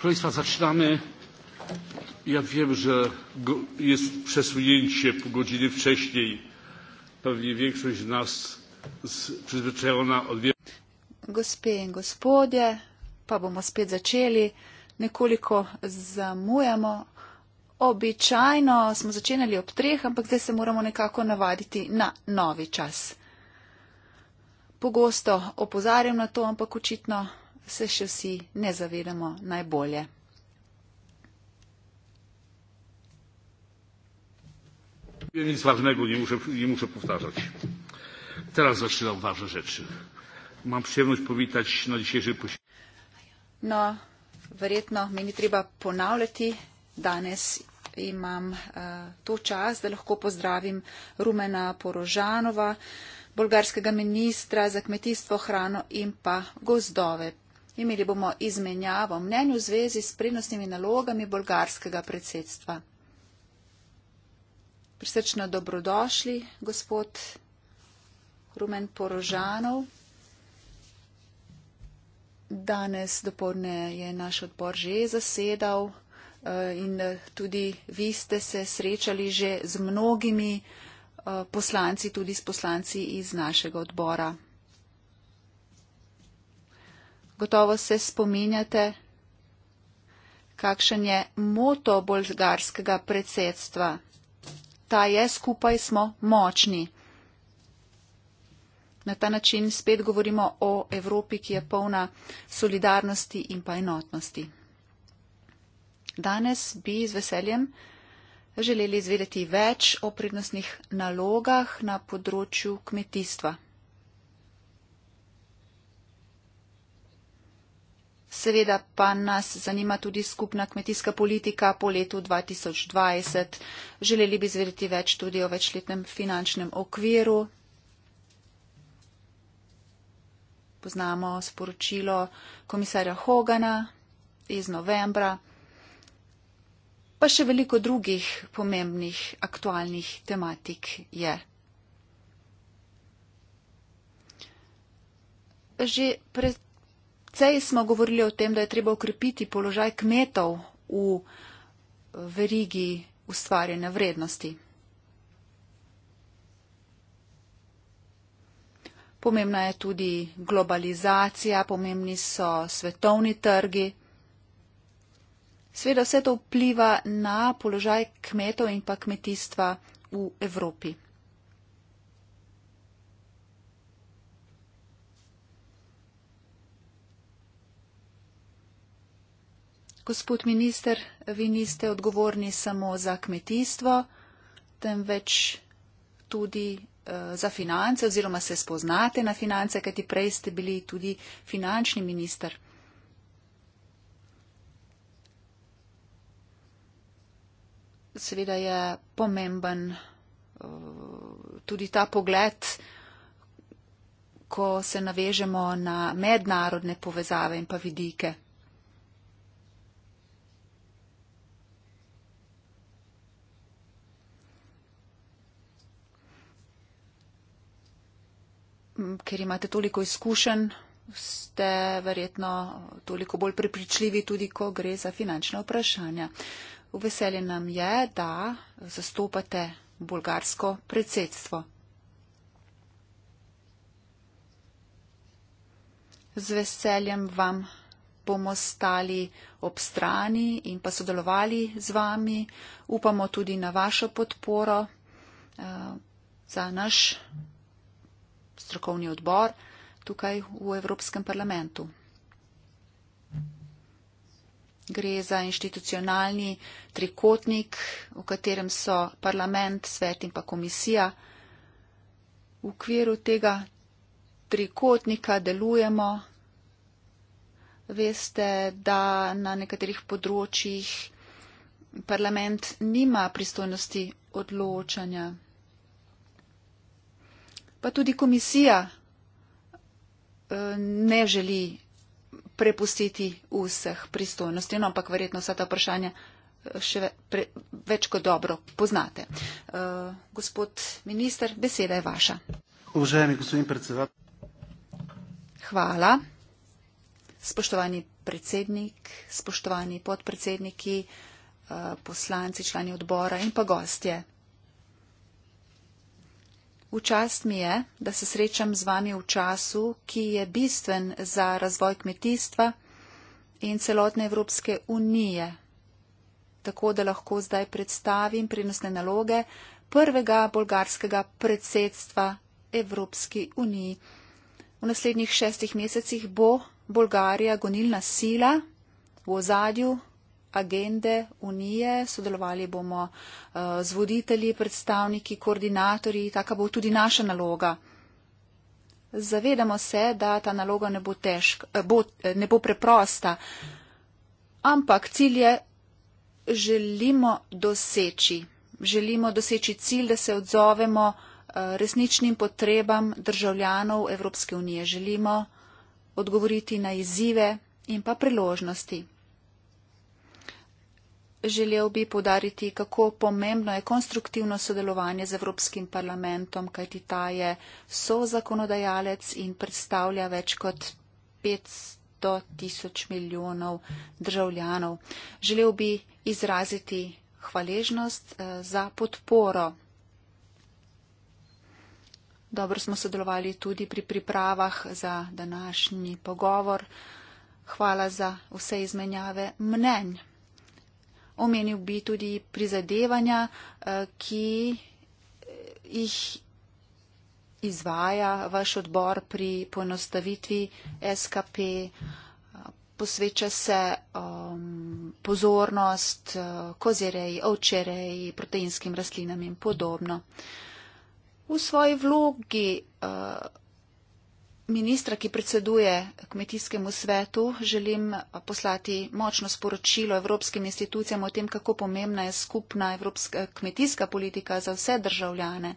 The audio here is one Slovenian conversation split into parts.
Proszę Państwa, zaczynamy. Ja wiem, że jest przesunięcie pół godziny wcześniej. Pewnie większość z nas przyzwyczajona od wielu. Gospie in gospodje, pa bomo spet začeli. Nekoliko zamujamo. Običajno smo začenjali ob treh, ampak zdaj se moramo nekako navaditi na novi čas. Pogosto opozarjam na to, ampak očitno se še vsi ne zavedamo najbolje. Je nič važnega, ni muša, ni muša povtarjati. Teraz začnejo važne reči. Imam prijemnost povitati na dišeži pošilj. No, verjetno mi ni treba ponavljati. Danes imam uh, to čas, da lahko pozdravim Rumena Porožanova, bolgarskega ministra za kmetijstvo, hrano in pa gozdove. Imeli bomo izmenjavo mnenju v zvezi s prednostnimi nalogami bolgarskega predsedstva. Prisrčno dobrodošli, gospod Rumen Porožanov. Danes dopolne je naš odbor že zasedal eh, in eh, tudi vi ste se srečali že z mnogimi eh, poslanci, tudi s poslanci iz našega odbora. Gotovo se spominjate, kakšen je moto bolgarskega predsedstva. Ta je skupaj smo močni. Na ta način spet govorimo o Evropi, ki je polna solidarnosti in pa enotnosti. Danes bi z veseljem želeli izvedeti več o prednostnih nalogah na področju kmetijstva. Seveda pa nas zanima tudi skupna kmetijska politika po letu 2020. Želeli bi zvedeti več tudi o večletnem finančnem okviru. Poznamo sporočilo komisarja Hogana iz novembra, pa še veliko drugih pomembnih aktualnih tematik je. Že pred Precej smo govorili o tem, da je treba ukrepiti položaj kmetov v verigi ustvarjene vrednosti. Pomembna je tudi globalizacija, pomembni so svetovni trgi. Sveda vse to vpliva na položaj kmetov in pa kmetijstva v Evropi. gospod minister, vi niste odgovorni samo za kmetijstvo, temveč tudi uh, za finance oziroma se spoznate na finance, kajti prej ste bili tudi finančni minister. Seveda je pomemben eh, tudi ta pogled, ko se navežemo na mednarodne povezave in pa vidike. ker imate toliko izkušenj, ste verjetno toliko bolj prepričljivi tudi, ko gre za finančna vprašanja. Veselje nam je, da zastopate bolgarsko predsedstvo. Z veseljem vam bomo stali ob strani in pa sodelovali z vami. Upamo tudi na vašo podporo uh, za naš strokovni odbor tukaj v Evropskem parlamentu. Gre za institucionalni trikotnik, v katerem so parlament, svet in pa komisija. V okviru tega trikotnika delujemo. Veste, da na nekaterih področjih parlament nima pristojnosti odločanja pa tudi komisija eh, ne želi prepustiti vseh pristojnosti, no, ampak verjetno vsa ta vprašanja eh, še pre, več kot dobro poznate. Uh, gospod minister, beseda je vaša. Uvaženi gospodin predsedat. Hvala. Spoštovani predsednik, spoštovani podpredsedniki, uh, poslanci, člani odbora in pa gostje. V čast mi je, da se srečam z vami v času, ki je bistven za razvoj kmetijstva in celotne Evropske unije, tako da lahko zdaj predstavim prinosne naloge prvega bolgarskega predsedstva Evropski uniji. V naslednjih šestih mesecih bo Bolgarija gonilna sila v ozadju agende unije, sodelovali bomo eh, z voditelji, predstavniki, koordinatorji, taka bo tudi naša naloga. Zavedamo se, da ta naloga ne bo, težk, eh, bo, eh, ne bo preprosta, ampak cilj je, želimo doseči. Želimo doseči cilj, da se odzovemo resničnim potrebam državljanov Evropske unije. Želimo odgovoriti na izzive in pa priložnosti želel bi podariti, kako pomembno je konstruktivno sodelovanje z Evropskim parlamentom, kajti ta je so zakonodajalec in predstavlja več kot 500 tisoč milijonov državljanov. Želel bi izraziti hvaležnost eh, za podporo. Dobro smo sodelovali tudi pri pripravah za današnji pogovor. Hvala za vse izmenjave mnenj omenil bi tudi prizadevanja, eh, ki eh, jih izvaja vaš odbor pri poenostavitvi SKP. Posveča se um, pozornost eh, kozereji, ovčereji, proteinskim rastlinam in podobno. V svoji vlogi uh, ministra, ki predseduje kmetijskemu svetu, želim poslati močno sporočilo evropskim institucijam o tem, kako pomembna je skupna evropska kmetijska politika za vse državljane.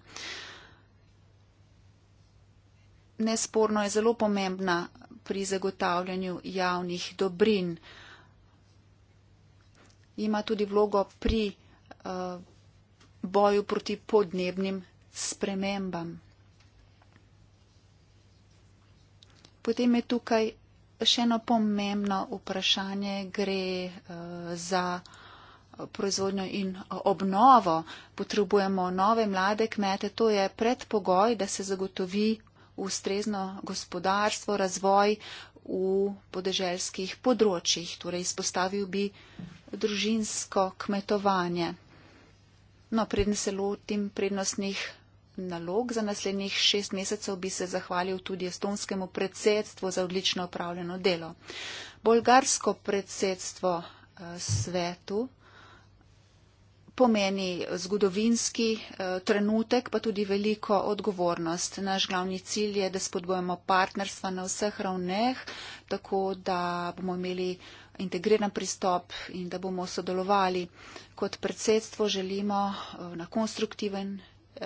Nesporno je zelo pomembna pri zagotavljanju javnih dobrin. Ima tudi vlogo pri uh, boju proti podnebnim spremembam. Potem je tukaj še eno pomembno vprašanje, gre uh, za eh, proizvodnjo in eh, obnovo. Potrebujemo nove mlade kmete, to je predpogoj, da se zagotovi ustrezno gospodarstvo, razvoj v podeželskih področjih. Torej izpostavil bi družinsko kmetovanje. No, predne se lotim prednostnih nalog. Za naslednjih šest mesecev bi se zahvalil tudi estonskemu predsedstvu za odlično upravljeno delo. Bolgarsko predsedstvo eh, svetu pomeni zgodovinski eh, trenutek, pa tudi veliko odgovornost. Naš glavni cilj je, da spodbojamo partnerstva na vseh ravneh, tako da bomo imeli integriran pristop in da bomo sodelovali. Kot predsedstvo želimo eh, na konstruktiven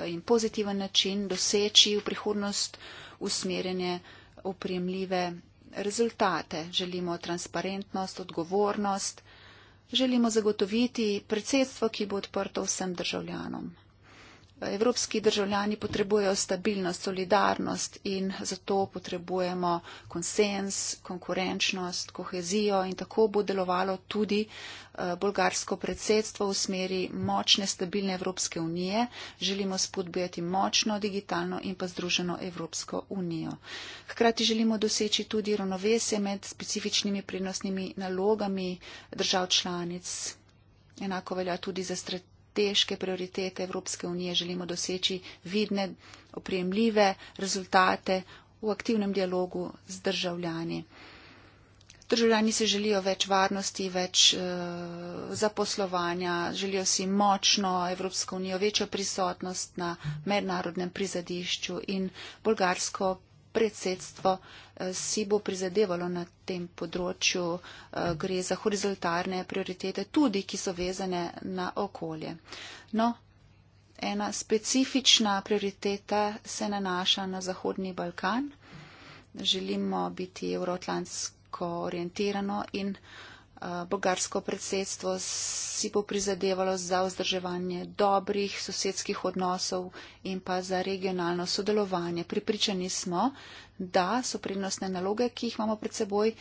in pozitiven način doseči v prihodnost usmerjenje upremljive rezultate. Želimo transparentnost, odgovornost, želimo zagotoviti predsedstvo, ki bo odprto vsem državljanom. Evropski državljani potrebujejo stabilnost, solidarnost in zato potrebujemo konsens, konkurenčnost, kohezijo in tako bo delovalo tudi eh, bolgarsko predsedstvo v smeri močne, stabilne Evropske unije. Želimo spodbujati močno, digitalno in pa združeno Evropsko unijo. Hkrati želimo doseči tudi ravnovesje med specifičnimi prednostnimi nalogami držav članic. Enako velja tudi za strategijo strateške prioritete Evropske unije želimo doseči vidne, opremljive rezultate v aktivnem dialogu z državljani. Državljani se želijo več varnosti, več e, zaposlovanja, želijo si močno Evropsko unijo, večjo prisotnost na mednarodnem prizadišču in bolgarsko predsedstvo eh, si bo prizadevalo na tem področju. Eh, gre za horizontalne prioritete, tudi ki so vezane na okolje. No, ena specifična prioriteta se nanaša na Zahodni Balkan. Želimo biti evroatlantsko orientirano in. Eh, bolgarsko predsedstvo si bo prizadevalo za vzdrževanje dobrih sosedskih odnosov in pa za regionalno sodelovanje. Pripričani smo, da so prednostne naloge, ki jih imamo pred seboj,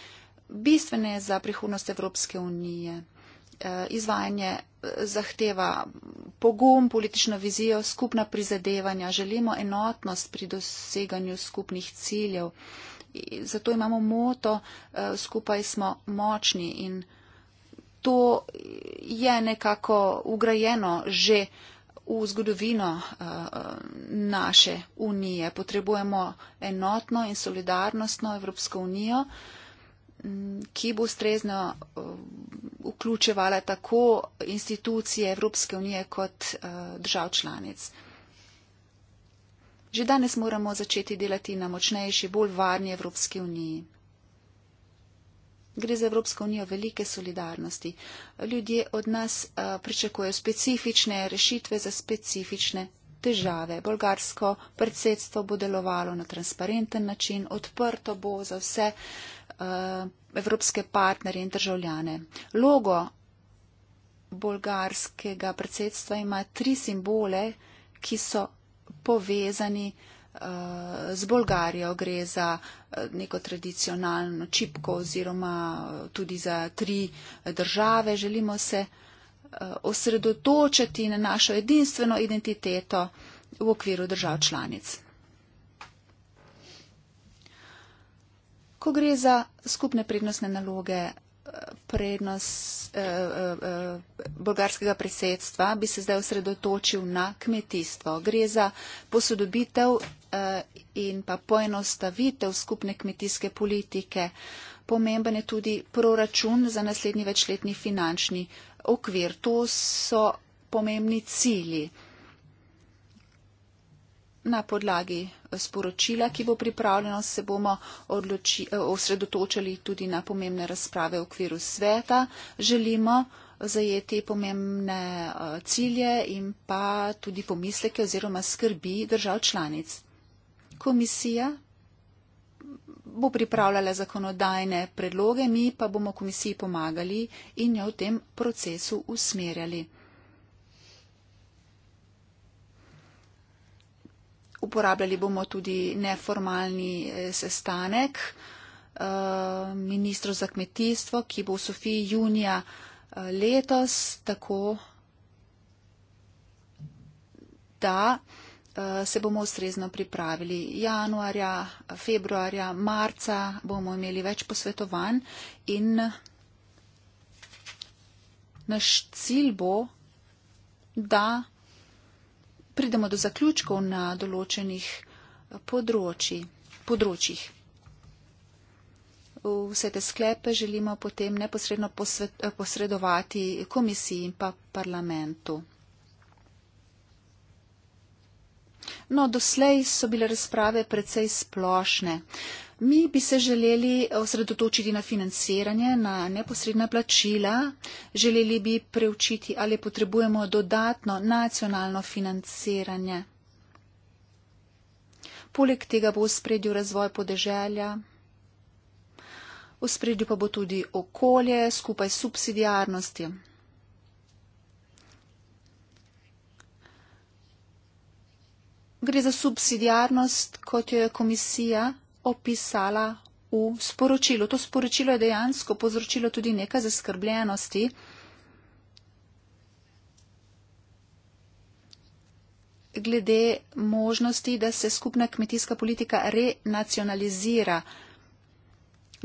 bistvene za prihodnost Evropske unije. Eh, izvajanje eh, zahteva pogum, politično vizijo, skupna prizadevanja. Želimo enotnost pri doseganju skupnih ciljev zato imamo moto, eh, skupaj smo močni in to je nekako ugrajeno že v zgodovino eh, naše unije. Potrebujemo enotno in solidarnostno Evropsko unijo, ki bo strezno eh, vključevala tako institucije Evropske unije kot držav članic. Že danes moramo začeti delati na močnejši, bolj varni Evropski uniji. Gre za Evropsko unijo velike solidarnosti. Ljudje od nas uh, pričakujejo specifične rešitve za specifične težave. Bolgarsko predsedstvo bo delovalo na transparenten način, odprto bo za vse uh, evropske partnerje in državljane. Logo bolgarskega predsedstva ima tri simbole, ki so povezani uh, z Bolgarijo. Gre za eh, neko tradicionalno čipko oziroma eh, tudi za tri države. Želimo se uh, osredotočiti na našo edinstveno identiteto v okviru držav članic. Ko gre za skupne prednostne naloge prednost eh, eh, eh, bolgarskega predsedstva, bi se zdaj osredotočil na kmetijstvo. Gre za posodobitev eh, in pa poenostavitev skupne kmetijske politike. Pomemben je tudi proračun za naslednji večletni finančni okvir. To so pomembni cilji na podlagi sporočila, ki bo pripravljeno, se bomo odloči, eh, osredotočili tudi na pomembne razprave v okviru sveta. Želimo zajeti pomembne eh, cilje in pa tudi pomisleke oziroma skrbi držav članic. Komisija bo pripravljala zakonodajne predloge, mi pa bomo komisiji pomagali in jo v tem procesu usmerjali. uporabljali bomo tudi neformalni eh, sestanek eh, ministrov za kmetijstvo, ki bo v Sofiji junija eh, letos, tako da se bomo ustrezno pripravili. Januarja, februarja, marca bomo imeli več posvetovanj in naš cilj bo, da pridemo do zaključkov na določenih eh, področji, področjih. Vse te sklepe želimo potem neposredno posved, eh, posredovati komisiji in pa parlamentu. No, doslej so bile razprave precej splošne. Mi bi se želeli osredotočiti na financiranje, na neposredna plačila. Želeli bi preučiti, ali potrebujemo dodatno nacionalno financiranje. Poleg tega bo v spredju razvoj podeželja, v spredju pa bo tudi okolje skupaj s subsidijarnostjo. Gre za subsidijarnost, kot jo je komisija opisala v sporočilu. To sporočilo je dejansko povzročilo tudi nekaj zaskrbljenosti. glede možnosti, da se skupna kmetijska politika renacionalizira.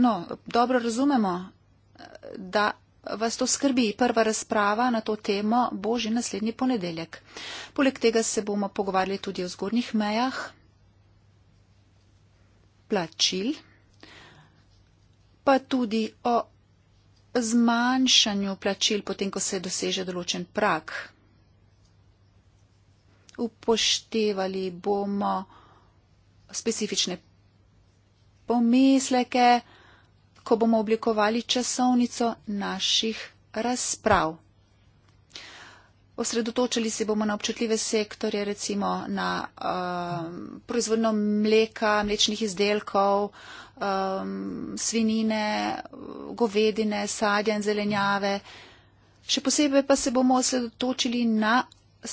No, dobro razumemo, da vas to skrbi. Prva razprava na to temo bo že naslednji ponedeljek. Poleg tega se bomo pogovarjali tudi o zgornjih mejah plačil, pa tudi o zmanjšanju plačil, potem ko se doseže določen prak. Upoštevali bomo specifične pomisleke, ko bomo oblikovali časovnico naših razprav. Osredotočili se bomo na občutljive sektorje, recimo na um, proizvodno mleka, mlečnih izdelkov, um, svinine, govedine, sadja in zelenjave. Še posebej pa se bomo osredotočili na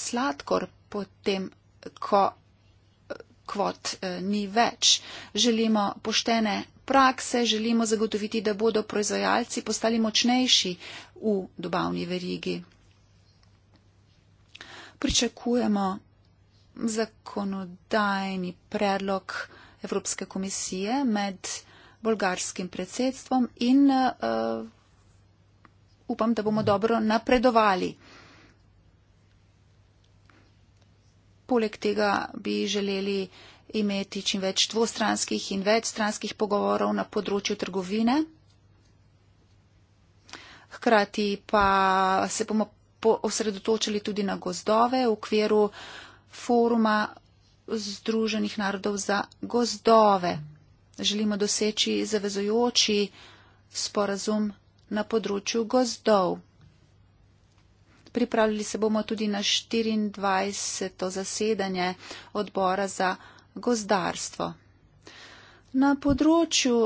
sladkor, potem, ko kvot eh, ni več. Želimo poštene prakse, želimo zagotoviti, da bodo proizvajalci postali močnejši v dobavni verigi pričakujemo zakonodajni predlog Evropske komisije med bolgarskim predsedstvom in uh, upam, da bomo dobro napredovali. Poleg tega bi želeli imeti čim več dvostranskih in večstranskih pogovorov na področju trgovine. Hkrati pa se bomo osredotočili tudi na gozdove v okviru foruma Združenih narodov za gozdove. Želimo doseči zavezojoči sporazum na področju gozdov. Pripravili se bomo tudi na 24. zasedanje odbora za gozdarstvo. Na področju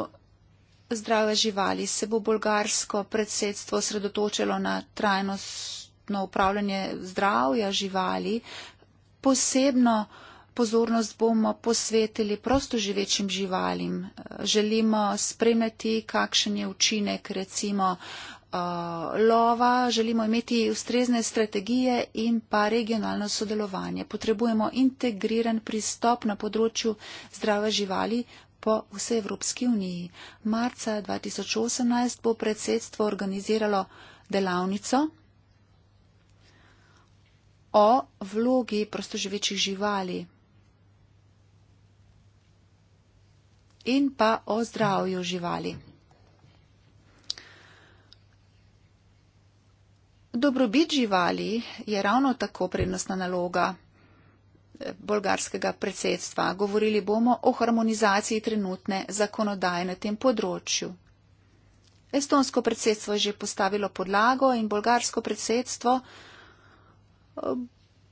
zdrave živali se bo bolgarsko predsedstvo sredotočilo na trajnost skupno upravljanje zdravja živali, posebno pozornost bomo posvetili prostoživečim živalim. Želimo spremljati, kakšen je učinek recimo uh, lova, želimo imeti ustrezne strategije in pa regionalno sodelovanje. Potrebujemo integriran pristop na področju zdrave živali po vsej Evropski uniji. Marca 2018 bo predsedstvo organiziralo delavnico o vlogi prostoživečih živali in pa o zdravju živali. Dobrobit živali je ravno tako prednostna naloga eh, bolgarskega predsedstva. Govorili bomo o harmonizaciji trenutne zakonodaje na tem področju. Estonsko predsedstvo je že postavilo podlago in bolgarsko predsedstvo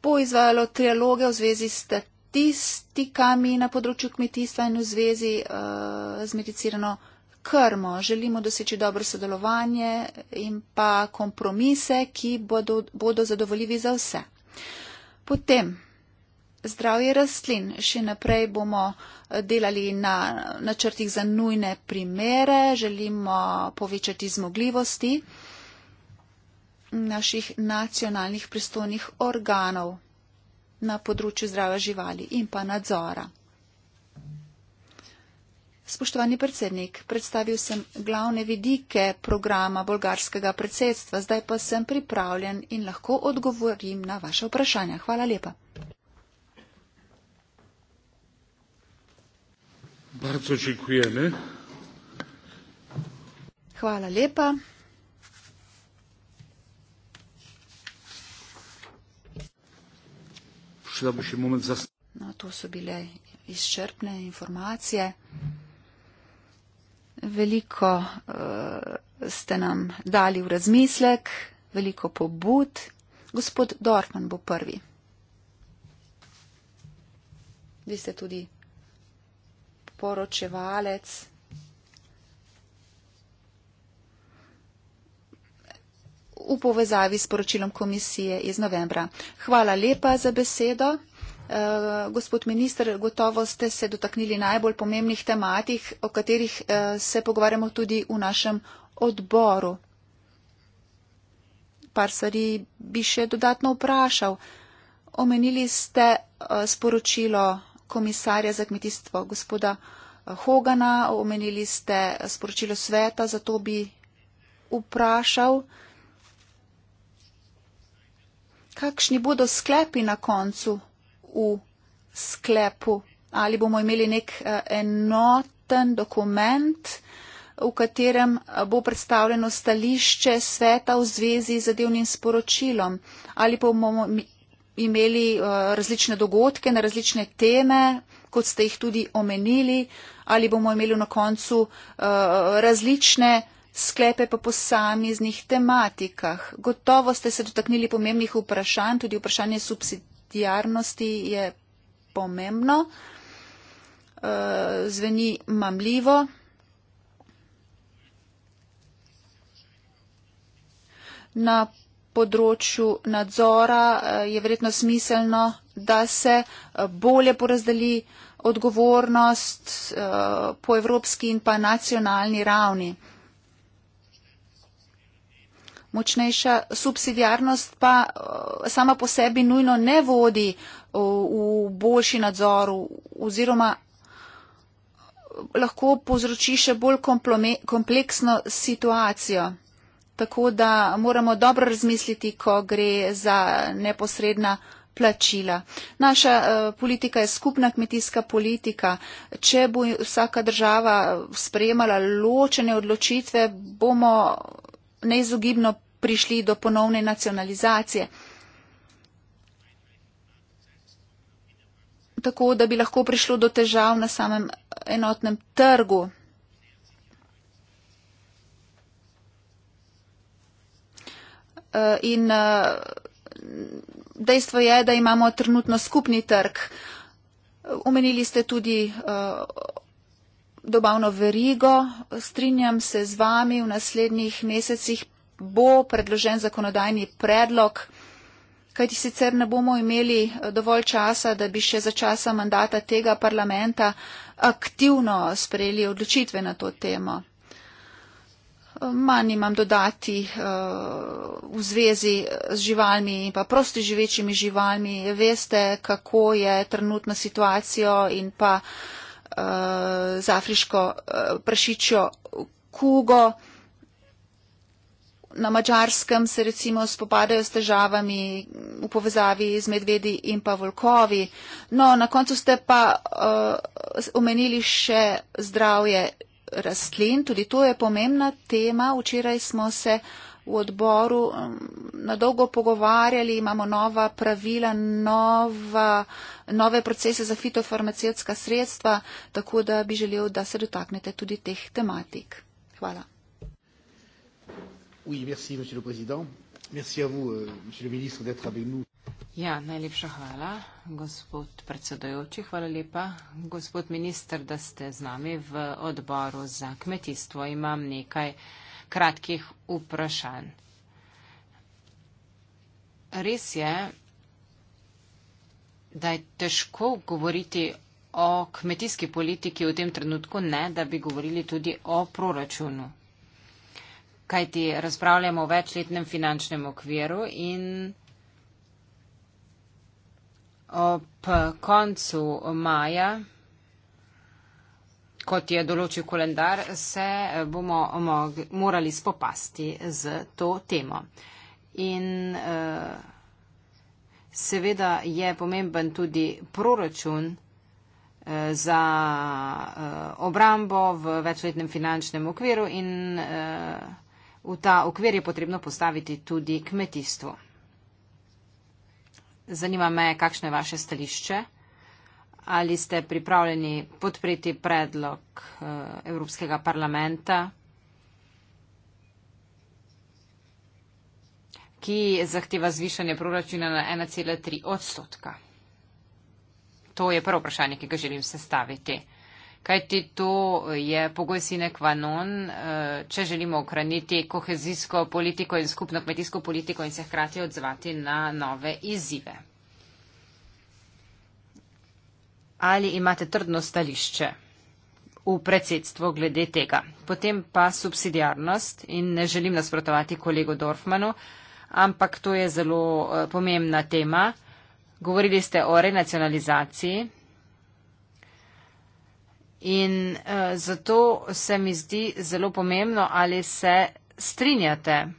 bo izvajalo trialoge v zvezi s statistikami na področju kmetijstva in v zvezi eh, z medicirano krmo. Želimo doseči dobro sodelovanje in pa kompromise, ki bodo, bodo zadovoljivi za vse. Potem. Zdravje rastlin. Še naprej bomo eh, delali na načrtih za nujne primere, želimo povečati zmogljivosti naših nacionalnih pristojnih organov na področju zdrave živali in pa nadzora. Spoštovani predsednik, predstavil sem glavne vidike programa bolgarskega predsedstva, zdaj pa sem pripravljen in lahko odgovorim na vaše vprašanja. Hvala lepa. Hvala lepa. še da bo še moment za. No, to so bile izčrpne informacije. Veliko uh, ste nam dali v razmislek, veliko pobud. Gospod Dorfman bo prvi. Vi ste tudi poročevalec. v povezavi s poročilom komisije iz novembra. Hvala lepa za besedo. Eh, gospod minister, gotovo ste se dotaknili najbolj pomembnih tematik, o katerih eh, se pogovarjamo tudi v našem odboru. Par stvari bi še dodatno vprašal. Omenili ste eh, sporočilo komisarja za kmetijstvo gospoda Hogana, omenili ste sporočilo sveta, zato bi vprašal kakšni bodo sklepi na koncu v sklepu, ali bomo imeli nek eh, enoten dokument, v katerem eh, bo predstavljeno stališče sveta v zvezi z zadevnim sporočilom, ali pa bomo imeli eh, različne dogodke na različne teme, kot ste jih tudi omenili, ali bomo imeli na koncu različne sklepe po posameznih tematikah. Gotovo ste se dotaknili pomembnih vprašanj, tudi vprašanje subsidijarnosti je pomembno. Eh, zveni mamljivo. Na področju nadzora eh, je verjetno smiselno, da se eh, bolje porazdeli odgovornost po evropski in pa nacionalni ravni močnejša. Subsidijarnost pa eh, sama po sebi nujno ne vodi eh, v boljši nadzor oziroma eh, lahko povzroči še bolj kompleksno situacijo. Tako da moramo dobro razmisliti, ko gre za neposredna. Plačila. Naša uh, politika je skupna kmetijska politika. Če bo vsaka država sprejemala ločene odločitve, bomo neizogibno prišli do ponovne nacionalizacije. Tako, da bi lahko prišlo do težav na samem enotnem trgu. In dejstvo je, da imamo trenutno skupni trg. Umenili ste tudi dobavno verigo. Strinjam se z vami, v naslednjih mesecih bo predložen zakonodajni predlog, kajti sicer ne bomo imeli eh, dovolj časa, da bi še za časa mandata tega parlamenta aktivno sprejeli odločitve na to temo. Eh, manj imam dodati eh, v zvezi z živalmi in pa prosti živečimi živalmi. Veste, kako je trenutna situacija in pa z afriško prašičjo kugo na mačarskem se recimo spopadajo s težavami v povezavi z medvedi in pa volkovi. No, na koncu ste pa uh, omenili še zdravje rastlin, tudi to je pomembna tema. Včeraj smo se v odboru mm, na dolgo pogovarjali, imamo nova pravila, nova, nove procese za fitofarmacijska sredstva, tako da bi želel, da se dotaknete tudi teh tematik. Hvala. Oui, merci, monsieur le président. Merci à vous, euh, monsieur le ministre, d'être avec nous. Ja, najlepša hvala, gospod predsedojoči. Hvala lepa, gospod minister, da ste z nami v odboru za kmetijstvo. Imam nekaj kratkih vprašanj. Res je, da je težko govoriti o kmetijski politiki v tem trenutku, ne da bi govorili tudi o proračunu kajti razpravljamo o večletnem finančnem okviru in ob koncu maja, kot je določil kolendar, se bomo morali spopasti z to temo. In eh, seveda je pomemben tudi proračun eh, za eh, obrambo v večletnem finančnem okviru in v ta okvir je potrebno postaviti tudi kmetijstvo. Zanima me, kakšno je vaše stališče. Ali ste pripravljeni podpreti predlog eh, Evropskega parlamenta, ki zahteva zvišanje proračuna na 1,3 odstotka? To je prvo vprašanje, ki ga želim sestaviti kajti to je pogoj sine qua non, eh, če želimo ohraniti kohezijsko politiko in skupno kmetijsko politiko in se hkrati odzvati na nove izzive. Ali imate trdno stališče v predsedstvu glede tega? Potem pa subsidiarnost in ne želim nasprotovati kolegu Dorfmanu, ampak to je zelo eh, pomembna tema. Govorili ste o renacionalizaciji. In uh, zato se mi zdi zelo pomembno, ali se strinjate.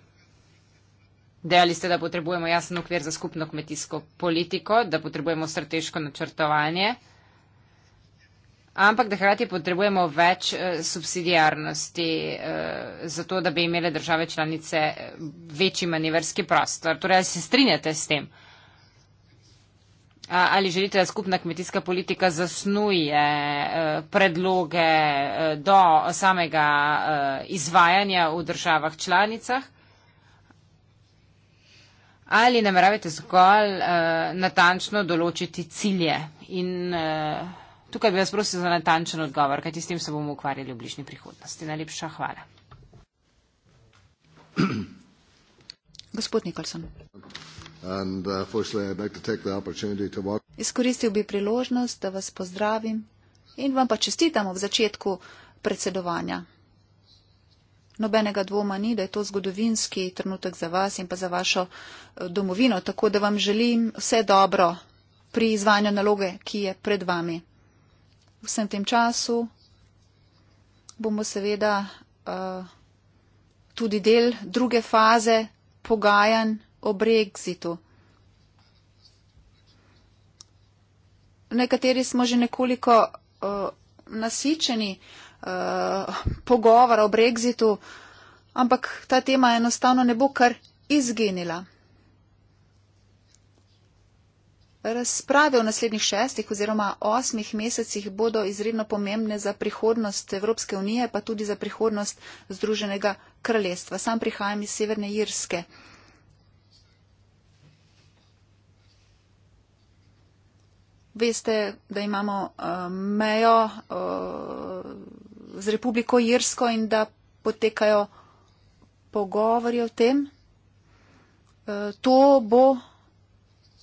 Dejali ste, da potrebujemo jasen okvir za skupno kmetijsko politiko, da potrebujemo strateško načrtovanje, ampak da hkrati potrebujemo več uh, eh, subsidijarnosti, uh, eh, zato da bi imele države članice večji manevrski prostor. Torej, ali se strinjate s tem? Uh, Ali želite, da skupna kmetijska politika zasnuje e, predloge e, do samega e, izvajanja v državah članicah? Ali nameravate zgolj natančno določiti cilje? In tukaj bi vas prosil za natančen odgovor, kajti s tem se bomo ukvarjali v bližnji prihodnosti. Najlepša hvala. Gospod Nikolson. Uh, Izkoristil bi priložnost, da vas pozdravim in vam pa čestitamo v začetku predsedovanja. Nobenega dvoma ni, da je to zgodovinski trenutek za vas in pa za vašo eh, domovino, tako da vam želim vse dobro pri izvanju naloge, ki je pred vami. Vsem tem času bomo seveda uh, tudi del druge faze pogajanj o Brexitu. Nekateri smo že nekoliko uh, nasičeni uh, pogovora o Brexitu, ampak ta tema enostavno ne bo kar izginila. Razprave v naslednjih šestih oziroma osmih mesecih bodo izredno pomembne za prihodnost Evropske unije, pa tudi za prihodnost Združenega kraljestva. Sam prihajam iz Severne Irske. veste, da imamo uh, mejo uh, z Republiko Irsko in da potekajo pogovori o tem. Uh, to bo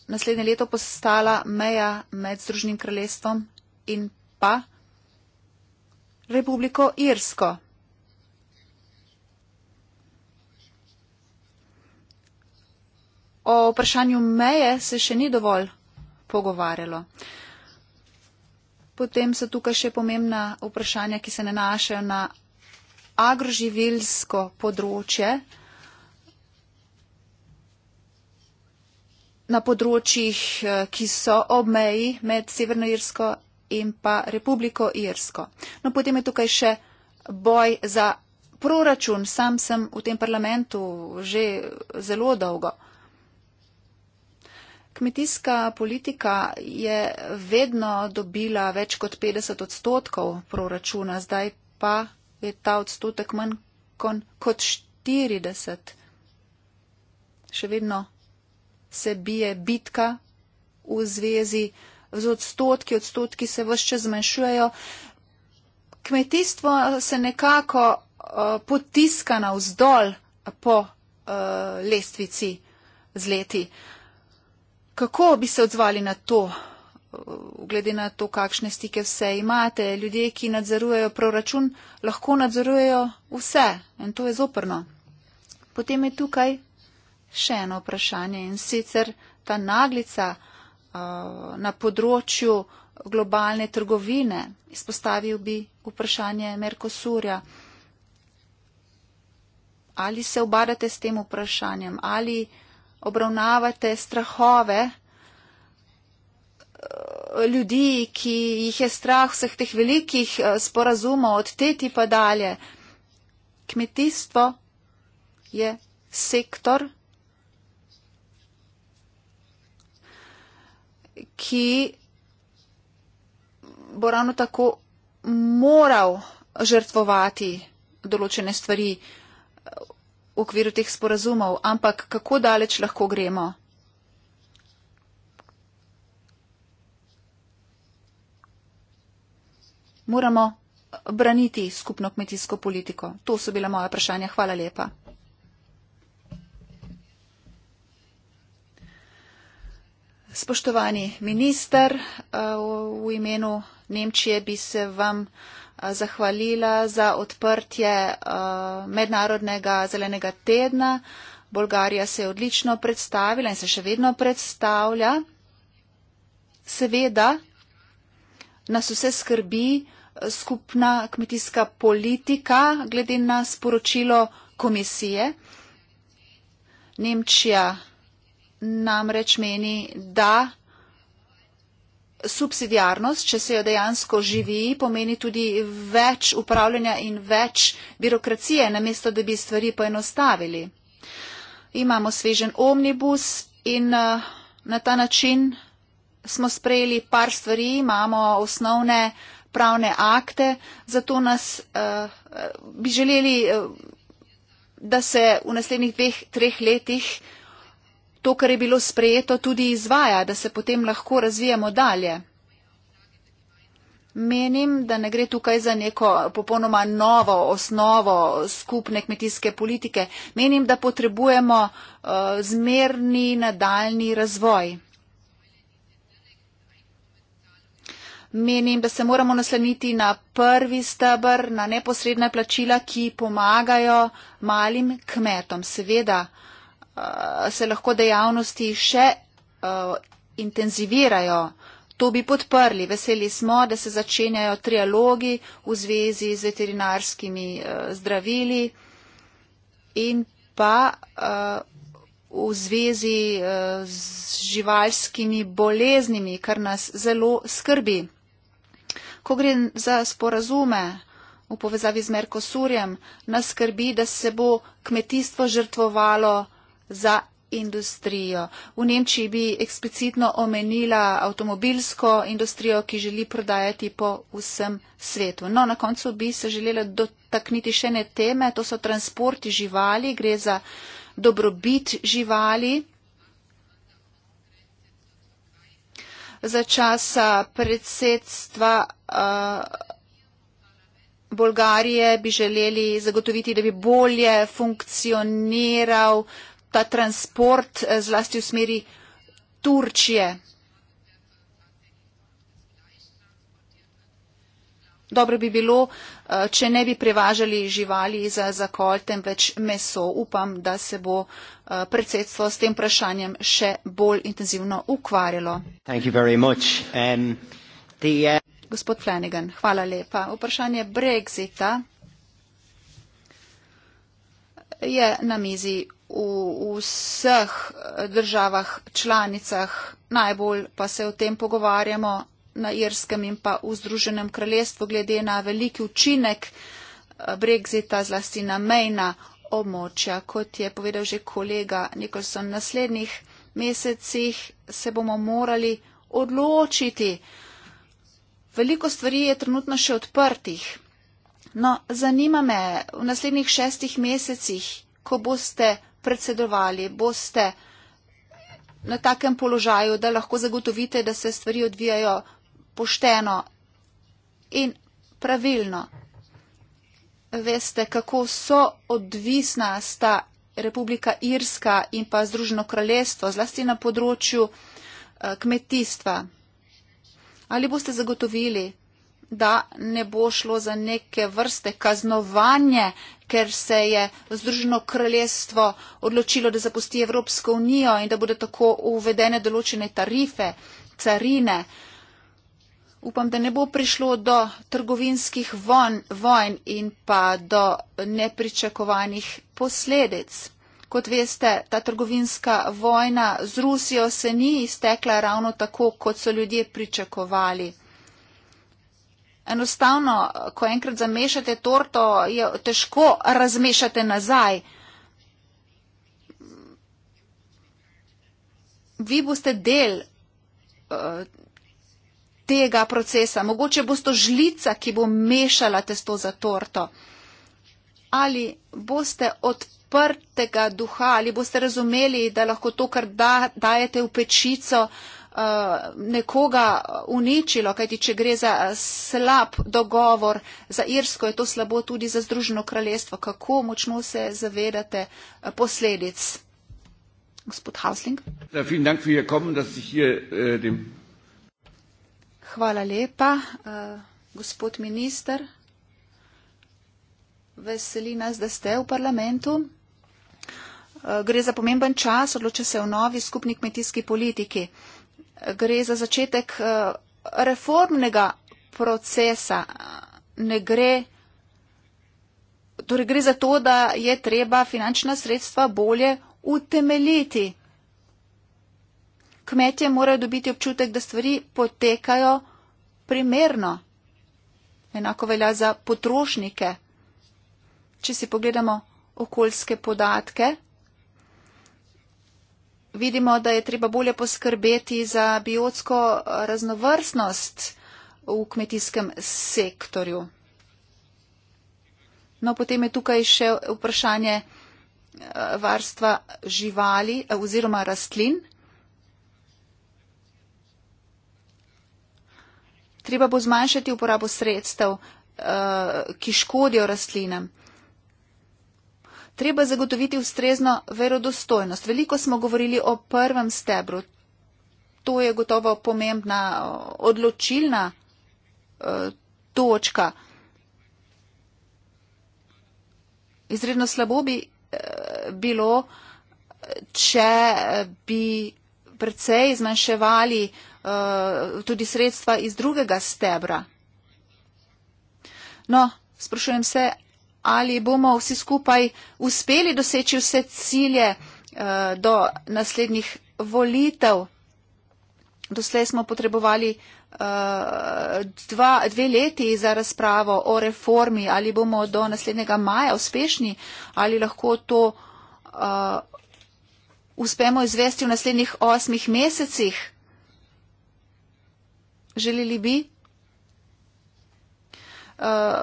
naslednje leto postala meja med Združenim kraljestvom in pa Republiko Irsko. O vprašanju meje se še ni dovolj pogovarjalo. Potem so tukaj še pomembna vprašanja, ki se nanašajo na agroživilsko področje. na področjih, eh, ki so ob meji med Severno Irsko in pa Republiko Irsko. No, potem je tukaj še boj za proračun. Sam sem v tem parlamentu že zelo dolgo. Kmetijska politika je vedno dobila več kot 50 odstotkov proračuna, zdaj pa je ta odstotek manj kon, kot 40. Še vedno se bije bitka v zvezi z odstotki, odstotki se vse čas zmanjšujejo. Kmetijstvo se nekako uh, potiska na vzdolj po uh, lestvici z leti. Uh, Kako bi se odzvali na to, glede na to, kakšne stike vse imate? Ljudje, ki nadzorujejo proračun, lahko nadzorujejo vse in to je zoprno. Potem je tukaj še eno vprašanje in sicer ta naglica na področju globalne trgovine. Izpostavil bi vprašanje Merkosurja. Ali se obadate s tem vprašanjem? Ali obravnavate strahove eh, ljudi, ki jih je strah vseh teh velikih eh, sporazumov od teti pa dalje. Kmetijstvo je sektor, ki bo ravno tako moral žrtvovati določene stvari, v okviru teh sporazumov, ampak kako daleč lahko gremo? Moramo braniti skupno kmetijsko politiko. To so bila moja vprašanja. Hvala lepa. Spoštovani minister, eh, v imenu Nemčije bi se vam. Eh, zahvalila za odprtje eh, mednarodnega zelenega tedna. Bolgarija se je odlično predstavila in se še vedno predstavlja. Seveda nas vse skrbi eh, skupna kmetijska politika, glede na sporočilo komisije. Nemčija namreč meni, da subsidijarnost, če se jo dejansko živi, pomeni tudi več upravljanja in več birokracije, namesto da bi stvari poenostavili. Imamo svežen omnibus in eh, na ta način smo sprejeli par stvari, imamo osnovne pravne akte, zato nas uh, bi želeli, uh, da se v naslednjih dveh, treh letih uh, to, kar je bilo sprejeto, tudi izvaja, da se potem lahko razvijamo dalje. Menim, da ne gre tukaj za neko popolnoma novo osnovo skupne kmetijske politike. Menim, da potrebujemo uh, zmerni nadaljni razvoj. Menim, da se moramo nasleniti na prvi stebr, na neposredna plačila, ki pomagajo malim kmetom. Seveda, uh, Eh, se lahko dejavnosti še uh, intenzivirajo. To bi podprli. Veseli smo, da se začenjajo trialogi v zvezi z veterinarskimi uh, zdravili in pa uh, v zvezi uh, z živalskimi boleznimi, kar nas zelo skrbi. Ko gre za sporazume v povezavi z Merkosurjem, nas skrbi, da se bo kmetijstvo žrtvovalo za industrijo. V Nemčiji bi eksplicitno omenila avtomobilsko industrijo, ki želi prodajati po vsem svetu. No, na koncu bi se želela dotakniti še ne teme, to so transporti živali, gre za dobrobit živali. Za časa predsedstva uh, Bolgarije bi želeli zagotoviti, da bi bolje funkcioniral ta transport eh, zlasti v smeri Turčije. Dobro bi bilo, eh, če ne bi prevažali živali za zakol, temveč meso. Upam, da se bo eh, predsedstvo s tem vprašanjem še bolj intenzivno ukvarjalo. Um, uh... Gospod Flanagan, hvala lepa. Vprašanje Brexita je na mizi v, v vseh državah članicah, najbolj pa se o tem pogovarjamo na Irskem in pa v Združenem kraljestvu, glede na veliki učinek eh, Brexita, zlasti na mejna območja. Kot je povedal že kolega Nikolson, naslednjih mesecih se bomo morali odločiti. Veliko stvari je trenutno še odprtih. No, zanima me, v naslednjih šestih mesecih, ko boste predsedovali, boste na takem položaju, da lahko zagotovite, da se stvari odvijajo pošteno in pravilno. Veste, kako so odvisna sta Republika Irska in pa Združeno kraljestvo, zlasti na področju eh, kmetijstva. Ali boste zagotovili da ne bo šlo za neke vrste kaznovanje, ker se je Združeno kraljestvo odločilo, da zapusti Evropsko unijo in da bodo tako uvedene določene tarife, carine. Upam, da ne bo prišlo do trgovinskih von, vojn in pa do nepričakovanih posledic. Kot veste, ta trgovinska vojna z Rusijo se ni iztekla ravno tako, kot so ljudje pričakovali enostavno, ko enkrat zamešate torto, jo težko razmešate nazaj. Vi boste del eh, tega procesa, mogoče boste žlica, ki bo mešala testo za torto. Ali boste odprtega duha, ali boste razumeli, da lahko to, kar da, dajete v pečico, uh, Eh, nekoga uničilo, kajti če gre za slab dogovor za Irsko, je to slabo tudi za Združeno kraljestvo. Kako močno se zavedate eh, posledic? Gospod Hausling. Ja, äh, Hvala lepa, eh, gospod minister. Veseli nas, da ste v parlamentu. Gre za pomemben čas, odloča se o novi skupni kmetijski politiki gre za začetek eh, reformnega procesa. Ne gre, torej gre za to, da je treba finančna sredstva bolje utemeliti. Kmetje morajo dobiti občutek, da stvari potekajo primerno. Enako velja za potrošnike. Če si pogledamo okoljske podatke, vidimo, da je treba bolje poskrbeti za biotsko raznovrstnost v kmetijskem sektorju. No, potem je tukaj še vprašanje eh, varstva živali eh, oziroma rastlin. Treba bo zmanjšati uporabo sredstev, eh, ki škodijo rastlinam treba zagotoviti ustrezno verodostojnost. Veliko smo govorili o prvem stebru. To je gotovo pomembna, eh, odločilna eh, točka. Izredno slabo bi eh, bilo, če bi precej zmanjševali tudi sredstva iz drugega stebra. No, sprašujem se, ali bomo vsi skupaj uspeli doseči vse cilje uh, do naslednjih volitev. Doslej smo potrebovali uh, dva, dve leti za razpravo o reformi, ali bomo do naslednjega maja uspešni, ali lahko to uh, uspemo izvesti v naslednjih osmih mesecih. Želeli bi. Uh,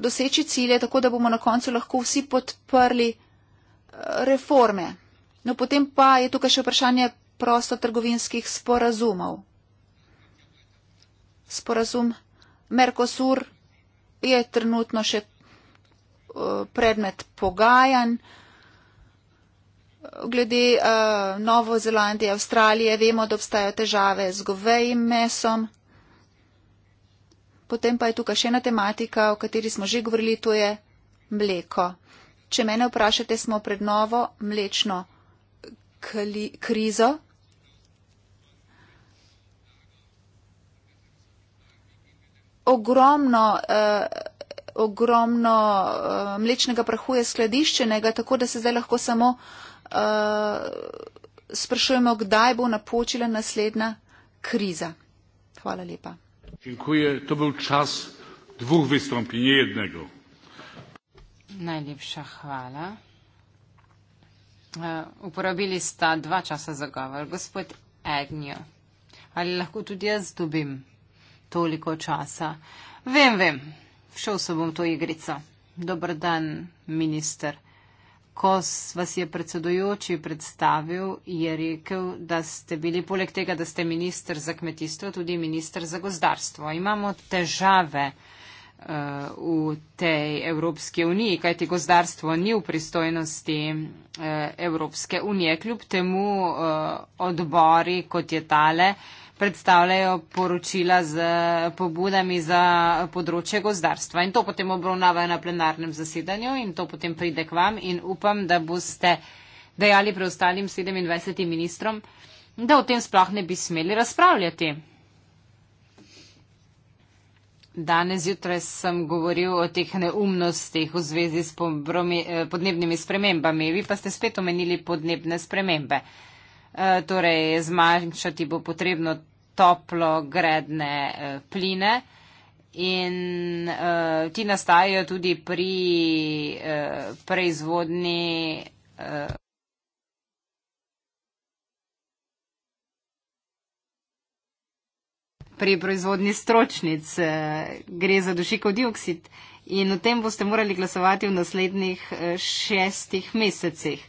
doseči cilje, tako da bomo na koncu lahko vsi podprli eh, reforme. No potem pa je tukaj še vprašanje prosto trgovinskih sporazumov. Sporazum Mercosur je trenutno še eh, predmet pogajanj. Glede uh, eh, Novo Zelandije, Avstralije, vemo, da obstajajo težave z govejim mesom. Potem pa je tukaj še ena tematika, o kateri smo že govorili, to je mleko. Če mene vprašate, smo pred novo mlečno kli, krizo. Ogromno, eh, ogromno eh, mlečnega prahu je skladiščenega, tako da se zdaj lahko samo eh, sprašujemo, kdaj bo napočila naslednja kriza. Hvala lepa. Najlepša hvala. E, uporabili sta dva časa za govor. Gospod Agnew, ali lahko tudi jaz dobim toliko časa? Vem, vem, šel se bom to igrico. Dobrodan, minister ko vas je predsedujoči predstavil, je rekel, da ste bili poleg tega, da ste minister za kmetijstvo, tudi minister za gozdarstvo. Imamo težave eh, v tej Evropske unije, kajti gozdarstvo ni v pristojnosti eh, Evropske unije. Kljub temu eh, odbori, kot je tale, predstavljajo poročila z pobudami za področje gozdarstva. In to potem obravnavajo na plenarnem zasedanju in to potem pride k vam in upam, da boste dejali preostalim 27 ministrom, da o tem sploh ne bi smeli razpravljati. Danes jutraj sem govoril o teh neumnostih v zvezi s eh, podnebnimi spremembami. Vi pa ste spet omenili podnebne spremembe. Eh, torej, zmanjšati bo potrebno toplogredne eh, pline. In uh, ti nastajajo tudi pri uh, eh, proizvodni. Uh, pri proizvodni stročnic gre za dušikov dioksid in o tem boste morali glasovati v naslednjih šestih mesecih.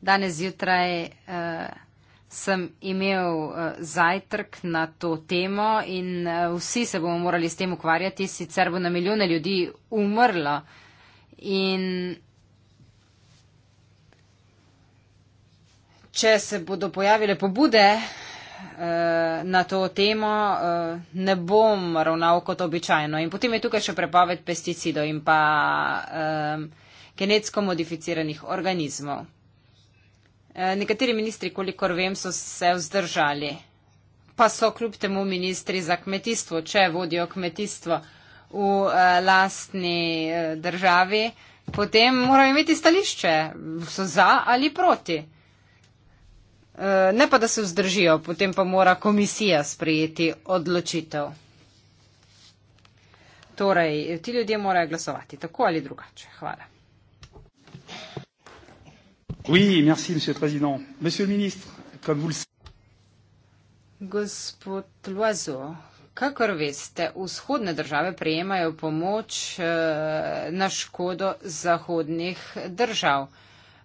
Danes zjutraj. Uh sem imel eh, zajtrk na to temo in eh, vsi se bomo morali s tem ukvarjati, sicer bo na milijone ljudi umrlo. In če se bodo pojavile pobude eh, na to temo, ne bom ravnal kot običajno. In potem je tukaj še prepoved pesticidov in pa genetsko modificiranih organizmov. Eh, nekateri ministri, kolikor vem, so se vzdržali. Pa so kljub temu ministri za kmetijstvo, če vodijo kmetijstvo v eh, lastni eh, državi, potem morajo imeti stališče, so za ali proti. Ne pa, da se vzdržijo, potem pa mora komisija sprejeti odločitev. Torej, ti ljudje morajo glasovati, tako ali drugače. Hvala. Oui, merci, Monsieur le Président. Monsieur le Ministre, comme vous le savez. Gospod Loiseau. Kakor veste, vzhodne države prejemajo pomoč eh, na škodo zahodnih držav.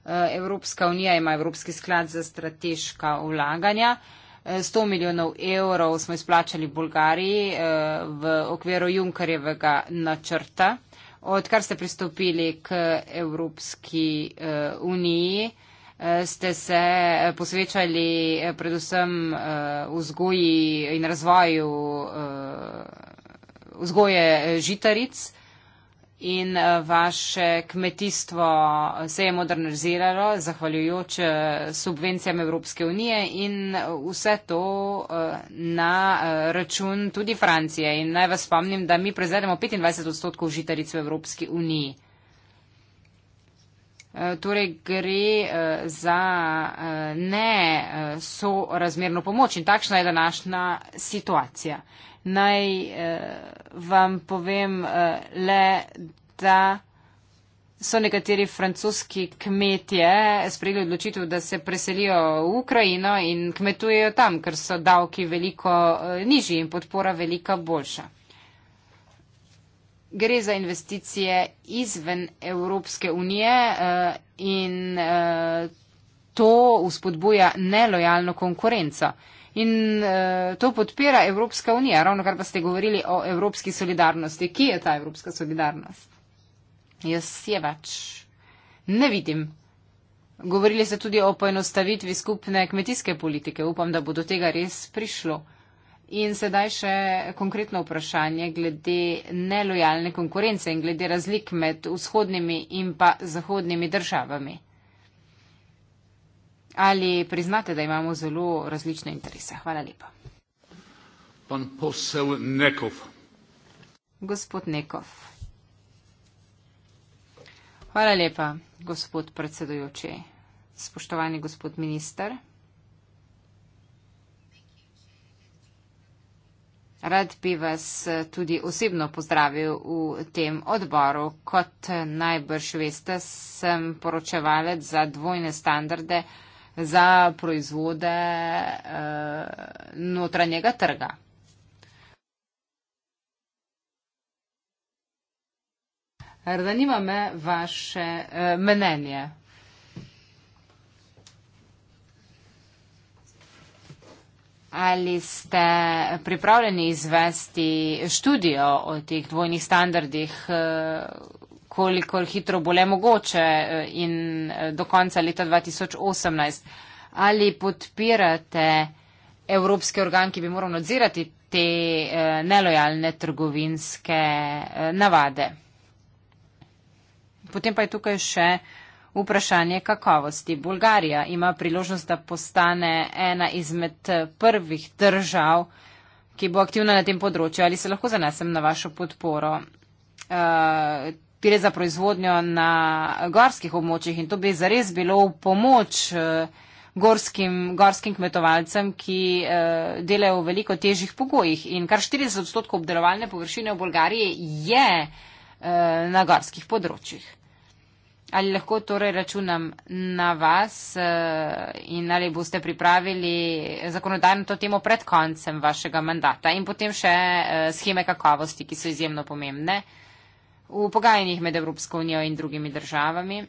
Eh, Evropska unija ima Evropski sklad za strateška vlaganja. 100 eh, milijonov evrov smo izplačali Bulgariji v okviru Junkarjevega načrta odkar ste pristopili k Evropski uh, uniji, eh, ste se posvečali eh, predvsem uh, vzgoji in razvoju uh, vzgoje žitaric. Uh, in eh, vaše kmetijstvo eh, se je moderniziralo zahvaljujoč eh, subvencijam Evropske unije in vse to na račun tudi Francije. In naj vas spomnim, da mi proizvedemo 25 odstotkov žitaric v Evropski uniji. Torej gre za ne so razmerno pomoč in takšna je današnja situacija. Naj eh, vam povem eh, le, da so nekateri francoski kmetje sprejeli odločitev, da se preselijo v Ukrajino in kmetujejo tam, ker so davki veliko eh, nižji in podpora veliko boljša. Gre za investicije izven Evropske unije eh, in eh, to uspodbuja nelojalno konkurenco. Eh, In uh, to podpira Evropska unija, ravno kar pa ste govorili o evropski solidarnosti. Kje je ta evropska solidarnost? Jaz je več. Ne vidim. Govorili ste tudi o poenostavitvi skupne kmetijske politike. Upam, da bo do tega res prišlo. In sedaj še konkretno vprašanje glede nelojalne konkurence in glede razlik med vzhodnimi in pa zahodnimi državami. Ali priznate, da imamo zelo različne interese? Hvala lepa. Pan posel Nekov. Gospod Nekov. Hvala lepa, gospod predsedujoči. Spoštovani gospod minister. Rad bi vas eh, tudi osebno pozdravil v tem odboru. Kot najbrž veste, sem poročevalec za dvojne standarde za proizvode eh, notranjega trga. Zanima me vaše eh, mnenje. Ali ste pripravljeni izvesti študijo o teh dvojnih standardih? Eh, koliko hitro bo le mogoče eh, in eh, do konca leta 2018. Ali podpirate evropski organ, ki bi moral nadzirati te eh, nelojalne trgovinske navade? Potem pa je tukaj še vprašanje kakovosti. Bulgarija ima priložnost, da postane ena izmed prvih držav, ki bo aktivna na tem področju. Ali se lahko zanesem na vašo podporo? gre za proizvodnjo na gorskih območjih in to bi zares bilo v pomoč eh, gorskim, gorskim kmetovalcem, ki eh, delajo v veliko težjih pogojih. In kar 40 odstotkov obdelovalne površine v Bolgariji je eh, na gorskih področjih. Ali lahko torej računam na vas in ali boste pripravili zakonodajno to temo pred koncem vašega mandata in potem še scheme kakovosti, ki so izjemno pomembne v pogajanjih med Evropsko unijo in drugimi državami.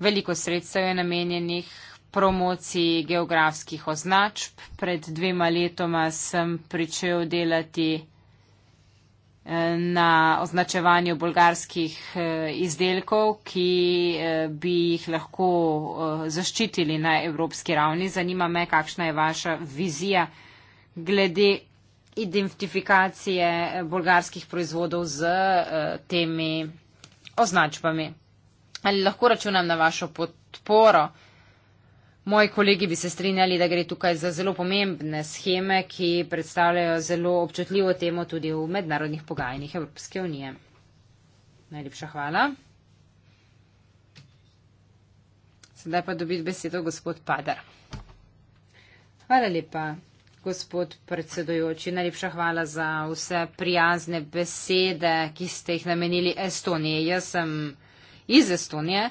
Veliko sredstev je namenjenih promociji geografskih označb. Pred dvema letoma sem pričel delati eh, na označevanju bolgarskih eh, izdelkov, ki eh, bi jih lahko zaščitili na evropski ravni. Zanima me, kakšna je vaša vizija glede identifikacije eh, bolgarskih proizvodov z eh, temi označbami. Ali lahko računam na vašo podporo? Moji kolegi bi se strinjali, da gre tukaj za zelo pomembne scheme, ki predstavljajo zelo občutljivo temo tudi v mednarodnih pogajanjih Evropske unije. Najlepša hvala. Sedaj pa dobiti besedo gospod Padar. Hvala lepa. Gospod predsedujoči, najlepša hvala za vse prijazne besede, ki ste jih namenili Estoniji. Jaz sem iz Estonije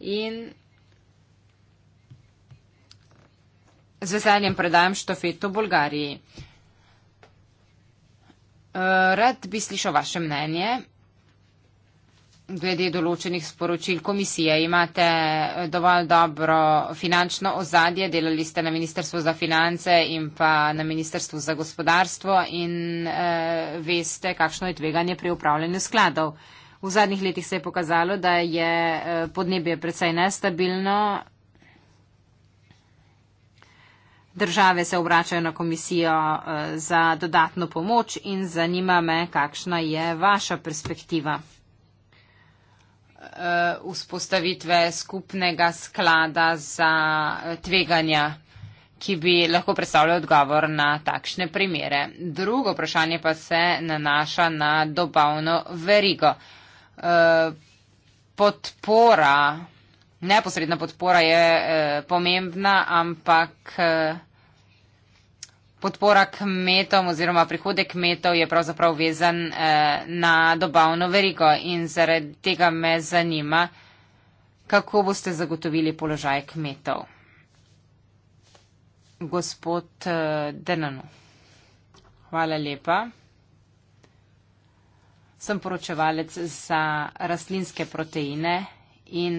in z veseljem predajam štafeto Bolgariji. Eh, rad bi slišal vaše mnenje glede določenih sporočil komisije. Imate eh, dovolj dobro finančno ozadje, delali ste na Ministrstvu za finance in pa na Ministrstvu za gospodarstvo in eh, veste, kakšno je tveganje pri upravljanju skladov. V zadnjih letih se je pokazalo, da je eh, podnebje predvsej nestabilno. Države se obračajo na komisijo eh, za dodatno pomoč in zanima me, kakšna je vaša perspektiva uh, vzpostavitve skupnega sklada za eh, tveganja, ki bi lahko predstavljal odgovor na takšne primere. Drugo vprašanje pa se nanaša na dobavno verigo. Uh, podpora, neposredna podpora je uh, pomembna, ampak. Uh, podpora kmetom oziroma prihodek kmetov je pravzaprav vezan eh, na dobavno verigo in zaradi tega me zanima, kako boste zagotovili položaj kmetov. Gospod eh, Denanu. Hvala lepa. Sem poročevalec za rastlinske proteine in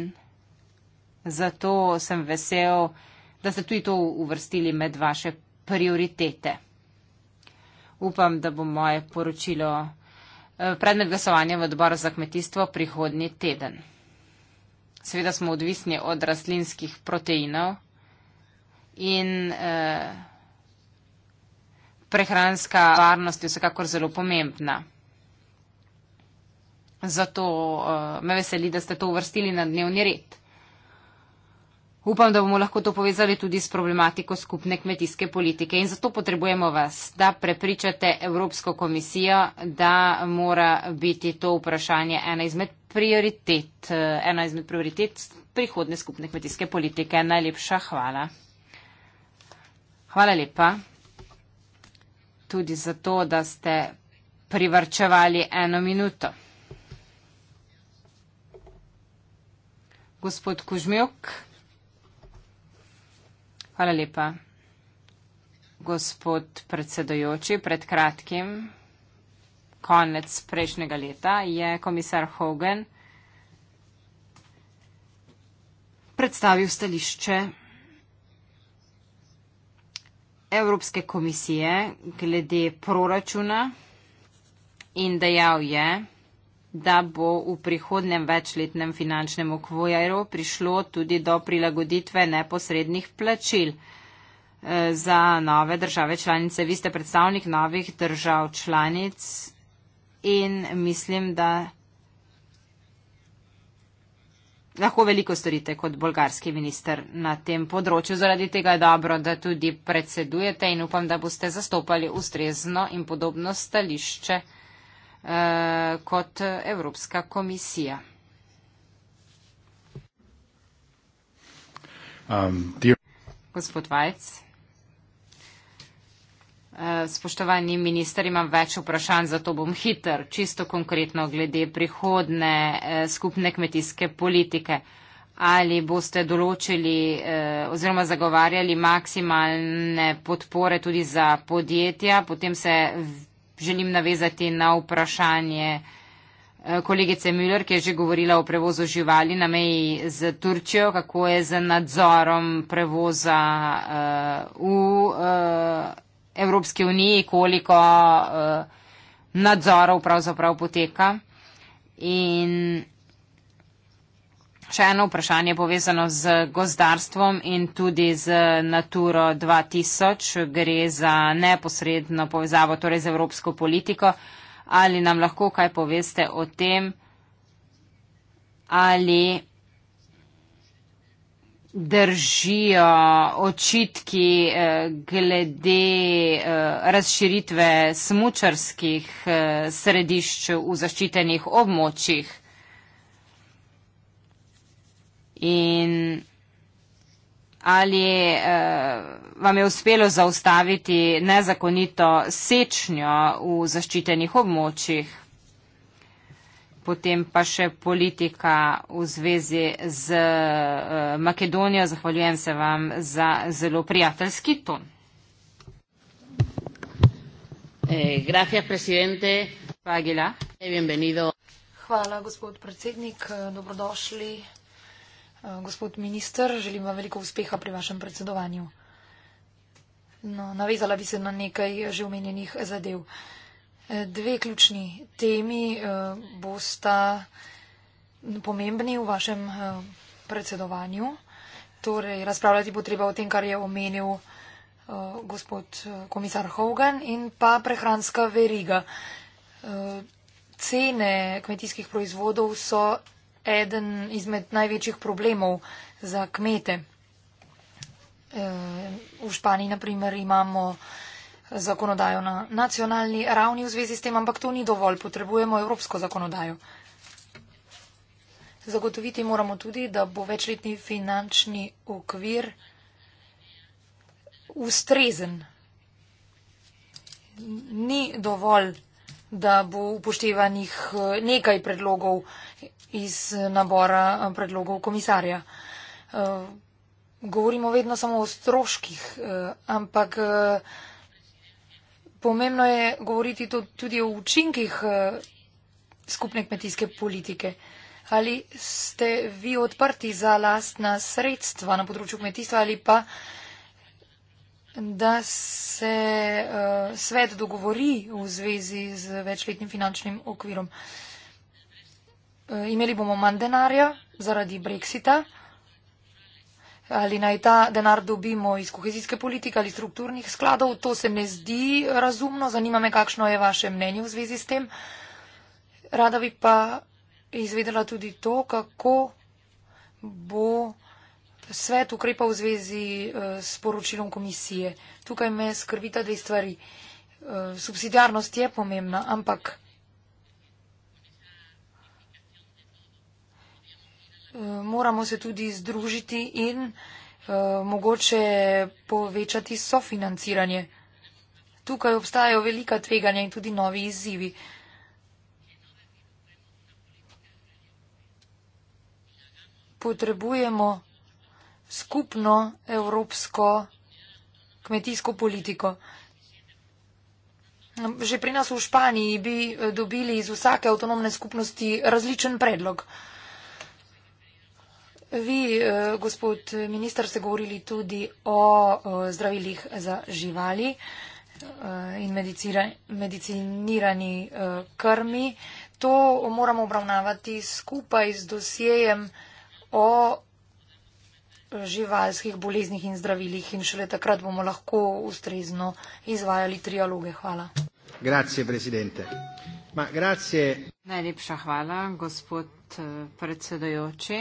zato sem vesel, da ste tudi to uvrstili med vaše prioritete. Upam, da bo moje poročilo eh, predmet glasovanja v odboru za kmetijstvo prihodnji teden. Seveda smo odvisni od rastlinskih proteinov in eh, prehranska varnost je vsekakor zelo pomembna. Zato eh, me veseli, da ste to uvrstili na dnevni red. Upam, da bomo lahko to povezali tudi s problematiko skupne kmetijske politike in zato potrebujemo vas, da prepričate Evropsko komisijo, da mora biti to vprašanje ena izmed prioritet, eh, ena izmed prioritet prihodne skupne kmetijske politike. Najlepša hvala. Hvala lepa tudi zato, da ste privrčevali eno minuto. Gospod Kužmjok. Hvala lepa. Gospod predsedojoči, pred kratkim, konec prejšnjega leta, je komisar Hogan predstavil stališče Evropske komisije glede proračuna in dejal je, da bo v prihodnem večletnem finančnem okvojeru prišlo tudi do prilagoditve neposrednih plačil eh, za nove države članice. Vi ste predstavnik novih držav članic in mislim, da lahko veliko storite kot bolgarski minister na tem področju. Zaradi tega je dobro, da tudi predsedujete in upam, da boste zastopali ustrezno in podobno stališče. Eh, kot Evropska komisija. Um, dear... Gospod Vajc. Eh, spoštovani minister, imam več vprašanj, zato bom hiter, čisto konkretno glede prihodne eh, skupne kmetijske politike. Ali boste določili oziroma zagovarjali maksimalne podpore tudi za podjetja, potem se želim navezati na vprašanje eh, kolegice Müller, ki je že govorila o prevozu živali na meji z Turčijo, kako je z nadzorom prevoza eh, v eh, Evropski uniji, koliko nadzorov pravzaprav poteka. In še eno vprašanje povezano z gozdarstvom in tudi z Naturo 2000. Gre za neposredno povezavo torej z evropsko politiko. Ali nam lahko kaj poveste o tem, ali držijo očitki eh, glede eh, razširitve smučarskih eh, središč v zaščitenih območjih? in ali eh, vam je uspelo zaustaviti nezakonito sečnjo v zaščitenih območjih, potem pa še politika v zvezi z eh, Makedonijo. Zahvaljujem se vam za zelo prijateljski ton. Eh, Hvala, gospod predsednik. Dobrodošli. Eh, gospod minister, želim vam veliko uspeha pri vašem predsedovanju. No, navezala bi se na nekaj že omenjenih zadev. Eh, dve ključni temi eh, bosta pomembni v vašem predsedovanju. Torej, razpravljati bo treba o tem, kar je omenil gospod komisar Hogan in pa prehranska veriga. Cene kmetijskih proizvodov so eden izmed največjih problemov za kmete. E, v Španiji, na primer, imamo zakonodajo na nacionalni ravni v zvezi s tem, ampak to ni dovolj. Potrebujemo evropsko zakonodajo. Zagotoviti moramo tudi, da bo večletni finančni okvir ustrezen. Ni dovolj, da bo upoštevanih e, nekaj predlogov iz nabora eh, predlogov komisarja. Eh, govorimo vedno samo o stroških, eh, ampak pomembno je govoriti tudi o učinkih skupne kmetijske politike. Ali ste vi odprti za lastna sredstva na področju kmetijstva ali pa da se uh, svet dogovori v zvezi z večletnim finančnim okvirom. Uh, Eh, imeli bomo manj denarja zaradi Brexita. Ali naj ta denar dobimo iz kohezijske politike ali strukturnih skladov, to se ne zdi razumno. Zanima me, kakšno je vaše mnenje v zvezi s tem. Rada bi pa izvedela tudi to, kako bo svet ukrepal v zvezi eh, s poročilom komisije. Tukaj me skrbita dve stvari. Eh, subsidiarnost je pomembna, ampak Eh, moramo se tudi združiti in eh, mogoče povečati sofinanciranje. Tukaj obstajajo velika tveganja in tudi novi izzivi. Potrebujemo skupno evropsko kmetijsko politiko. Že pri nas v Španiji bi eh, dobili iz vsake avtonomne skupnosti različen predlog. Vi, eh, gospod minister, ste govorili tudi o zdravilih za živali eh, in medicinirani eh, krmi. To moramo obravnavati skupaj z dosjejem o živalskih boleznih in zdravilih in šele takrat bomo lahko ustrezno izvajali trialoge. Hvala. Grazie, presidente. Ma, grazie. Najlepša hvala, gospod predsedojoči.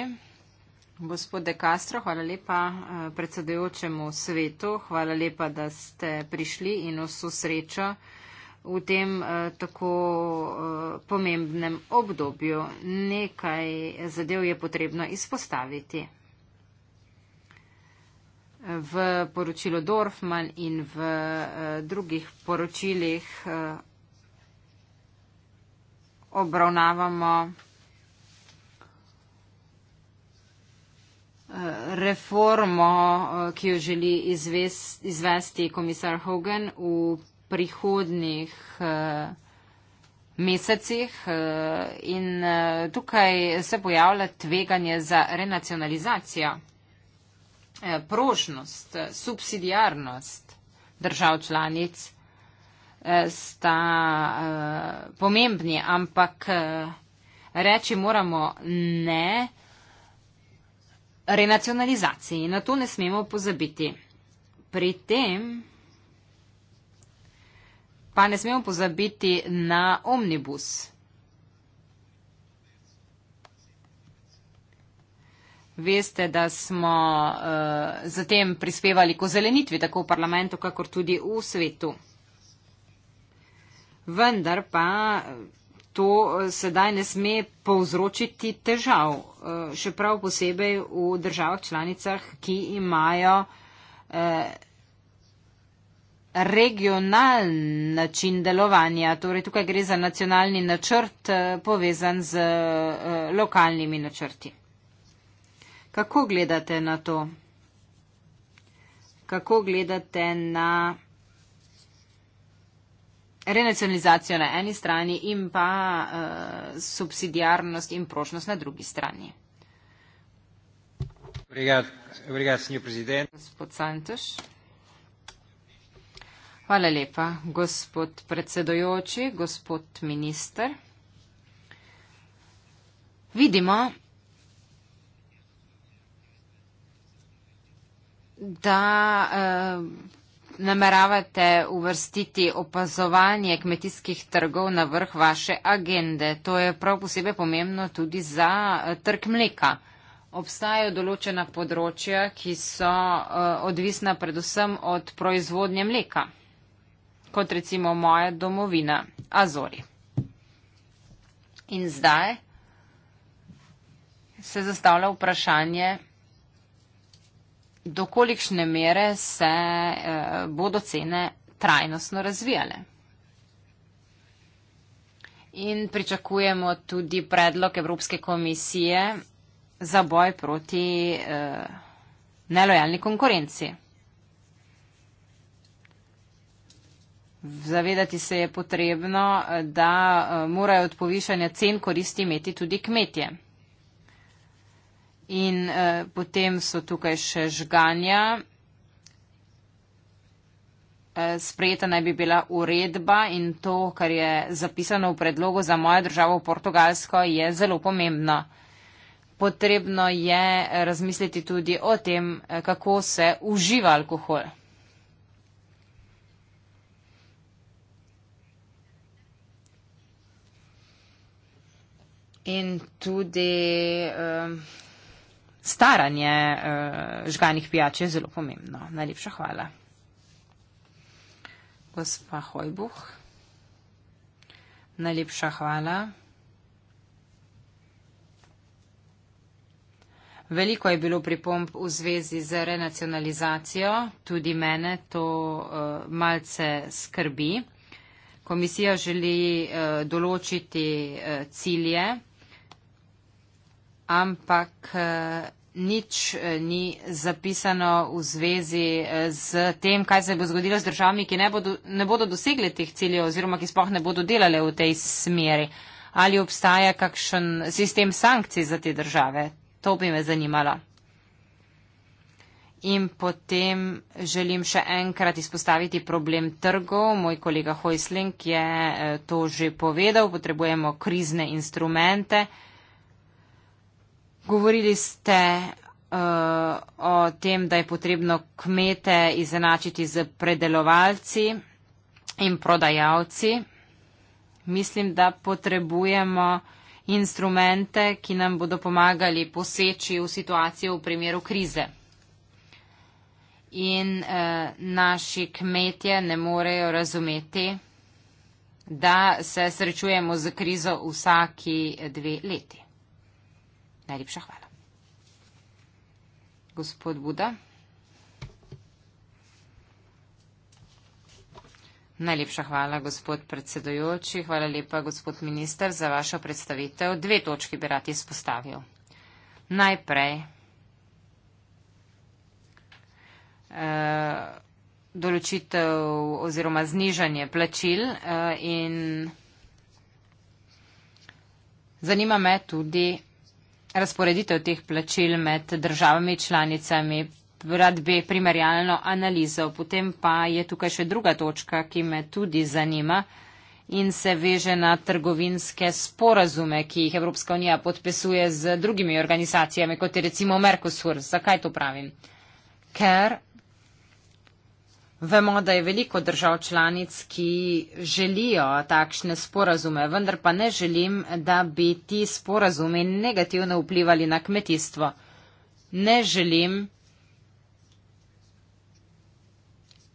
Gospod De Castro, hvala lepa eh, predsedujočemu svetu, hvala lepa, da ste prišli in vso srečo v tem eh, tako eh, pomembnem obdobju. Nekaj zadev je potrebno izpostaviti. V poročilu Dorfman in v drugih poročilih obravnavamo reformo, eh, ki jo želi izvesti, izvesti komisar Hogan v prihodnih eh, mesecih eh, in tukaj se pojavlja tveganje za renacionalizacijo, prožnost, subsidijarnost držav članic sta pomembni, ampak reči moramo ne renacionalizaciji. Na to ne smemo pozabiti. Pri tem pa ne smemo pozabiti na omnibus. Veste, da smo uh, eh, zatem prispevali k ozelenitvi tako v parlamentu, kakor tudi v svetu. Vendar pa to eh, sedaj ne sme povzročiti težav, eh, še prav posebej v državah članicah, ki imajo eh, regionalen način delovanja. Torej, tukaj gre za nacionalni načrt povezan z lokalnimi načrti. Kako gledate na to? Kako gledate na renacionalizacijo na eni strani in pa uh, subsidiarnost in prošnost na drugi strani. Hvala lepa, gospod predsedojoči, gospod minister. Vidimo, da uh, nameravate uvrstiti opazovanje kmetijskih trgov na vrh vaše agende. To je prav posebej pomembno tudi za eh, trg mleka. Obstajajo določena področja, ki so eh, odvisna predvsem od proizvodnje mleka, kot recimo moja domovina Azori. In zdaj se zastavlja vprašanje, dokolikšne mere se eh, bodo cene trajnostno razvijale. In pričakujemo tudi predlog Evropske komisije za boj proti eh, nelojalni konkurenci. Zavedati se je potrebno, da eh, morajo od povišanja cen koristi imeti tudi kmetje. In eh, potem so tukaj še žganja. Eh, sprejeta naj bi bila uredba in to, kar je zapisano v predlogu za mojo državo Portugalsko, je zelo pomembno. Potrebno je razmisliti tudi o tem, eh, kako se uživa alkohol. In tudi eh, staranje uh, žganih pijač je zelo pomembno. Najlepša hvala. Gospa Hojbuh. Najlepša hvala. Veliko je bilo pripomb v zvezi z renacionalizacijo, tudi mene to uh, malce skrbi. Komisija želi uh, določiti uh, cilje ampak eh, nič eh, ni zapisano v zvezi z eh, tem, kaj se bo zgodilo z državami, ki ne bodo, ne bodo dosegli teh ciljev oziroma ki sploh ne bodo delali v tej smeri. Ali obstaja kakšen sistem sankcij za te države? To bi me zanimalo. In potem želim še enkrat izpostaviti problem trgov. Moj kolega Hojsling je to že povedal. Potrebujemo krizne instrumente. Govorili ste uh, o tem, da je potrebno kmete izenačiti z predelovalci in prodajalci. Mislim, da potrebujemo instrumente, ki nam bodo pomagali poseči v situacijo v primeru krize. In eh, naši kmetje ne morejo razumeti, da se srečujemo z krizo vsaki dve leti. Najlepša hvala. Gospod Buda. Najlepša hvala, gospod predsedojoči. Hvala lepa, gospod minister, za vašo predstavitev. Dve točki bi rad izpostavil. Najprej. Eh, določitev oziroma znižanje plačil eh, in zanima me tudi razporeditev teh plačil med državami članicami. Rad bi primerjalno analizo. Potem pa je tukaj še druga točka, ki me tudi zanima in se veže na trgovinske sporazume, ki jih Evropska unija podpisuje z drugimi organizacijami, kot je recimo Mercosur. Zakaj to pravim? Ker Vemo, da je veliko držav članic, ki želijo takšne sporazume, vendar pa ne želim, da bi ti sporazumi negativno vplivali na kmetijstvo. Ne želim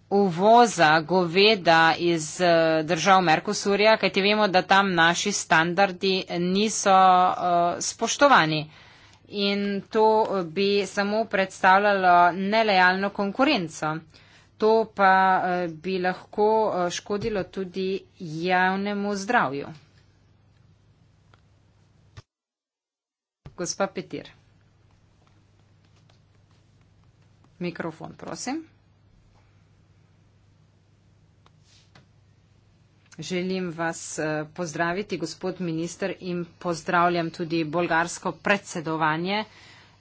uvoza goveda iz eh, držav Merkosurja, kajti vemo, da tam naši standardi niso uh, spoštovani. In to bi samo predstavljalo nelejalno konkurenco. Uh, To pa eh, bi lahko eh, škodilo tudi javnemu zdravju. Gospa Petir. Mikrofon, prosim. Želim vas eh, pozdraviti, gospod minister, in pozdravljam tudi bolgarsko predsedovanje.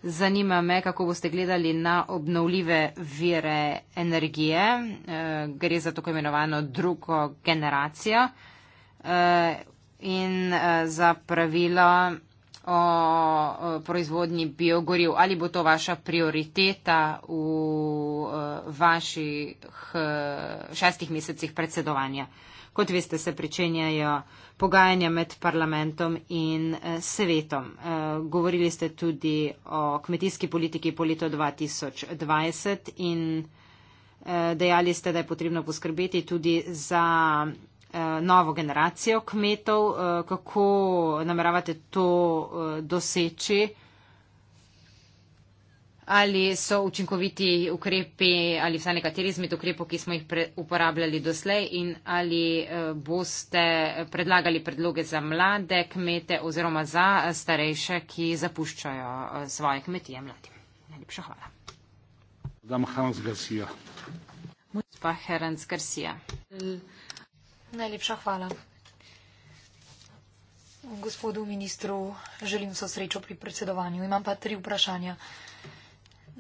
Zanima me, kako boste gledali na obnovljive vire energije. Eh, gre za tako imenovano drugo generacijo eh, in eh, za pravila o proizvodnji biogoriv. Ali bo to vaša prioriteta v vaših šestih mesecih predsedovanja? Kot veste, se pričenjajo pogajanja med parlamentom in eh, svetom. Eh, govorili ste tudi o kmetijski politiki po leto 2020 in eh, dejali ste, da je potrebno poskrbeti tudi za novo generacijo kmetov. Kako nameravate to doseči? Ali so učinkoviti ukrepi ali vsaj nekateri izmed ukrepov, ki smo jih pre, uporabljali doslej in ali eh, boste predlagali predloge za mlade kmete oziroma za starejše, ki zapuščajo eh, svoje kmetije mladim. Najlepša hvala. Najlepša hvala. Gospodu ministru želim so srečo pri predsedovanju. Imam pa tri vprašanja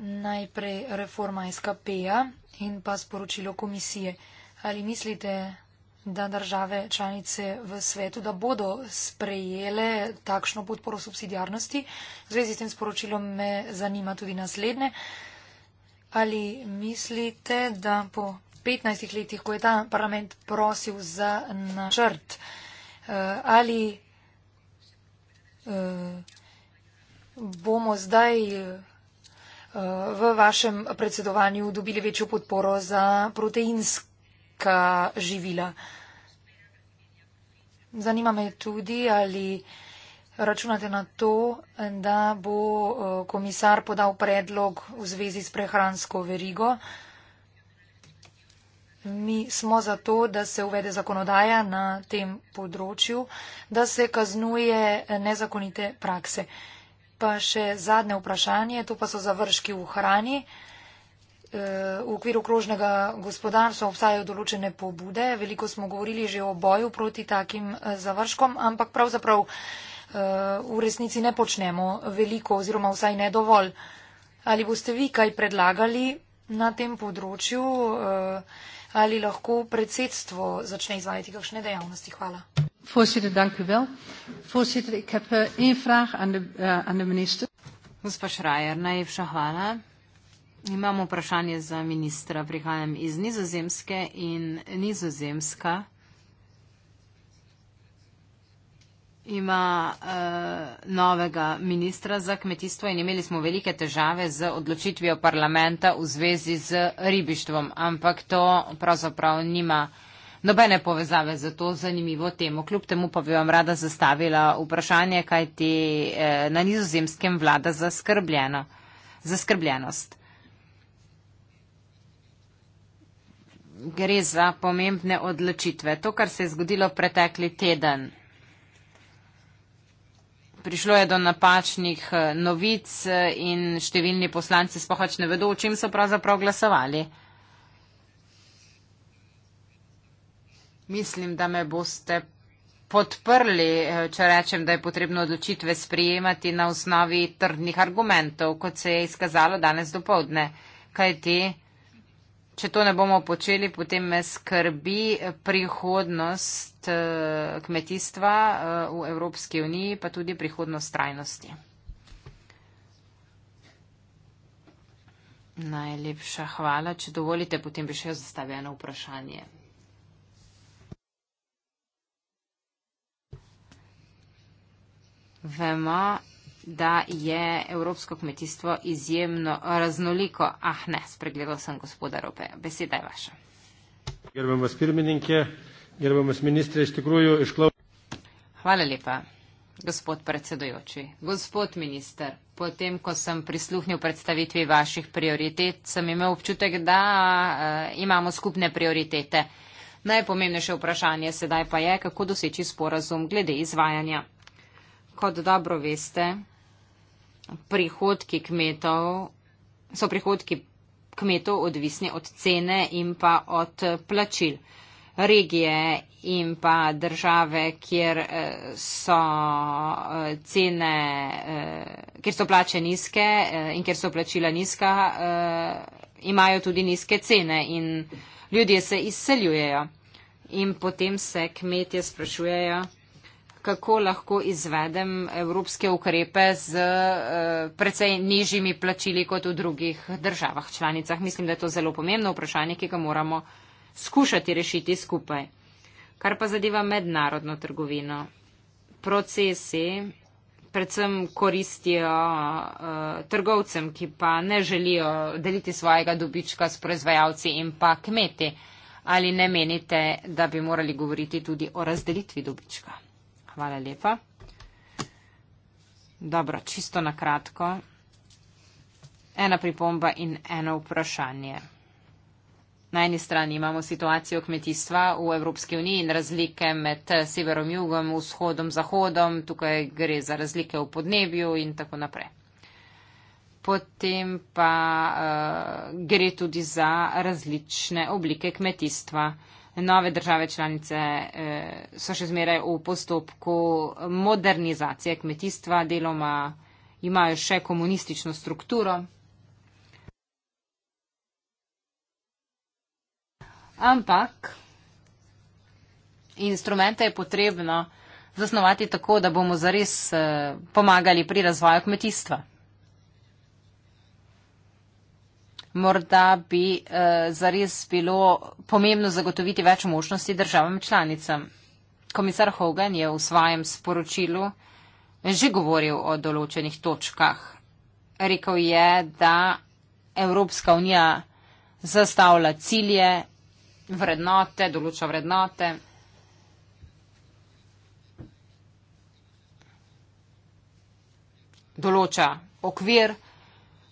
najprej reforma SKP-ja in pa sporočilo komisije. Ali mislite, da države članice v svetu, da bodo sprejele takšno podporo subsidijarnosti? V zvezi s tem sporočilom me zanima tudi naslednje. Ali mislite, da po 15 letih, ko je ta parlament prosil za načrt, eh, ali eh, bomo zdaj v vašem predsedovanju dobili večjo podporo za proteinska živila. Zanima me tudi, ali računate na to, da bo eh, komisar podal predlog v zvezi s prehransko verigo. Mi smo za to, da se uvede zakonodaja na tem področju, da se kaznuje nezakonite prakse. Pa še zadnje vprašanje, to pa so završki v hrani. E, v okviru krožnega gospodarstva obstajajo določene pobude, veliko smo govorili že o boju proti takim e, završkom, ampak pravzaprav e, v resnici ne počnemo veliko oziroma vsaj ne dovolj. Ali boste vi kaj predlagali na tem področju ali lahko predsedstvo začne izvajati kakšne dejavnosti? Hvala. Voorzitter, dank u wel. Voorzitter, ik heb uh, één vraag aan de, uh, aan de minister. Gospod Schreier, najlepša hvala. Imamo vprašanje za ministra. Prihajam iz Nizozemske in Nizozemska ima uh, novega ministra za kmetijstvo in imeli smo velike težave z odločitvijo parlamenta v zvezi z ribištvom, ampak to pravzaprav nima nobene povezave za to zanimivo temo. Kljub temu pa bi vam rada zastavila vprašanje, kaj ti eh, na nizozemskem vlada zaskrbljenost. Gre za pomembne odločitve. To, kar se je zgodilo pretekli teden. Prišlo je do napačnih eh, novic eh, in številni poslanci spohač ne vedo, o čem so pravzaprav glasovali. mislim, da me boste podprli, eh, če rečem, da je potrebno odločitve sprijemati na osnovi trdnih argumentov, kot se je izkazalo danes do povdne. Kaj ti? Če to ne bomo počeli, potem me skrbi prihodnost eh, kmetijstva eh, v Evropski uniji, pa tudi prihodnost trajnosti. Najlepša hvala. Če dovolite, potem bi še zastavljeno vprašanje. vemo, da je evropsko kmetijstvo izjemno raznoliko. Ah ne, spregledal sem gospoda Rope. Beseda je vaša. Hvala lepa, gospod predsedujoči. Gospod minister, potem, ko sem prisluhnil predstavitvi vaših prioritet, sem imel občutek, da uh, imamo skupne prioritete. Najpomembnejše vprašanje sedaj pa je, kako doseči sporazum glede izvajanja kot dobro veste, prihodki kmetov so prihodki kmetov odvisni od cene in pa od plačil. Regije in pa države, kjer eh, so eh, cene, eh, kjer so plače nizke in kjer so plačila nizka, imajo tudi nizke cene in ljudje se izseljujejo. In potem se kmetje sprašujejo, kako lahko izvedem evropske ukrepe z eh, precej nižjimi plačili kot v drugih državah članicah. Mislim, da je to zelo pomembno vprašanje, ki ga moramo skušati rešiti skupaj. Kar pa zadeva mednarodno trgovino. Procesi predvsem koristijo uh, trgovcem, ki pa ne želijo deliti svojega dobička s proizvajalci in pa kmeti. Ali ne menite, da bi morali govoriti tudi o razdelitvi dobička? hvala lepa. Dobro, čisto na kratko. Ena pripomba in eno vprašanje. Na eni strani imamo situacijo kmetijstva v Evropski uniji in razlike med severom, jugom, vzhodom, zahodom, tukaj gre za razlike v podnebju in tako naprej. Potem pa uh, gre tudi za različne oblike kmetijstva. Uh, nove države članice eh, so še zmeraj v postopku modernizacije kmetijstva, deloma imajo še komunistično strukturo. Ampak instrumente je potrebno zasnovati tako, da bomo zares eh, pomagali pri razvoju kmetijstva. morda bi eh, zares bilo pomembno zagotoviti več možnosti državam članicam. Komisar Hogan je v svojem sporočilu že govoril o določenih točkah. Rekel je, da Evropska unija zastavlja cilje, vrednote, določa vrednote. določa okvir,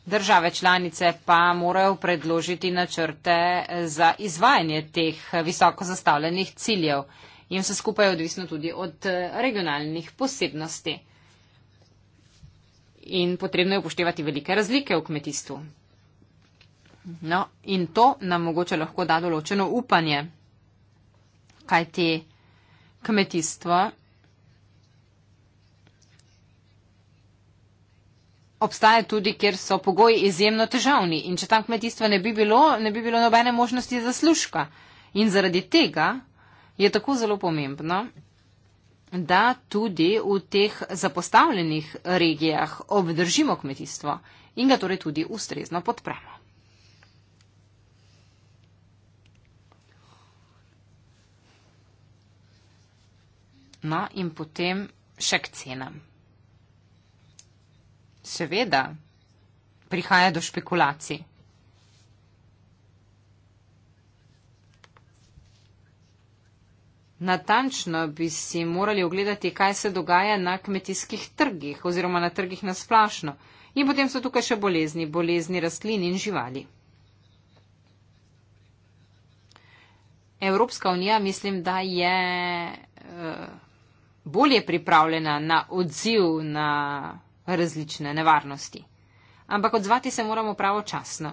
Države članice pa morajo predložiti načrte za izvajanje teh visoko zastavljenih ciljev. In vse skupaj je odvisno tudi od eh, regionalnih posebnosti. In potrebno je upoštevati velike razlike v kmetijstvu. No, in to nam mogoče lahko da določeno upanje, kaj ti kmetijstvo obstaja tudi, kjer so pogoji izjemno težavni. In če tam kmetijstva ne bi bilo, ne bi bilo nobene možnosti za služka. In zaradi tega je tako zelo pomembno, da tudi v teh zapostavljenih regijah obdržimo kmetijstvo in ga torej tudi ustrezno podpremo. No, in potem še k cenam. Seveda, prihaja do špekulacij. Natančno bi si morali ogledati, kaj se dogaja na kmetijskih trgih oziroma na trgih nasplašno. In potem so tukaj še bolezni, bolezni rastlin in živali. Evropska unija mislim, da je eh, bolje pripravljena na odziv na različne nevarnosti. Ampak odzvati se moramo pravočasno.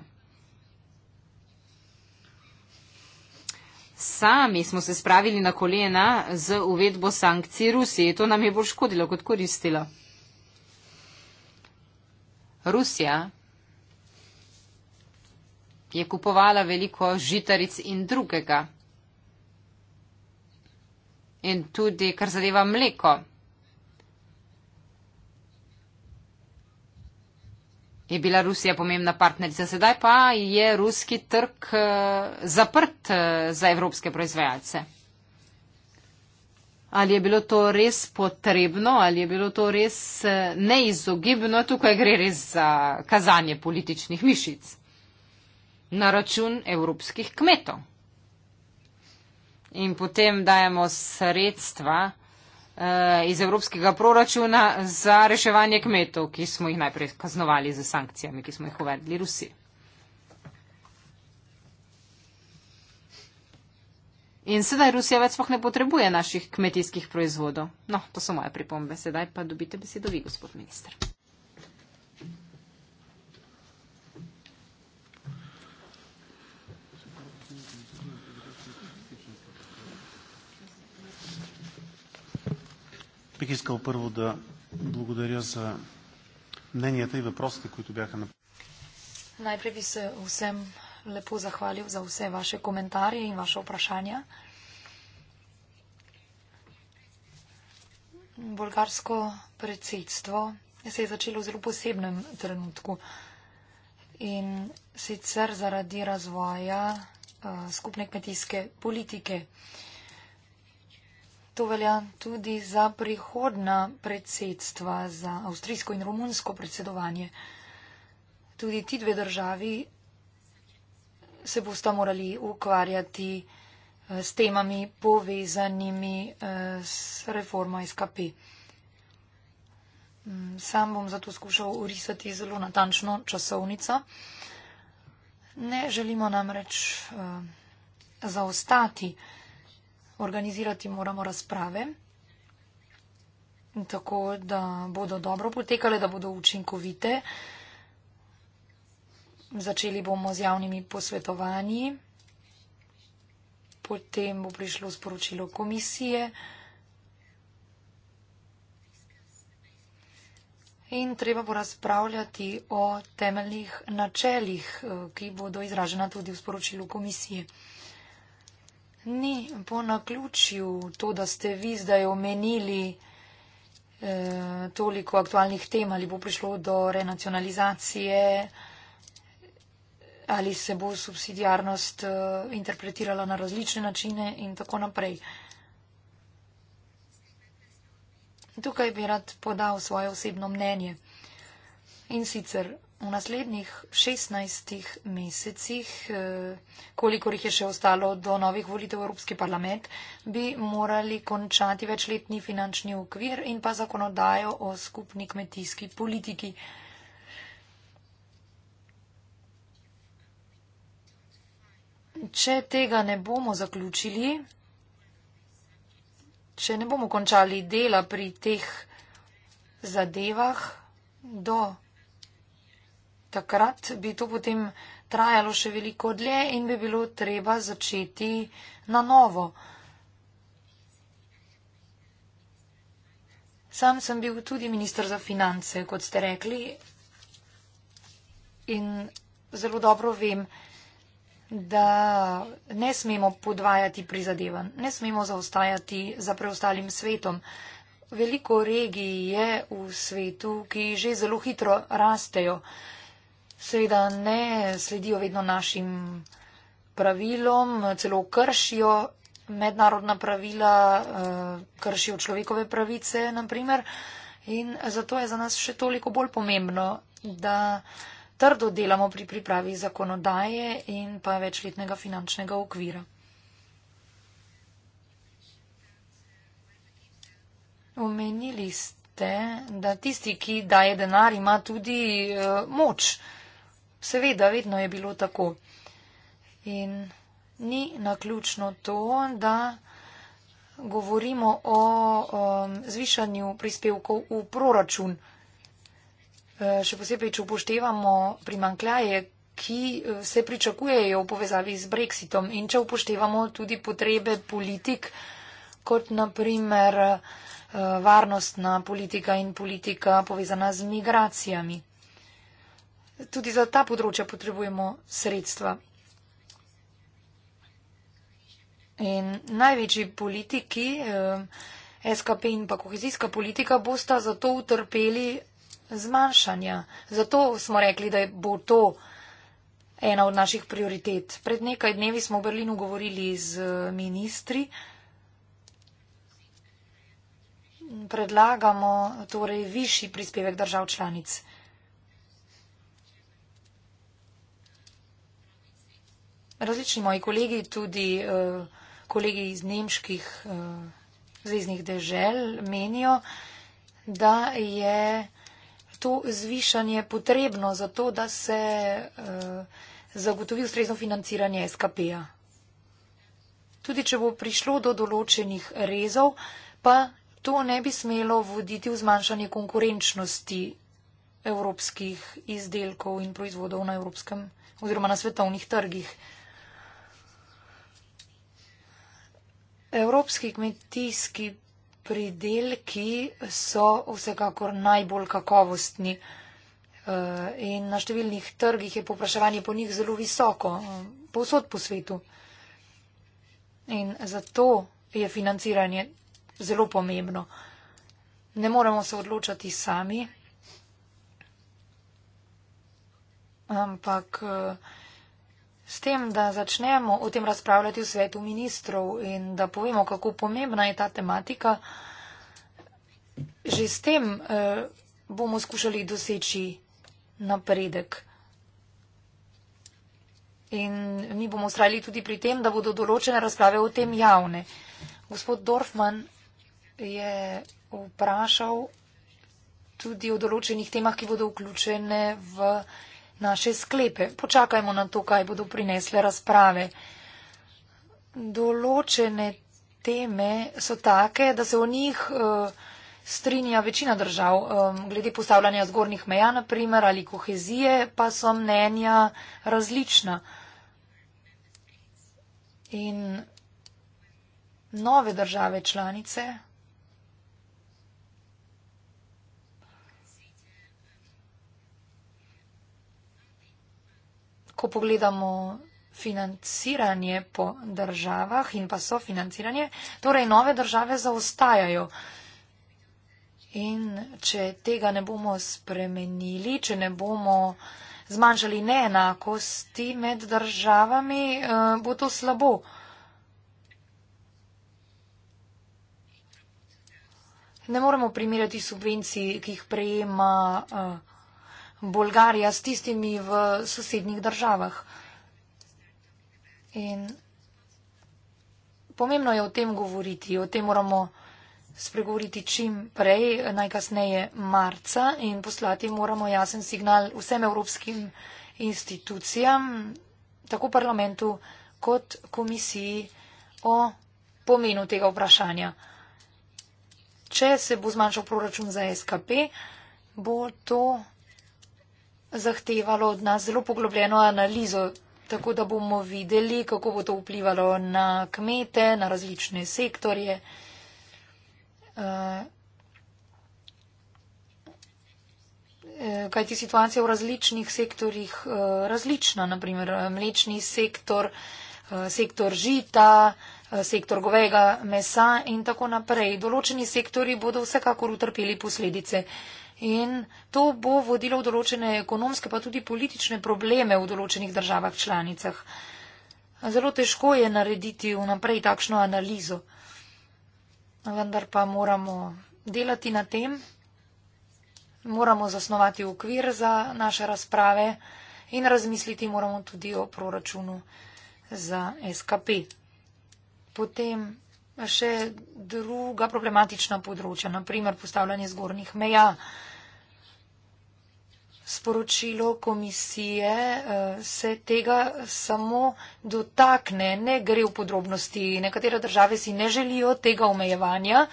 Sami smo se spravili na kolena z uvedbo sankcij Rusiji. To nam je bolj škodilo kot koristilo. Rusija je kupovala veliko žitaric in drugega. In tudi, kar zadeva mleko. je bila Rusija pomembna partnerica. Sedaj pa je ruski trg eh, zaprt eh, za evropske proizvajalce. Ali je bilo to res potrebno, ali je bilo to res eh, neizogibno, tukaj gre res za kazanje političnih mišic na račun evropskih kmetov. In potem dajemo sredstva, Eh, iz evropskega proračuna za reševanje kmetov, ki smo jih najprej kaznovali z sankcijami, ki smo jih uvedli Rusi. In sedaj Rusija več sploh ne potrebuje naših kmetijskih proizvodov. No, to so moje pripombe. Sedaj pa dobite besedo vi, gospod minister. Бих искал първо да благодаря за мненията и въпросите, които бяха на. Najprej bi se vsem lepo zahvalil za vse vaše komentarje in vaše vprašanja. Bolgarsko predsedstvo se je začelo v zelo posebnem trenutku in sicer zaradi razvoja uh, skupne kmetijske politike. Uh, To velja tudi za prihodna predsedstva, za avstrijsko in romunsko predsedovanje. Tudi ti dve državi se bosta morali ukvarjati eh, s temami povezanimi eh, s reformo SKP. Mm, sam bom zato skušal urisati zelo natančno časovnico. Ne želimo namreč eh, zaostati organizirati moramo razprave, tako da bodo dobro potekale, da bodo učinkovite. Začeli bomo z javnimi posvetovanji, potem bo prišlo sporočilo komisije in treba bo razpravljati o temeljnih načelih, eh, ki bodo izražena tudi v sporočilu komisije. Ni po naključju to, da ste vi zdaj omenili eh, toliko aktualnih tem, ali bo prišlo do renacionalizacije, ali se bo subsidijarnost eh, interpretirala na različne načine in tako naprej. Tukaj bi rad podal svoje osebno mnenje. In sicer v naslednjih 16 mesecih, eh, kolikor jih je še ostalo do novih volitev v Evropski parlament, bi morali končati večletni finančni ukvir in pa zakonodajo o skupni kmetijski politiki. Če tega ne bomo zaključili, če ne bomo končali dela pri teh zadevah do takrat bi to potem trajalo še veliko dlje in bi bilo treba začeti na novo. Sam sem bil tudi ministr za finance, kot ste rekli, in zelo dobro vem, da ne smemo podvajati prizadevanj, ne smemo zaostajati za preostalim svetom. Veliko regij je v svetu, ki že zelo hitro rastejo seveda ne sledijo vedno našim pravilom, celo kršijo mednarodna pravila, eh, kršijo človekove pravice, naprimer. In zato je za nas še toliko bolj pomembno, da trdo delamo pri pripravi zakonodaje in pa večletnega finančnega okvira. Omenili ste, da tisti, ki daje denar, ima tudi uh, moč. Uh, Seveda, vedno je bilo tako. In ni naključno to, da govorimo o um, zvišanju prispevkov v proračun. E, še posebej, če upoštevamo primankljaje, ki e, se pričakujejo v povezavi z brexitom in če upoštevamo tudi potrebe politik, kot naprimer e, varnostna politika in politika povezana z migracijami tudi za ta področja potrebujemo sredstva. In največji politiki, eh, SKP in pa kohezijska politika, bosta zato utrpeli zmanjšanja. Zato smo rekli, da bo to ena od naših prioritet. Pred nekaj dnevi smo v Berlinu govorili z eh, ministri. Predlagamo torej višji prispevek držav članic. različni moji kolegi, tudi eh, kolegi iz nemških eh, zvezdnih dežel, menijo, da je to zvišanje potrebno za to, da se eh, zagotovi ustrezno financiranje SKP-ja. Tudi če bo prišlo do določenih rezov, pa to ne bi smelo voditi v zmanjšanje konkurenčnosti evropskih izdelkov in proizvodov na evropskem oziroma na svetovnih trgih. Evropski kmetijski pridelki so vsekakor najbolj kakovostni eh, in na številnih trgih je popraševanje po njih zelo visoko, povsod po svetu. In zato je financiranje zelo pomembno. Ne moremo se odločati sami, ampak uh, S tem, da začnemo o tem razpravljati v svetu ministrov in da povemo, kako pomembna je ta tematika, že s tem eh, bomo skušali doseči napredek. In mi bomo ustrajali tudi pri tem, da bodo določene razprave o tem javne. Gospod Dorfman je vprašal tudi o določenih temah, ki bodo vključene v naše sklepe. Počakajmo na to, kaj bodo prinesle razprave. Določene teme so take, da se o njih uh, strinja večina držav, um, glede postavljanja zgornjih meja, naprimer, ali kohezije, pa so mnenja različna. In nove države članice ko pogledamo financiranje po državah in pa sofinanciranje, torej nove države zaostajajo. In če tega ne bomo spremenili, če ne bomo zmanjšali neenakosti med državami, eh, bo to slabo. Ne moremo primerjati subvencij, ki jih prejema. Uh, Bolgarija s tistimi v sosednjih državah. In pomembno je o tem govoriti, o tem moramo spregovoriti čim prej, najkasneje marca in poslati moramo jasen signal vsem evropskim institucijam, tako parlamentu kot komisiji o pomenu tega vprašanja. Če se bo zmanjšal proračun za SKP, bo to zahtevalo od nas zelo poglobljeno analizo, tako da bomo videli, kako bo to vplivalo na kmete, na različne sektorje. Eh, Kaj ti situacija v različnih sektorjih eh, različna, naprimer eh, mlečni sektor, sektor žita, sektor govega mesa in tako naprej. Določeni sektori bodo vsekakor utrpeli posledice. In to bo vodilo v določene ekonomske, pa tudi politične probleme v določenih državah članicah. Zelo težko je narediti vnaprej takšno analizo. Vendar pa moramo delati na tem, moramo zasnovati okvir za naše razprave in razmisliti moramo tudi o proračunu za SKP. Potem še druga problematična področja, naprimer postavljanje zgornjih meja. Sporočilo komisije eh, se tega samo dotakne, ne gre v podrobnosti. Nekatere države si ne želijo tega omejevanja.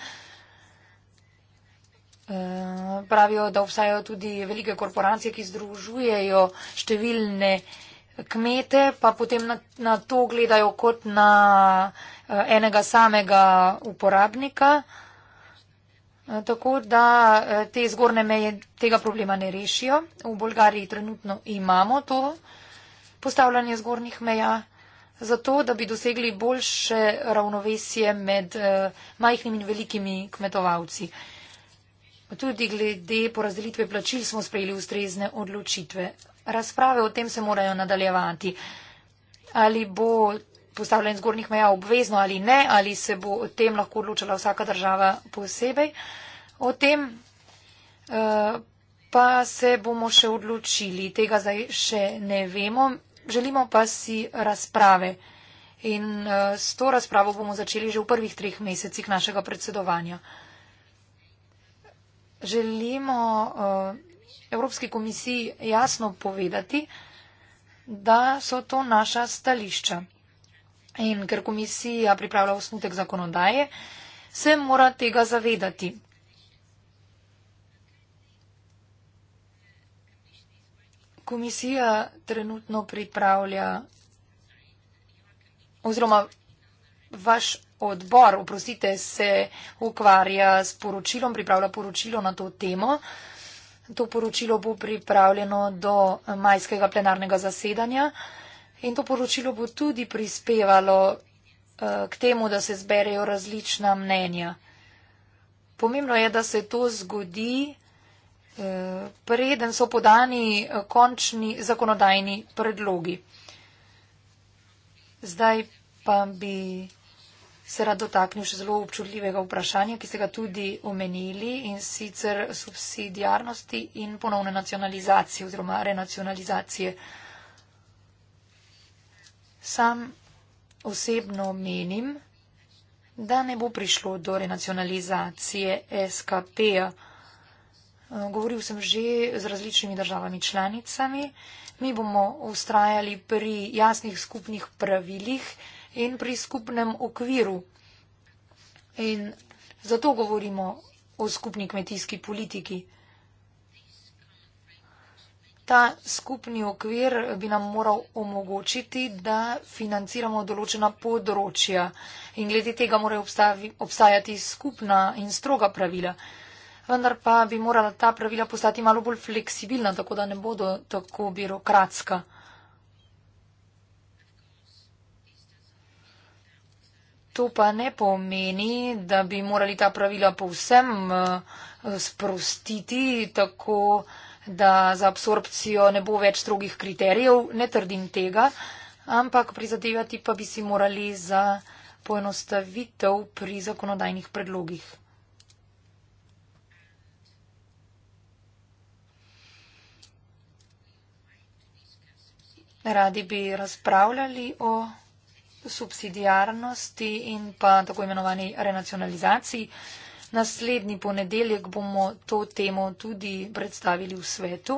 Eh, pravijo, da obstajajo tudi velike korporacije, ki združujejo številne kmete, pa potem na, na to gledajo kot na Eh, enega samega uporabnika. Eh, tako da eh, te zgorne meje tega problema ne rešijo. V Bolgariji trenutno imamo to postavljanje zgornjih meja, zato da bi dosegli boljše ravnovesje med majhnimi in velikimi kmetovalci. Tudi glede porazdelitve plačil smo sprejeli ustrezne odločitve. Razprave o tem se morajo nadaljevati. Ali bo postavljanje zgornjih meja obvezno ali ne, ali se bo o tem lahko odločila vsaka država posebej. O tem uh, pa se bomo še odločili. Tega zdaj še ne vemo. Želimo pa si razprave. In uh, s to razpravo bomo začeli že v prvih treh mesecih našega predsedovanja. Želimo uh, Evropski komisiji jasno povedati, da so to naša stališča. In ker komisija pripravlja osnutek zakonodaje, se mora tega zavedati. Komisija trenutno pripravlja oziroma vaš odbor, oprostite, se ukvarja s poročilom, pripravlja poročilo na to temo. To poročilo bo pripravljeno do majskega plenarnega zasedanja. In to poročilo bo tudi prispevalo uh, k temu, da se zberejo različna mnenja. Pomembno je, da se to zgodi, uh, preden so podani eh, končni zakonodajni predlogi. Zdaj pa bi se rad dotaknil še zelo občutljivega vprašanja, ki ste ga tudi omenili in sicer subsidijarnosti in ponovne nacionalizacije oziroma renacionalizacije. Uh, Sam osebno menim, da ne bo prišlo do renacionalizacije SKP-ja. Eh, govoril sem že z različnimi državami članicami. Mi bomo ustrajali pri jasnih skupnih pravilih in pri skupnem okviru. In zato govorimo o skupni kmetijski politiki ta skupni okvir bi nam moral omogočiti, da financiramo določena področja in glede tega morajo obstajati skupna in stroga pravila. Vendar pa bi morala ta pravila postati malo bolj fleksibilna, tako da ne bodo tako birokratska. To pa ne pomeni, da bi morali ta pravila povsem eh, sprostiti tako da za absorpcijo ne bo več strogih kriterijev, ne trdim tega, ampak prizadevati pa bi si morali za poenostavitev pri zakonodajnih predlogih. Radi bi razpravljali o subsidijarnosti in pa tako imenovani renacionalizaciji. Naslednji ponedeljek bomo to temo tudi predstavili v svetu.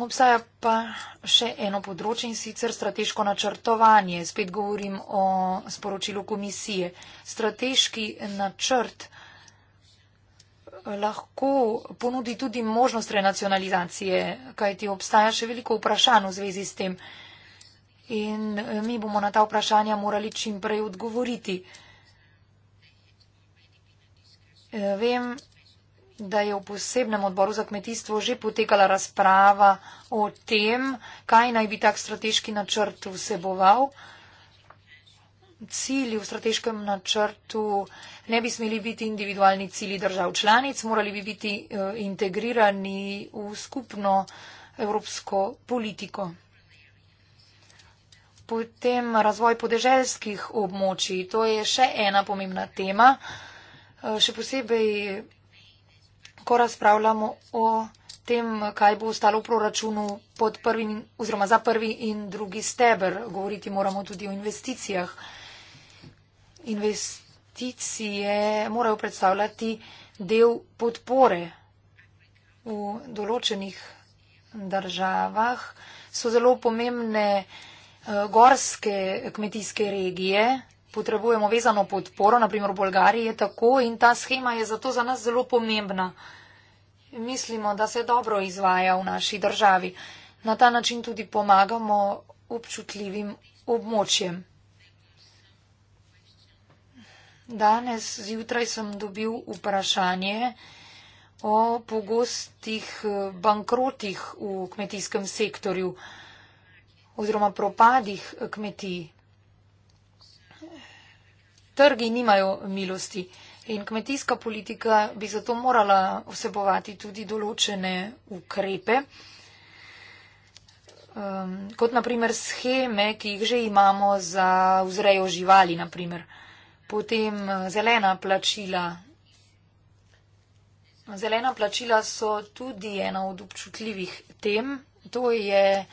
Obstaja pa še eno področje in sicer strateško načrtovanje. Spet govorim o sporočilu komisije. Strateški načrt lahko ponudi tudi možnost renacionalizacije, kajti obstaja še veliko vprašanj v zvezi s tem. In eh, mi bomo na ta vprašanja morali čim prej odgovoriti. Vem, da je v posebnem odboru za kmetijstvo že potekala razprava o tem, kaj naj bi tak strateški načrt vseboval. Cilji v strateškem načrtu ne bi smeli biti individualni cilji držav članic, morali bi biti eh, integrirani v skupno evropsko politiko. Potem razvoj podeželskih območij, to je še ena pomembna tema. Eh, še posebej, ko razpravljamo o tem, kaj bo ostalo v proračunu pod prvi oziroma za prvi in drugi steber. Govoriti moramo tudi o investicijah. Investicije morajo predstavljati del podpore v določenih državah. So zelo pomembne eh, gorske kmetijske regije, potrebujemo vezano podporo, naprimer v Bolgariji je tako in ta schema je zato za nas zelo pomembna. Mislimo, da se dobro izvaja v naši državi. Na ta način tudi pomagamo občutljivim območjem. Danes zjutraj sem dobil vprašanje o pogostih bankrotih v kmetijskem sektorju oziroma propadih kmetij trgi nimajo milosti. In kmetijska politika bi zato morala vsebovati tudi določene ukrepe, um, kot naprimer scheme, ki jih že imamo za vzrejo živali, naprimer. potem uh, zelena plačila. Zelena plačila so tudi ena od občutljivih tem. To je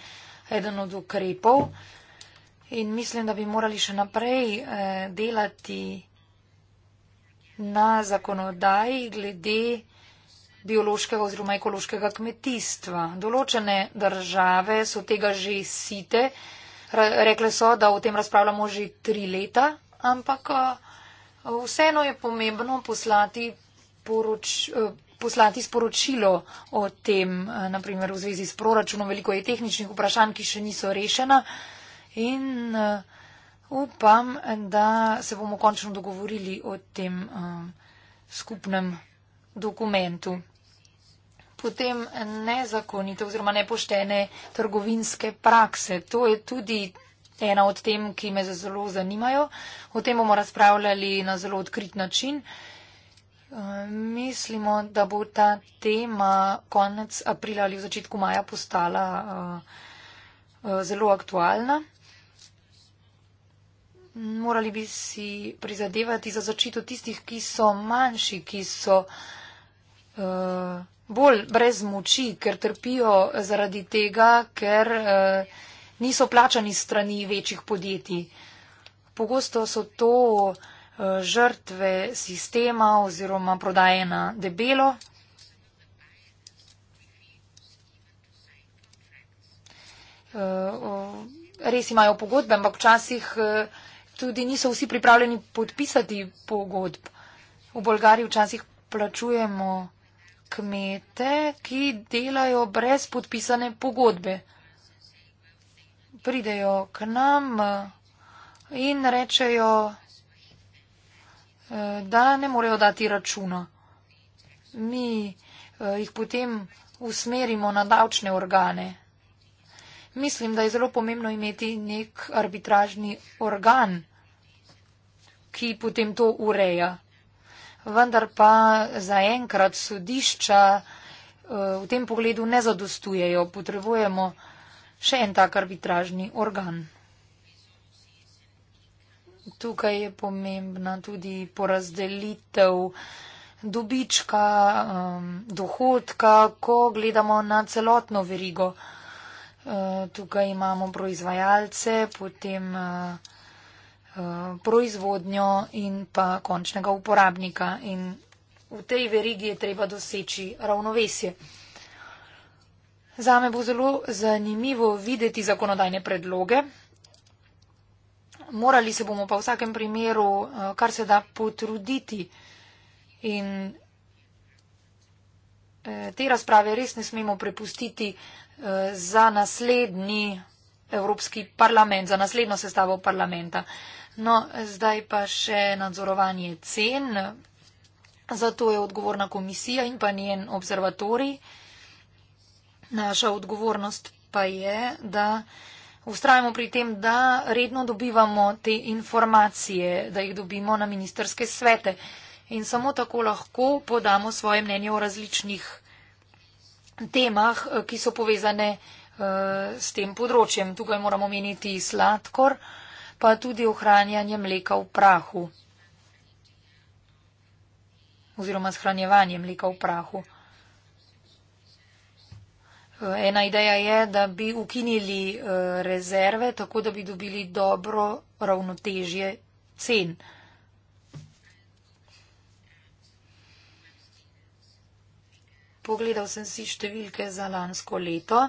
eden od ukrepov. In mislim, da bi morali še naprej eh, delati na zakonodaji glede biološkega oziroma ekološkega kmetijstva. Določene države so tega že sitne. Rekle so, da o tem razpravljamo že tri leta, ampak eh, vseeno je pomembno poslati, poroč, eh, poslati sporočilo o tem, naprimer v zvezi s proračunom. Veliko je tehničnih vprašanj, ki še niso rešena in eh, upam, da se bomo končno dogovorili o tem eh, skupnem dokumentu. Potem nezakonite oziroma nepoštene trgovinske prakse. To je tudi ena od tem, ki me zelo zanimajo. O tem bomo razpravljali na zelo odkrit način. Eh, mislimo, da bo ta tema konec aprila ali v začetku maja postala zelo aktualna morali bi si prizadevati za začito tistih, ki so manjši, ki so uh, bolj brez moči, ker trpijo zaradi tega, ker uh, niso plačani strani večjih podjetij. Pogosto so to uh, žrtve sistema oziroma prodaje na debelo. Uh, uh, res imajo pogodbe, ampak včasih uh, tudi niso vsi pripravljeni podpisati pogodb. V Bolgariji včasih plačujemo kmete, ki delajo brez podpisane pogodbe. Pridejo k nam eh, in rečejo, eh, da ne morejo dati računa. Mi eh, jih potem usmerimo na davčne organe mislim, da je zelo pomembno imeti nek arbitražni organ, ki potem to ureja. Vendar pa zaenkrat sodišča eh, v tem pogledu ne zadostujejo. Potrebujemo še en tak arbitražni organ. Tukaj je pomembna tudi porazdelitev dobička, eh, dohodka, ko gledamo na celotno verigo. Eh, tukaj imamo proizvajalce, potem eh, eh, proizvodnjo in pa končnega uporabnika. In v tej verigi je treba doseči ravnovesje. Zame bo zelo zanimivo videti zakonodajne predloge. Morali se bomo pa v vsakem primeru, kar se da, potruditi in te razprave res ne smemo prepustiti eh, za naslednji Evropski parlament, za naslednjo sestavo parlamenta. No, zdaj pa še nadzorovanje cen. Zato je odgovorna komisija in pa njen observatorij. Naša odgovornost pa je, da ustrajamo pri tem, da redno dobivamo te informacije, da jih dobimo na ministerske svete in samo tako lahko podamo svoje mnenje o različnih temah, eh, ki so povezane eh, s tem področjem. Tukaj moramo meniti sladkor, pa tudi ohranjanje mleka v prahu oziroma shranjevanje mleka v prahu. Eh, ena ideja je, da bi ukinili rezerve, tako da bi dobili dobro ravnotežje cen. pogledal sem si številke za lansko leto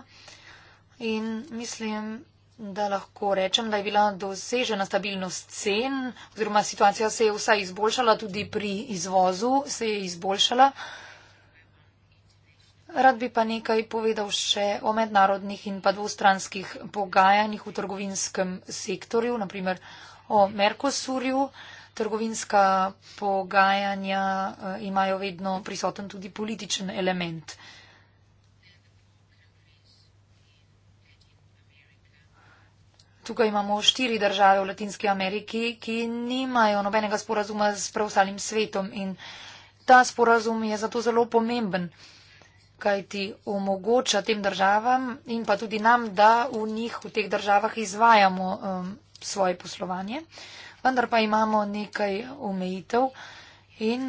in mislim, da lahko rečem, da je bila dosežena stabilnost cen oziroma situacija se je vsaj izboljšala, tudi pri izvozu se je izboljšala. Rad bi pa nekaj povedal še o mednarodnih in pa dvostranskih pogajanjih v trgovinskem sektorju, naprimer o Merkosurju trgovinska pogajanja eh, imajo vedno prisoten tudi političen element. Tukaj imamo štiri države v Latinski Ameriki, ki nimajo nobenega sporazuma s preostalim svetom in ta sporazum je zato zelo pomemben, kaj ti omogoča tem državam in pa tudi nam, da v njih, v teh državah izvajamo um, svoje poslovanje. Uh, vendar pa imamo nekaj omejitev in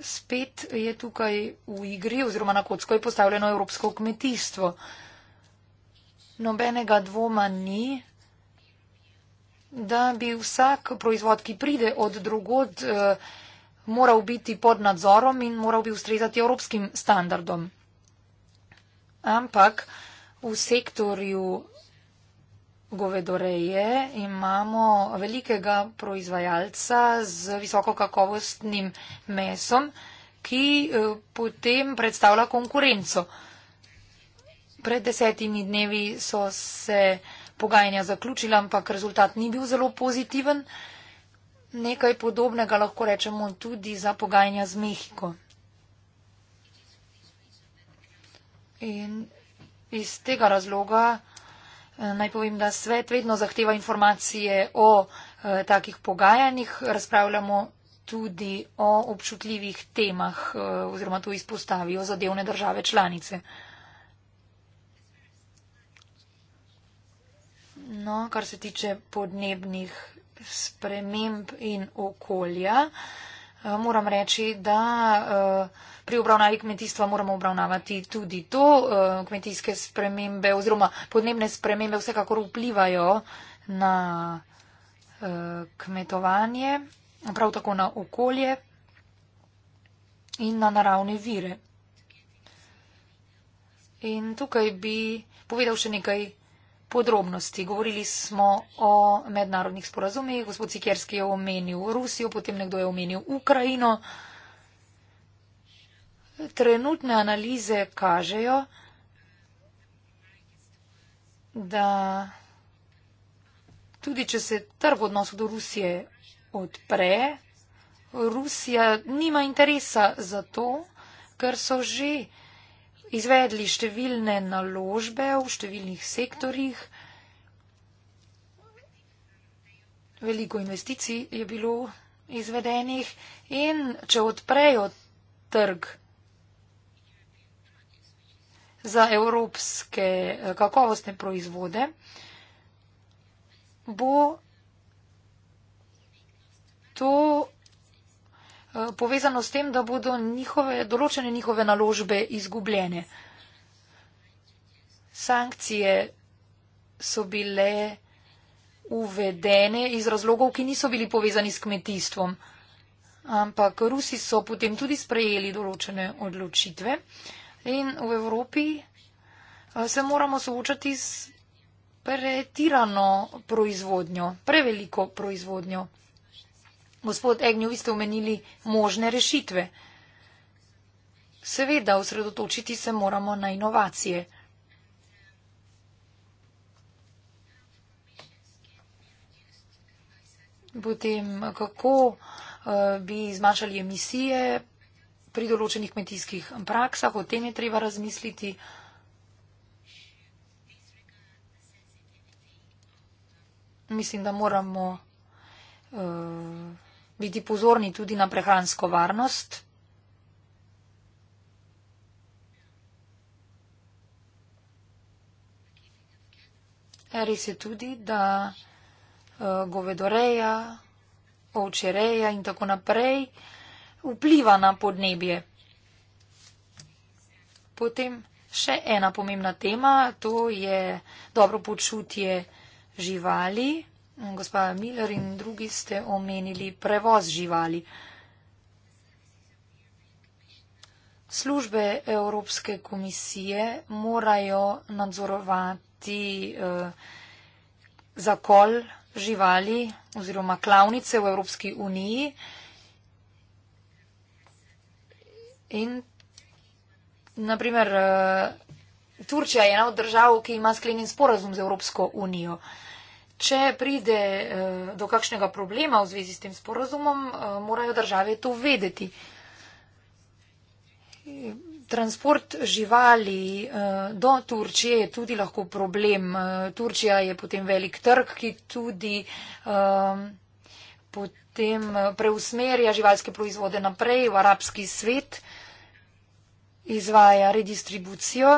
spet je tukaj v igri oziroma na kocko je postavljeno evropsko kmetijstvo. Nobenega dvoma ni, da bi vsak proizvod, ki pride od drugod, eh, moral biti pod nadzorom in moral bi ustrezati evropskim standardom. Ampak v sektorju govedoreje imamo velikega proizvajalca z visokokakovostnim mesom, ki eh, potem predstavlja konkurenco. Pred desetimi dnevi so se pogajanja zaključila, ampak rezultat ni bil zelo pozitiven. Nekaj podobnega lahko rečemo tudi za pogajanja z Mehiko. In iz tega razloga Eh, naj povem, da svet vedno zahteva informacije o eh, takih pogajanjih, razpravljamo tudi o občutljivih temah eh, oziroma to izpostavijo zadevne države članice. No, kar se tiče podnebnih sprememb in okolja. Uh, Eh, moram reči, da eh, pri obravnavi kmetijstva moramo obravnavati tudi to. Eh, kmetijske spremembe oziroma podnebne spremembe vsekakor vplivajo na kmetovanje, prav tako na okolje in na naravne vire. In tukaj bi povedal še nekaj podrobnosti. Govorili smo o mednarodnih sporazumih. Gospod Sikerski je omenil Rusijo, potem nekdo je omenil Ukrajino. Trenutne analize kažejo, da tudi če se trg odnosov do Rusije odpre, Rusija nima interesa za to, ker so že izvedli številne naložbe v številnih sektorjih. Veliko investicij je bilo izvedenih in če odprejo trg za evropske eh, kakovostne proizvode, bo to Eh, povezano s tem, da bodo njihove, določene njihove naložbe izgubljene. Sankcije so bile uvedene iz razlogov, ki niso bili povezani s kmetijstvom, ampak Rusi so potem tudi sprejeli določene odločitve in v Evropi eh, se moramo soočati s pretirano proizvodnjo, preveliko proizvodnjo. Gospod Egnjo, vi ste omenili možne rešitve. Seveda, osredotočiti se moramo na inovacije. Potem, kako uh, bi zmanjšali emisije pri določenih kmetijskih praksah, o tem je treba razmisliti. Mislim, da moramo. Uh, biti pozorni tudi na prehransko varnost. Res je tudi, da e, govedoreja, ovčereja in tako naprej vpliva na podnebje. Potem še ena pomembna tema, to je dobro počutje živali. Gospa Miller in drugi ste omenili prevoz živali. Službe Evropske komisije morajo nadzorovati eh, zakol živali oziroma klavnice v Evropski uniji in naprimer eh, Turčija je ena od držav, ki ima sklenjen sporazum z Evropsko unijo. Eh, če pride eh, do kakšnega problema v zvezi s tem sporozumom, eh, morajo države to vedeti. Transport živali eh, do Turčije je tudi lahko problem. Turčija je potem velik trg, ki tudi potem preusmerja živalske proizvode naprej v arabski svet, izvaja redistribucijo.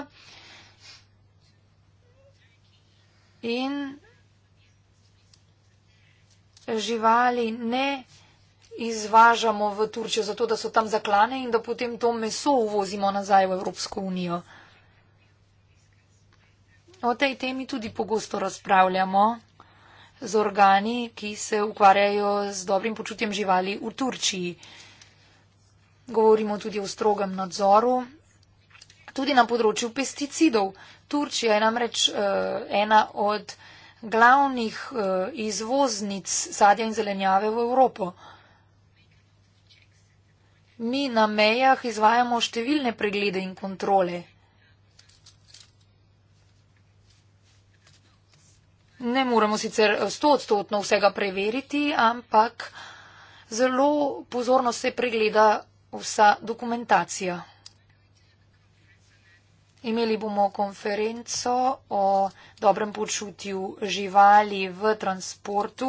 In živali ne izvažamo v Turčijo, zato da so tam zaklane in da potem to meso uvozimo nazaj v Evropsko unijo. O tej temi tudi pogosto razpravljamo z organi, ki se ukvarjajo z dobrim počutjem živali v Turčiji. Govorimo tudi o strogem nadzoru, tudi na področju pesticidov. Turčija je namreč uh, ena od uh, glavnih eh, izvoznic sadja in zelenjave v Evropo. Mi na mejah izvajamo številne preglede in kontrole. Ne moremo sicer sto odstotno vsega preveriti, ampak zelo pozorno se pregleda vsa dokumentacija. Imeli bomo konferenco o dobrem počutju živali v transportu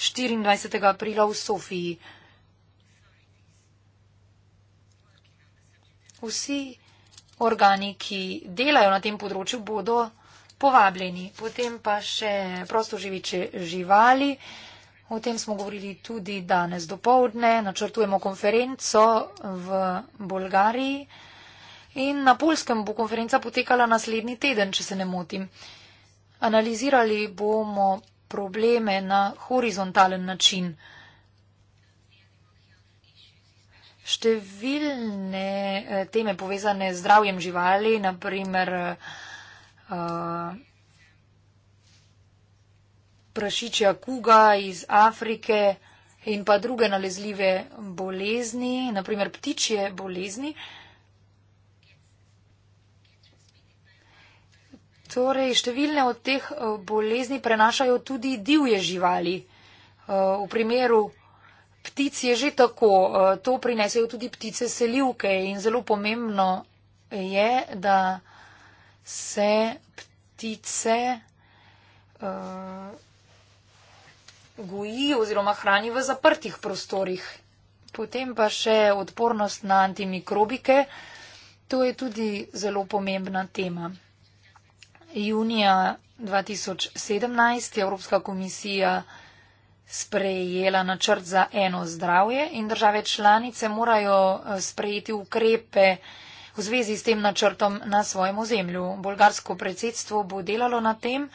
24. aprila v Sofiji. Vsi organi, ki delajo na tem področju, bodo povabljeni. Potem pa še prostoživiče živali. O tem smo govorili tudi danes dopovdne. Načrtujemo konferenco v Bolgariji. In na Polskem bo konferenca potekala naslednji teden, če se ne motim. Analizirali bomo probleme na horizontalen način. Številne eh, teme povezane z zdravjem živali, naprimer uh, eh, prašičja kuga iz Afrike in pa druge nalezljive bolezni, naprimer ptičje bolezni, uh, Torej, številne od teh eh, bolezni prenašajo tudi divje živali. Eh, v primeru ptic je že tako, eh, to prinesejo tudi ptice selivke in zelo pomembno je, da se ptice uh, goji oziroma hrani v zaprtih prostorih. Potem pa še odpornost na antimikrobike. To je tudi zelo pomembna tema. Junija 2017 je Evropska komisija sprejela načrt za eno zdravje in države članice morajo eh, sprejeti ukrepe v zvezi s tem načrtom na svojem ozemlju. Bolgarsko predsedstvo bo delalo na tem.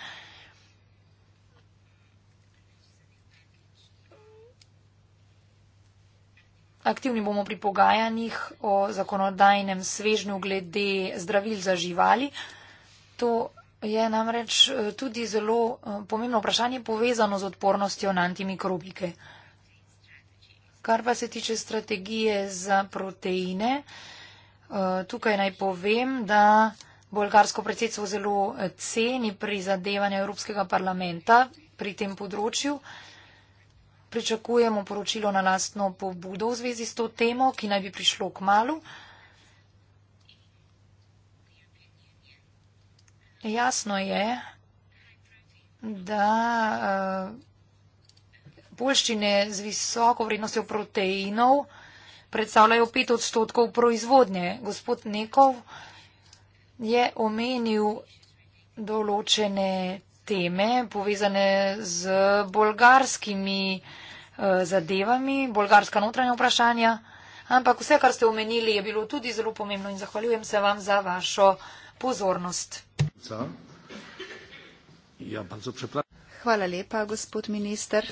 Aktivni bomo pri pogajanjih o zakonodajnem svežnju glede zdravil za živali. To Je namreč eh, tudi zelo eh, pomembno vprašanje povezano z odpornostjo na antimikrobike. Kar pa se tiče strategije za proteine, eh, tukaj naj povem, da bolgarsko predsedstvo zelo ceni prizadevanje Evropskega parlamenta pri tem področju. Pričakujemo poročilo na lastno pobudo v zvezi s to temo, ki naj bi prišlo k malu. Jasno je, da polščine eh, z visoko vrednostjo proteinov predstavljajo 5 odstotkov proizvodnje. Gospod Nekov je omenil določene teme povezane z bolgarskimi eh, zadevami, bolgarska notranja vprašanja, ampak vse, kar ste omenili, je bilo tudi zelo pomembno in zahvaljujem se vam za vašo pozornost. Ja, Hvala lepa, gospod minister.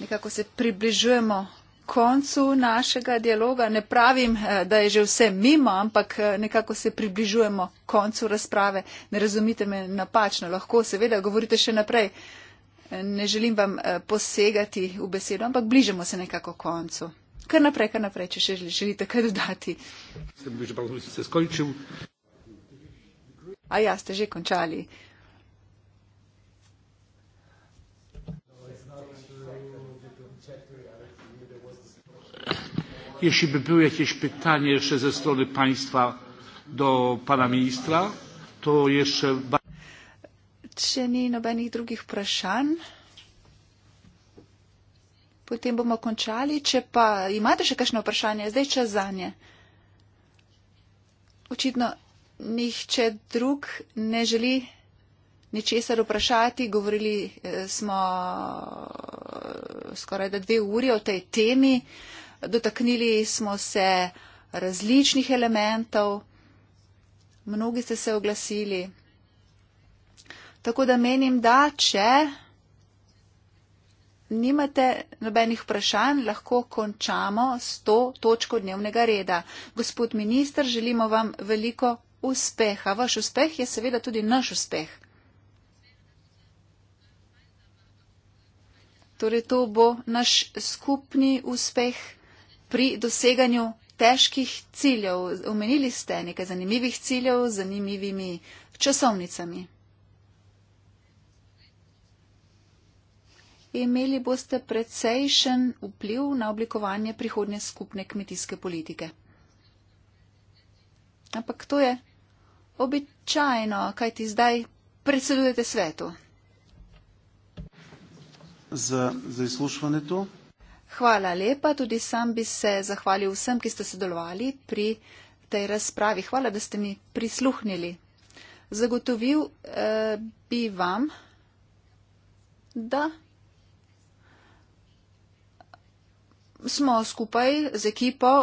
Nekako se približujemo koncu našega dialoga. Ne pravim, eh, da je že vse mimo, ampak eh, nekako se približujemo koncu razprave. Ne razumite me napačno. Lahko seveda govorite še naprej. Eh, ne želim vam posegati v besedo, ampak bližamo se nekako koncu. Kar naprej, kar naprej, če še želite kaj dodati. Se skončil. A ja, ste že končali. Jeśli by były jakieś pytanie jeszcze ze strony państwa do pana ministra, to jeszcze Czy nie no żadnych drugich pytań? Potem będziemy kończyli. Czy pa, i macie jeszcze jakieś pytanie? Zdaj czas za nie. Oczywiście nihče drug ne želi ničesar vprašati. Govorili eh, smo eh, skoraj da dve uri o tej temi. Dotaknili smo se različnih elementov. Mnogi ste se oglasili. Tako da menim, da če nimate nobenih vprašanj, lahko končamo s to točko dnevnega reda. Gospod minister, želimo vam veliko uspeh, a vaš uspeh je seveda tudi naš uspeh. Torej, to bo naš skupni uspeh pri doseganju težkih ciljev. Omenili ste nekaj zanimivih ciljev z zanimivimi časovnicami. Imeli boste precejšen vpliv na oblikovanje prihodnje skupne kmetijske politike. Ampak to je običajno, kaj ti zdaj predsedujete svetu? Za, za izslušanje to. Hvala lepa, tudi sam bi se zahvalil vsem, ki ste sodelovali pri tej razpravi. Hvala, da ste mi prisluhnili. Zagotovil eh, bi vam, da smo skupaj z ekipo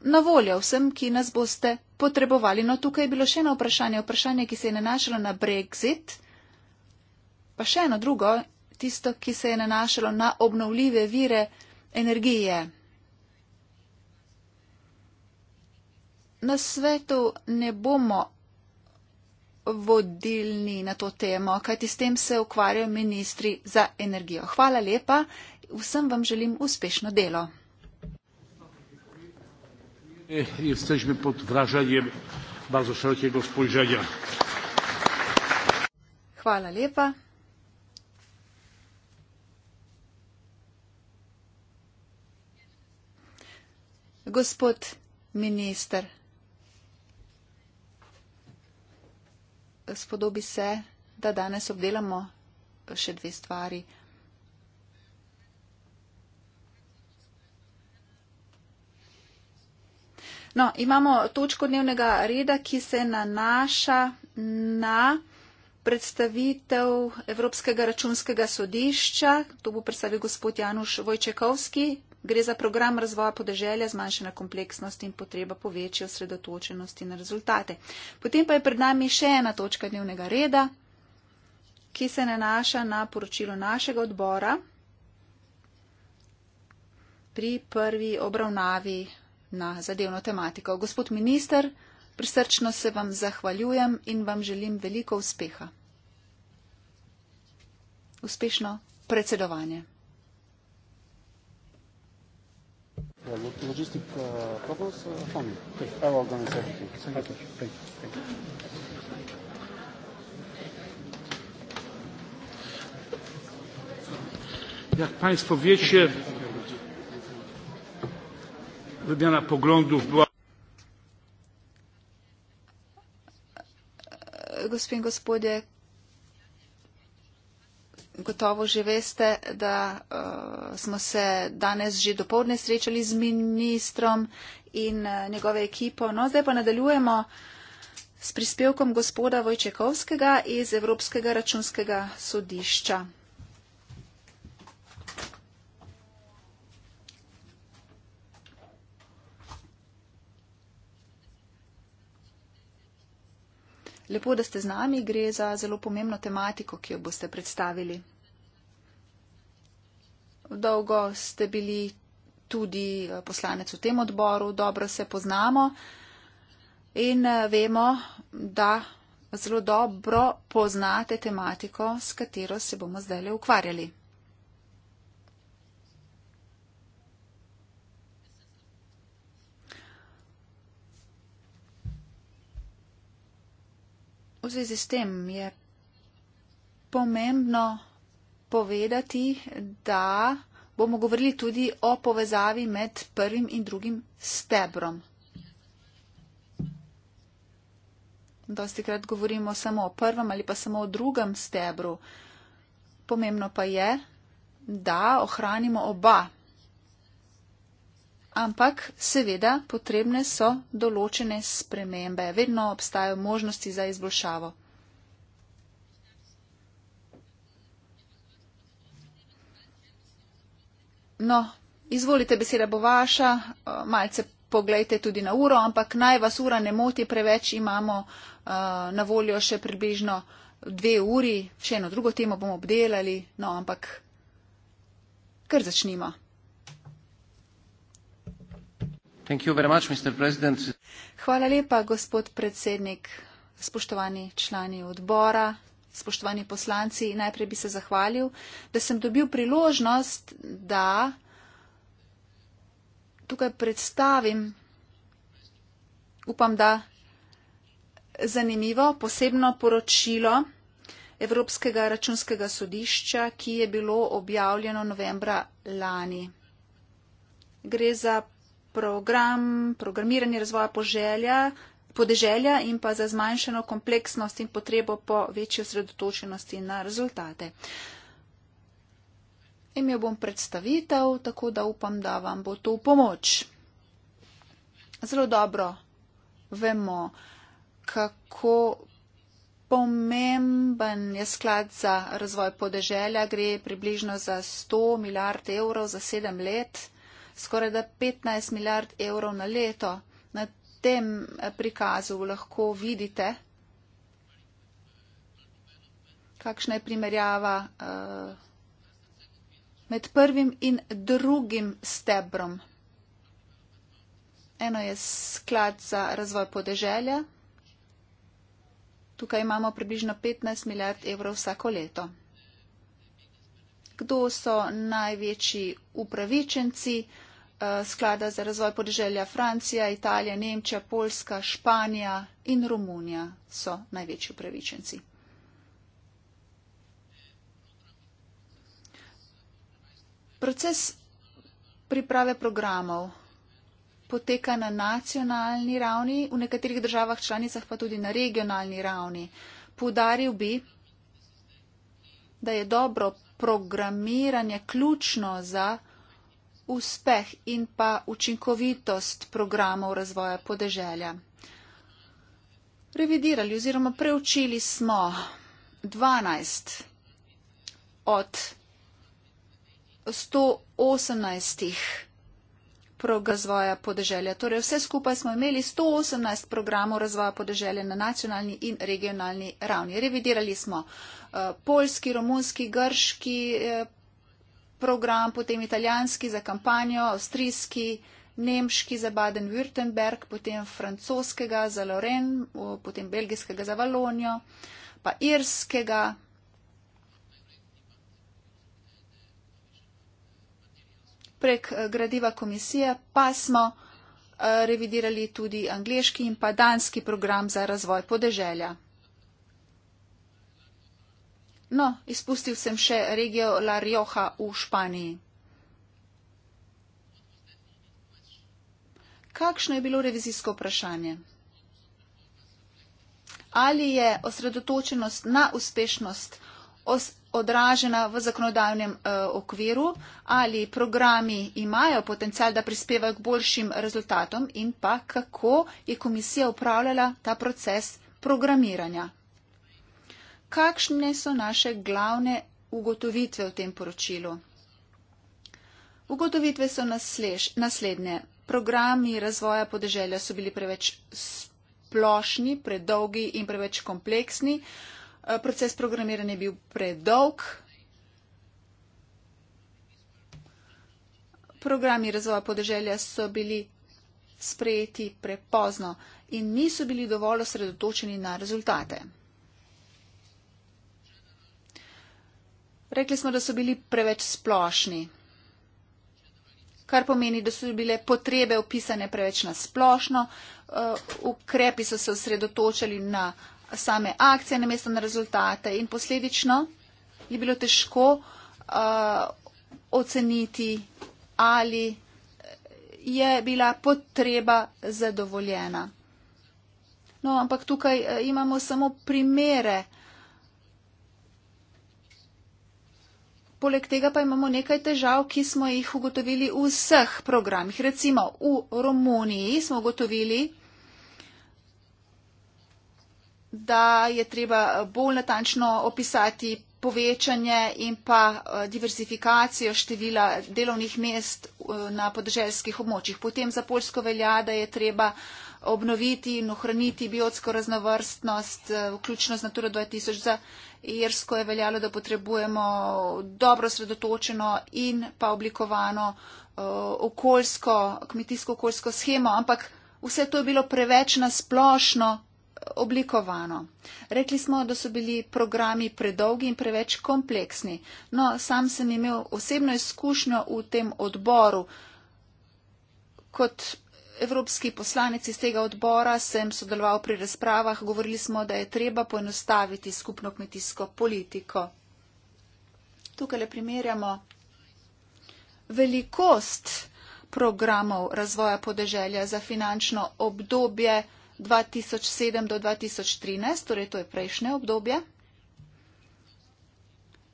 na voljo vsem, ki nas boste potrebovali. No, tukaj je bilo še eno vprašanje, vprašanje, ki se je nanašalo na Brexit, pa še eno drugo, tisto, ki se je nanašalo na obnovljive vire energije. Na svetu ne bomo vodilni na to temo, kajti s tem se ukvarjajo ministri za energijo. Hvala lepa, vsem vam želim uspešno delo. Eh, jesteśmy pod wrażeniem bardzo szerokiego spojrzenia. Hvala lepa. Gospod minister, spodobi se, da danes obdelamo še dve stvari. No, imamo točko dnevnega reda, ki se nanaša na predstavitev Evropskega računskega sodišča. To bo predstavil gospod Januš Vojčekovski. Gre za program razvoja podeželja, zmanjšana kompleksnost in potreba po večji osredotočenosti na rezultate. Potem pa je pred nami še ena točka dnevnega reda, ki se nanaša na poročilo našega odbora pri prvi obravnavi na zadevno tematiko. Gospod minister, prisrčno se vam zahvaljujem in vam želim veliko uspeha. Uspešno predsedovanje. Jak Państwo wiecie, wymiana poglądów była. Gospin gospodje, gotovo že veste, da uh, smo se danes že do povdne srečali z ministrom in uh, njegove ekipo. No, zdaj pa nadaljujemo s prispevkom gospoda Vojčekovskega iz Evropskega računskega sodišča. Lepo, da ste z nami, gre za zelo pomembno tematiko, ki jo boste predstavili. Dolgo ste bili tudi eh, poslanec v tem odboru, dobro se poznamo in eh, vemo, da zelo dobro poznate tematiko, s katero se bomo zdaj le ukvarjali. v zvezi s tem je pomembno povedati, da bomo govorili tudi o povezavi med prvim in drugim stebrom. Dosti krat govorimo samo o prvem ali pa samo o drugem stebru. Pomembno pa je, da ohranimo oba Ampak, seveda, potrebne so določene spremembe, vedno obstajajo možnosti za izboljšavo. No, izvolite, beseda bo vaša, eh, malce pogledajte tudi na uro, ampak naj vas ura ne moti preveč, imamo eh, na voljo še približno dve uri, še eno drugo temo bomo obdelali, no, ampak kar začnimo. Hvala lepa, gospod predsednik, spoštovani člani odbora, spoštovani poslanci. Najprej bi se zahvalil, da sem dobil priložnost, da tukaj predstavim, upam, da zanimivo posebno poročilo Evropskega računskega sodišča, ki je bilo objavljeno novembra lani. Gre za program programiranja razvoja poželja, podeželja in pa za zmanjšeno kompleksnost in potrebo po večji osredotočenosti na rezultate. Imel bom predstavitev, tako da upam, da vam bo to v pomoč. Zelo dobro vemo, kako pomemben je sklad za razvoj podeželja. Gre približno za 100 milijard evrov za 7 let skoraj da 15 milijard evrov na leto. Na tem eh, prikazu lahko vidite, kakšna je primerjava uh, med prvim in drugim stebrom. Eno je sklad za razvoj podeželja. Tukaj imamo približno 15 milijard evrov vsako leto. Kdo so največji upravičenci? Uh, Eh, sklada za razvoj podeželja Francija, Italija, Nemčija, Poljska, Španija in Romunija so največji upravičenci. Proces priprave programov poteka na nacionalni ravni, v nekaterih državah članicah pa tudi na regionalni ravni. Poudaril bi, da je dobro programiranje ključno za uspeh in pa učinkovitost programov razvoja podeželja. Revidirali oziroma preučili smo 12 od 118 razvoja podeželja. Torej vse skupaj smo imeli 118 programov razvoja podeželja na nacionalni in regionalni ravni. Revidirali smo uh, eh, polski, romunski, grški. Uh, program, potem italijanski za kampanjo, avstrijski, nemški za Baden-Württemberg, potem francoskega za Loren, potem belgijskega za Valonijo, pa irskega. Prek eh, gradiva komisije pa smo eh, revidirali tudi angliški in pa danski program za razvoj podeželja. No, izpustil sem še regijo La Rioja v Španiji. Kakšno je bilo revizijsko vprašanje? Ali je osredotočenost na uspešnost os odražena v zakonodajnem e, okviru, ali programi imajo potencial, da prispevajo k boljšim rezultatom in pa kako je komisija upravljala ta proces programiranja? kakšne so naše glavne ugotovitve v tem poročilu. Ugotovitve so nasleš, naslednje. Programi razvoja podeželja so bili preveč splošni, predolgi in preveč kompleksni. Eh, proces programiranja je bil predolg. Programi razvoja podeželja so bili sprejeti prepozno in niso bili dovolj osredotočeni na rezultate. Rekli smo, da so bili preveč splošni, kar pomeni, da so bile potrebe opisane preveč na splošno, eh, ukrepi so se osredotočali na same akcije, namesto na rezultate in posledično je bilo težko uh, oceniti, ali je bila potreba zadovoljena. No, ampak tukaj eh, imamo samo primere. Poleg tega pa imamo nekaj težav, ki smo jih ugotovili v vseh programih. Recimo v Romuniji smo ugotovili, da je treba bolj natančno opisati povečanje in pa eh, diversifikacijo števila delovnih mest eh, na podeželskih območjih. Potem za Polsko velja, da je treba uh, obnoviti in ohraniti biotsko raznovrstnost, eh, vključno z Naturo 2000. Za Irsko je veljalo, da potrebujemo dobro sredotočeno in pa oblikovano eh, okoljsko, kmetijsko okoljsko schemo, ampak vse to je bilo preveč nasplošno eh, oblikovano. Rekli smo, da so bili programi predolgi in preveč kompleksni. No, sam sem imel osebno izkušnjo v tem odboru kot evropski poslanec iz tega odbora, sem sodeloval pri razpravah, govorili smo, da je treba poenostaviti skupno kmetijsko politiko. Tukaj le primerjamo velikost programov razvoja podeželja za finančno obdobje 2007 do 2013, torej to je prejšnje obdobje.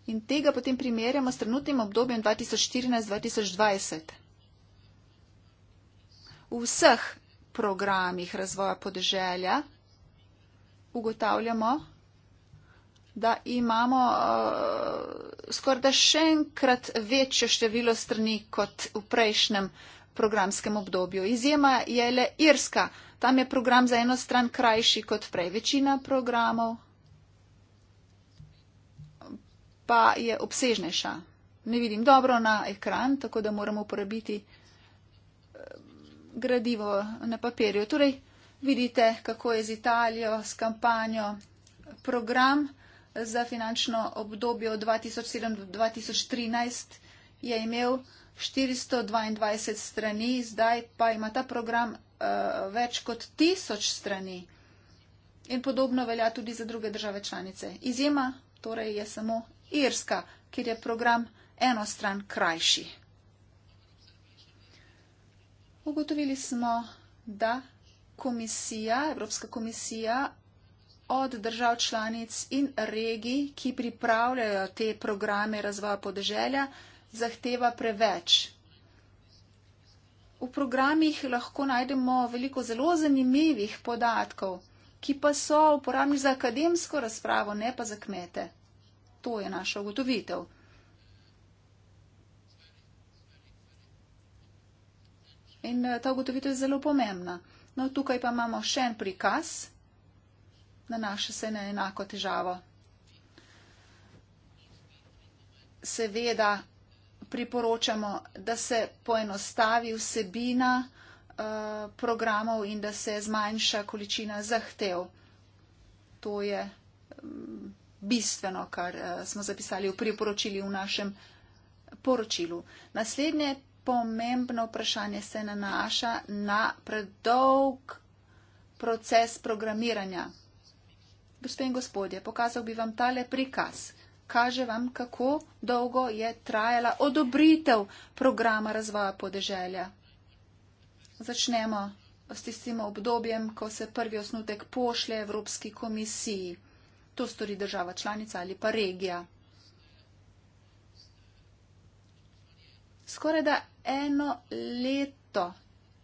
In tega potem primerjamo s trenutnim obdobjem 2014-2020 v vseh programih razvoja podeželja ugotavljamo, da imamo uh, eh, skoraj da še enkrat večjo število strani kot v prejšnjem programskem obdobju. Izjema je le Irska. Tam je program za eno stran krajši kot prej. Večina programov pa je obsežnejša. Ne vidim dobro na ekran, tako da moramo uporabiti gradivo na papirju. Torej, vidite, kako je z Italijo, s kampanjo, program za finančno obdobje od 2007 do 2013 je imel 422 strani, zdaj pa ima ta program uh, več kot tisoč strani. In podobno velja tudi za druge države članice. Izjema torej je samo Irska, kjer je program enostran krajši ugotovili smo, da komisija, Evropska komisija od držav članic in regij, ki pripravljajo te programe razvoja podeželja, zahteva preveč. V programih lahko najdemo veliko zelo zanimivih podatkov, ki pa so uporabni za akademsko razpravo, ne pa za kmete. To je naša ugotovitev. in eh, ta ugotovitev je zelo pomembna. No, tukaj pa imamo še en prikaz, nanaša se na enako težavo. Seveda priporočamo, da se poenostavi vsebina uh, programov in da se zmanjša količina zahtev. To je um, bistveno, kar uh, smo zapisali v priporočili v našem poročilu. Naslednje pomembno vprašanje se nanaša na predolg proces programiranja. Gospe in gospodje, pokazal bi vam tale prikaz. Kaže vam, kako dolgo je trajala odobritev programa razvoja podeželja. Začnemo s tistim obdobjem, ko se prvi osnutek pošlje Evropski komisiji. To stori država članica ali pa regija. Skoraj da eno leto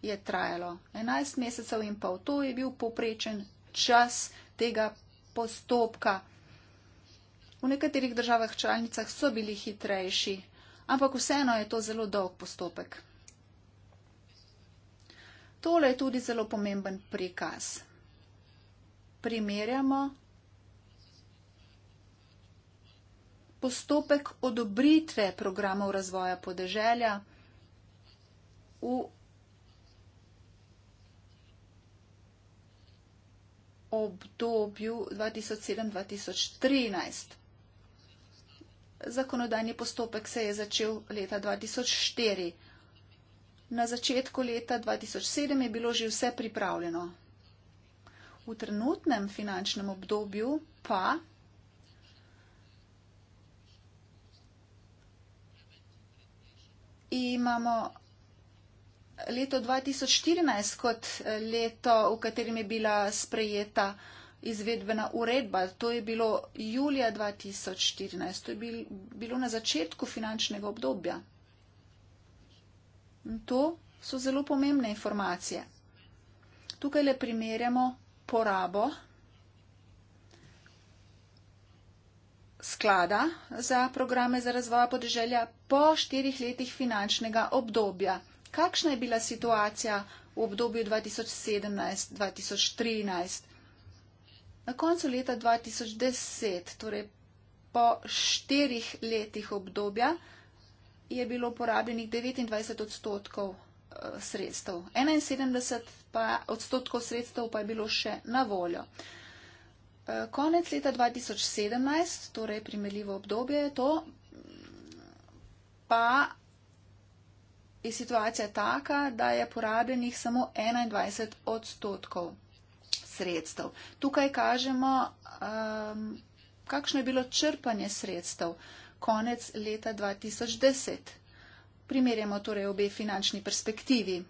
je trajalo, 11 mesecev in pol. To je bil poprečen čas tega postopka. V nekaterih državah članicah so bili hitrejši, ampak vseeno je to zelo dolg postopek. Tole je tudi zelo pomemben prikaz. Primerjamo postopek odobritve programov razvoja podeželja u obdobju 2007-2013. Zakonodajni postopek se je začel leta 2004. Na začetku leta 2007 je bilo že vse pripravljeno. V trenutnem finančnem obdobju pa imamo leto 2014 kot eh, leto, v katerem je bila sprejeta izvedbena uredba. To je bilo julija 2014, to je bil, bilo na začetku finančnega obdobja. In to so zelo pomembne informacije. Tukaj le primerjamo porabo sklada za programe za razvoj podeželja po štirih letih finančnega obdobja kakšna je bila situacija v obdobju 2017-2013. Na koncu leta 2010, torej po štirih letih obdobja, je bilo porabljenih 29 odstotkov eh, sredstev, 71 pa, odstotkov sredstev pa je bilo še na voljo. Eh, konec leta 2017, torej primerljivo obdobje je to, pa je situacija taka, da je porabljenih samo 21 odstotkov sredstev. Tukaj kažemo, um, kakšno je bilo črpanje sredstev konec leta 2010. Primerjamo torej obe finančni perspektivi.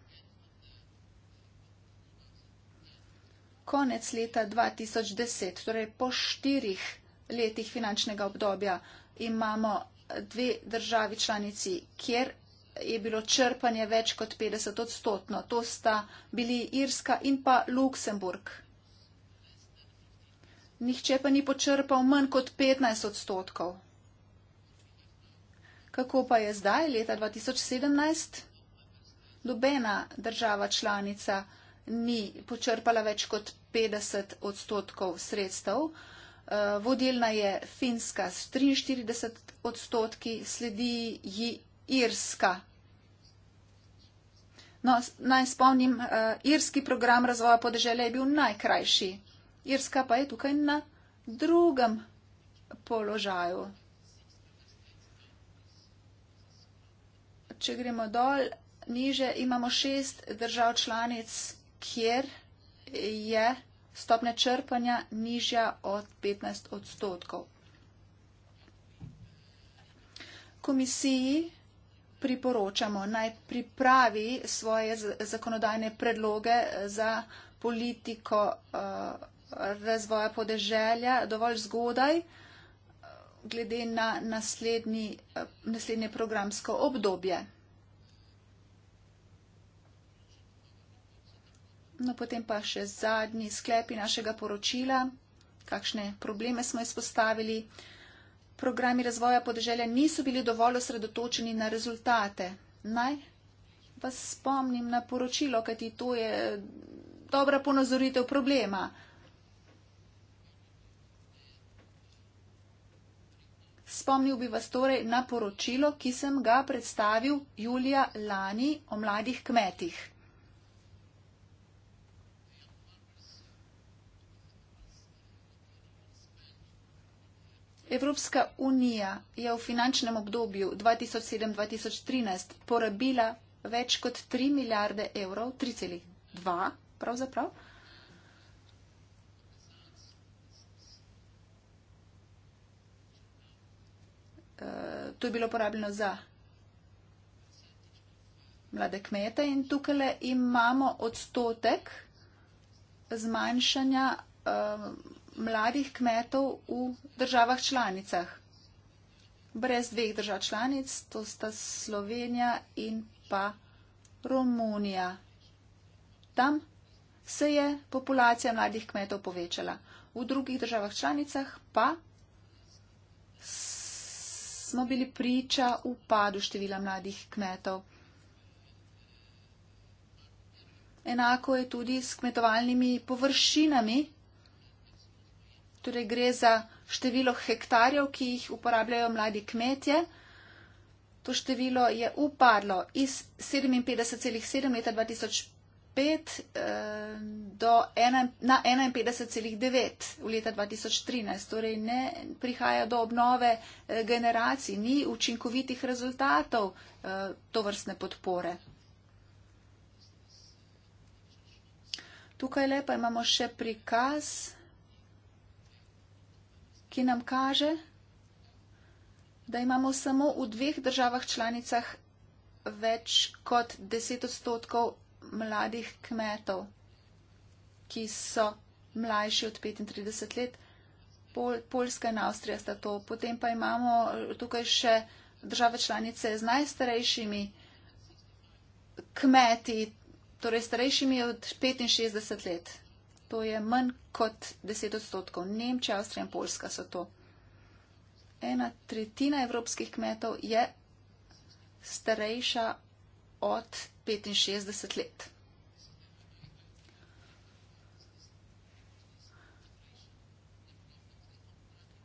Konec leta 2010, torej po štirih letih finančnega obdobja, imamo dve državi članici, kjer je bilo črpanje več kot 50 odstotno. To sta bili Irska in pa Luksemburg. Nihče pa ni počrpal manj kot 15 odstotkov. Kako pa je zdaj, leta 2017? Nobena država članica ni počrpala več kot 50 odstotkov sredstev. Eh, vodilna je Finska s 43 odstotki, sledi ji Irska. No, naj spomnim, uh, irski program razvoja podeželja je bil najkrajši. Irska pa je tukaj na drugem položaju. Če gremo dol, niže imamo šest držav članic, kjer je stopnja črpanja nižja od 15 odstotkov. Komisiji priporočamo, naj pripravi svoje zakonodajne predloge eh, za politiko eh, razvoja podeželja dovolj zgodaj, eh, glede na naslednji, naslednje programsko obdobje. No, potem pa še zadnji sklepi našega poročila, kakšne probleme smo izpostavili programi razvoja podeželja niso bili dovolj osredotočeni na rezultate. Naj vas spomnim na poročilo, kajti to je dobra ponazoritev problema. Spomnil bi vas torej na poročilo, ki sem ga predstavil julija lani o mladih kmetih. Evropska unija je v finančnem obdobju 2007-2013 porabila več kot 3 milijarde evrov, 3,2 pravzaprav. E, to je bilo porabljeno za mlade kmete in tukaj imamo odstotek zmanjšanja. E, mladih kmetov v državah članicah. Brez dveh držav članic, to sta Slovenija in pa Romunija. Tam se je populacija mladih kmetov povečala. V drugih državah članicah pa smo bili priča upadu števila mladih kmetov. Enako je tudi s kmetovalnimi površinami, Torej gre za število hektarjev, ki jih uporabljajo mladi kmetje. To število je upadlo iz 57,7 leta 2005 eh, do ena, na 51,9 v leta 2013. Torej ne prihaja do obnove eh, generacij, ni učinkovitih rezultatov eh, to vrstne podpore. Tukaj lepa imamo še prikaz ki nam kaže, da imamo samo v dveh državah članicah več kot 10 odstotkov mladih kmetov, ki so mlajši od 35 let. Pol, Poljska in Avstrija sta to. Potem pa imamo tukaj še države članice z najstarejšimi kmeti, torej starejšimi od 65 let to je manj kot 10 odstotkov. Nemčija, Avstrija in Poljska so to. Ena tretjina evropskih kmetov je starejša od 65 let.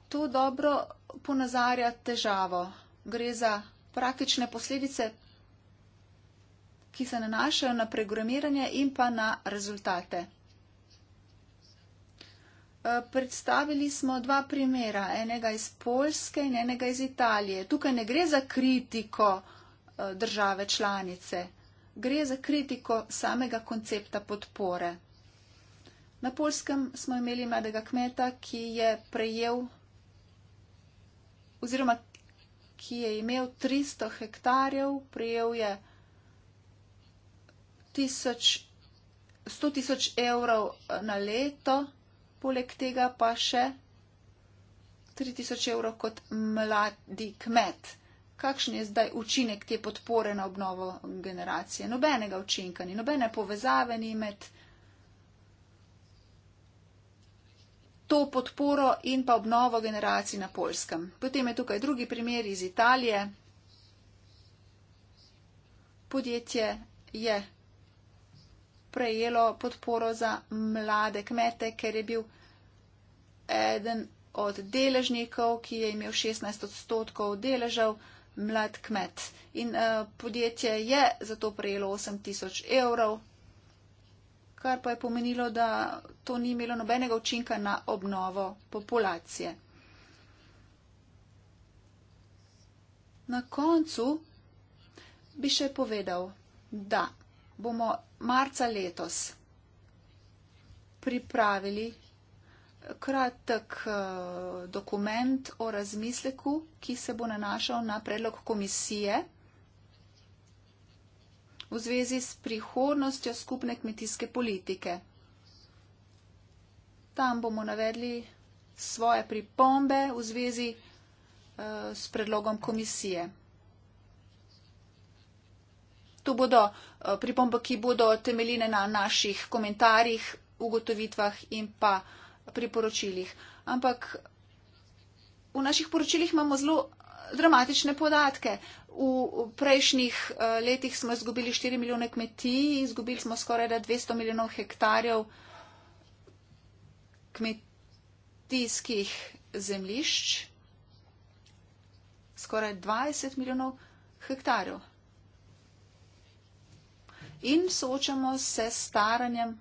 To dobro ponazarja težavo. Gre za praktične posledice, ki se nanašajo na programiranje in pa na rezultate. Eh, predstavili smo dva primera, enega iz Polske in enega iz Italije. Tukaj ne gre za kritiko eh, države članice, gre za kritiko samega koncepta podpore. Na Polskem smo imeli mladega kmeta, ki je prejel oziroma ki je imel 300 hektarjev, prejel je 1000, 100 tisoč evrov eh, na leto poleg tega pa še 3000 evrov kot mladi kmet. Kakšen je zdaj učinek te podpore na obnovo generacije? Nobenega učinka ni, nobene povezave ni med to podporo in pa obnovo generacij na polskem. Potem je tukaj drugi primer iz Italije. Podjetje je prejelo podporo za mlade kmete, ker je bil eden od deležnikov, ki je imel 16 odstotkov deležev, mlad kmet. In uh, podjetje je zato prejelo 8000 evrov, kar pa je pomenilo, da to ni imelo nobenega učinka na obnovo populacije. Na koncu bi še povedal, da bomo marca letos pripravili kratek eh, dokument o razmisleku, ki se bo nanašal na predlog komisije v zvezi s prihodnostjo skupne kmetijske politike. Tam bomo navedli svoje pripombe v zvezi eh, s predlogom komisije. To bodo eh, pripombe, ki bodo temeljine na naših komentarjih, ugotovitvah in pa priporočilih. Ampak v naših poročilih imamo zelo eh, dramatične podatke. V prejšnjih eh, letih smo izgubili 4 milijone kmetij, izgubili smo skoraj 200 milijonov hektarjev kmetijskih zemlišč, skoraj 20 milijonov hektarjev in soočamo se s staranjem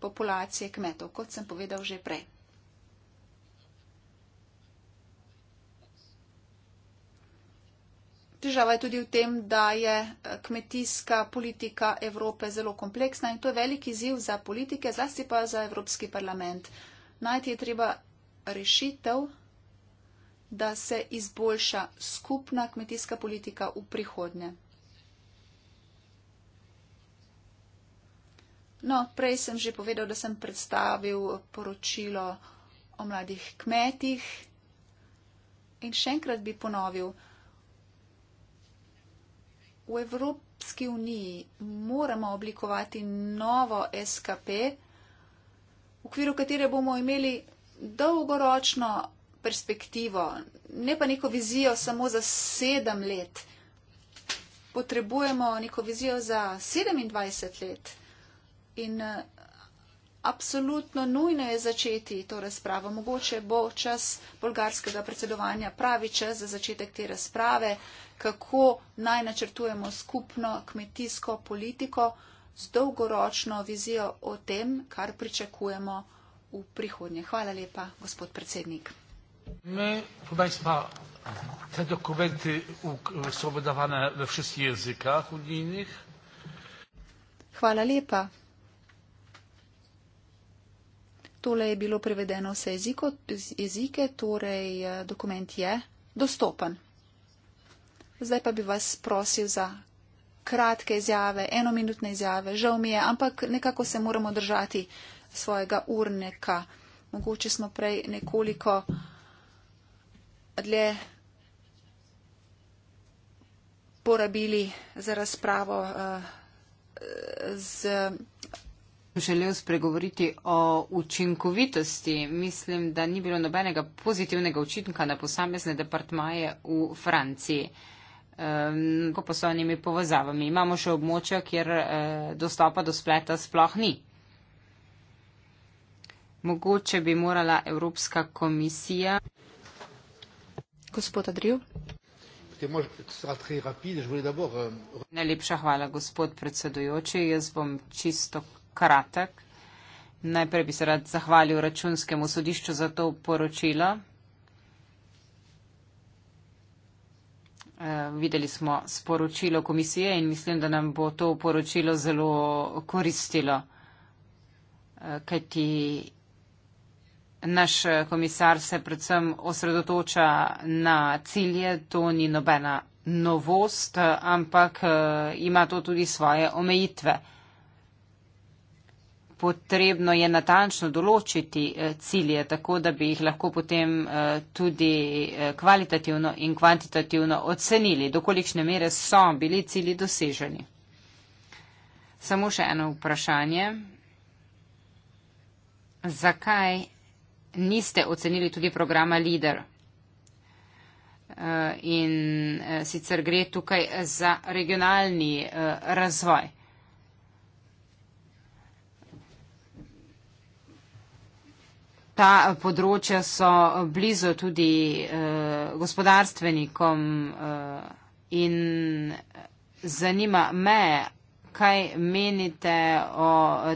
populacije kmetov, kot sem povedal že prej. Težava je tudi v tem, da je eh, kmetijska politika Evrope zelo kompleksna in to je veliki izziv za politike, zlasti pa za Evropski parlament. Najti je treba rešitev, da se izboljša skupna kmetijska politika v prihodnje. No, prej sem že povedal, da sem predstavil poročilo o mladih kmetih in še enkrat bi ponovil. V Evropski uniji moramo oblikovati novo SKP, v okviru katere bomo imeli dolgoročno perspektivo, ne pa neko vizijo samo za sedem let. Potrebujemo neko vizijo za 27 let in eh, absolutno nujno je začeti to razpravo. Mogoče bo čas bolgarskega predsedovanja pravi čas za začetek te razprave, kako naj načrtujemo skupno kmetijsko politiko z dolgoročno vizijo o tem, kar pričakujemo v prihodnje. Hvala lepa, gospod predsednik. My, Te dokumenty są wydawane we wszystkich językach unijnych. Chwała lepa. Tole je bilo prevedeno vse jeziko, jezike, torej eh, dokument je dostopen. Zdaj pa bi vas prosil za kratke izjave, enominutne izjave. Žal mi je, ampak nekako se moramo držati svojega urnika. Mogoče smo prej nekoliko dlje porabili za razpravo uh, z. Uh, želel spregovoriti o učinkovitosti. Mislim, da ni bilo nobenega pozitivnega učinka na posamezne departmaje v Franciji. Ehm, ko pa so njimi povezavami. Imamo še območja, kjer eh, dostopa do spleta sploh ni. Mogoče bi morala Evropska komisija. Gospod Adriu. Euh, Najlepša hvala, gospod predsedujoči. Jaz bom čisto kratek. Najprej bi se rad zahvalil računskemu sodišču za to poročilo. Eh, videli smo sporočilo komisije in mislim, da nam bo to poročilo zelo koristilo, eh, kajti naš komisar se predvsem osredotoča na cilje, to ni nobena novost, eh, ampak ima to tudi svoje omejitve potrebno je natančno določiti eh, cilje, tako da bi jih lahko potem eh, tudi eh, kvalitativno in kvantitativno ocenili, dokolikšne mere so bili cilji doseženi. Samo še eno vprašanje. Zakaj niste ocenili tudi programa LIDER? In sicer gre tukaj za regionalni razvoj. ta področja so blizu tudi eh, gospodarstvenikom eh, in zanima me, kaj menite o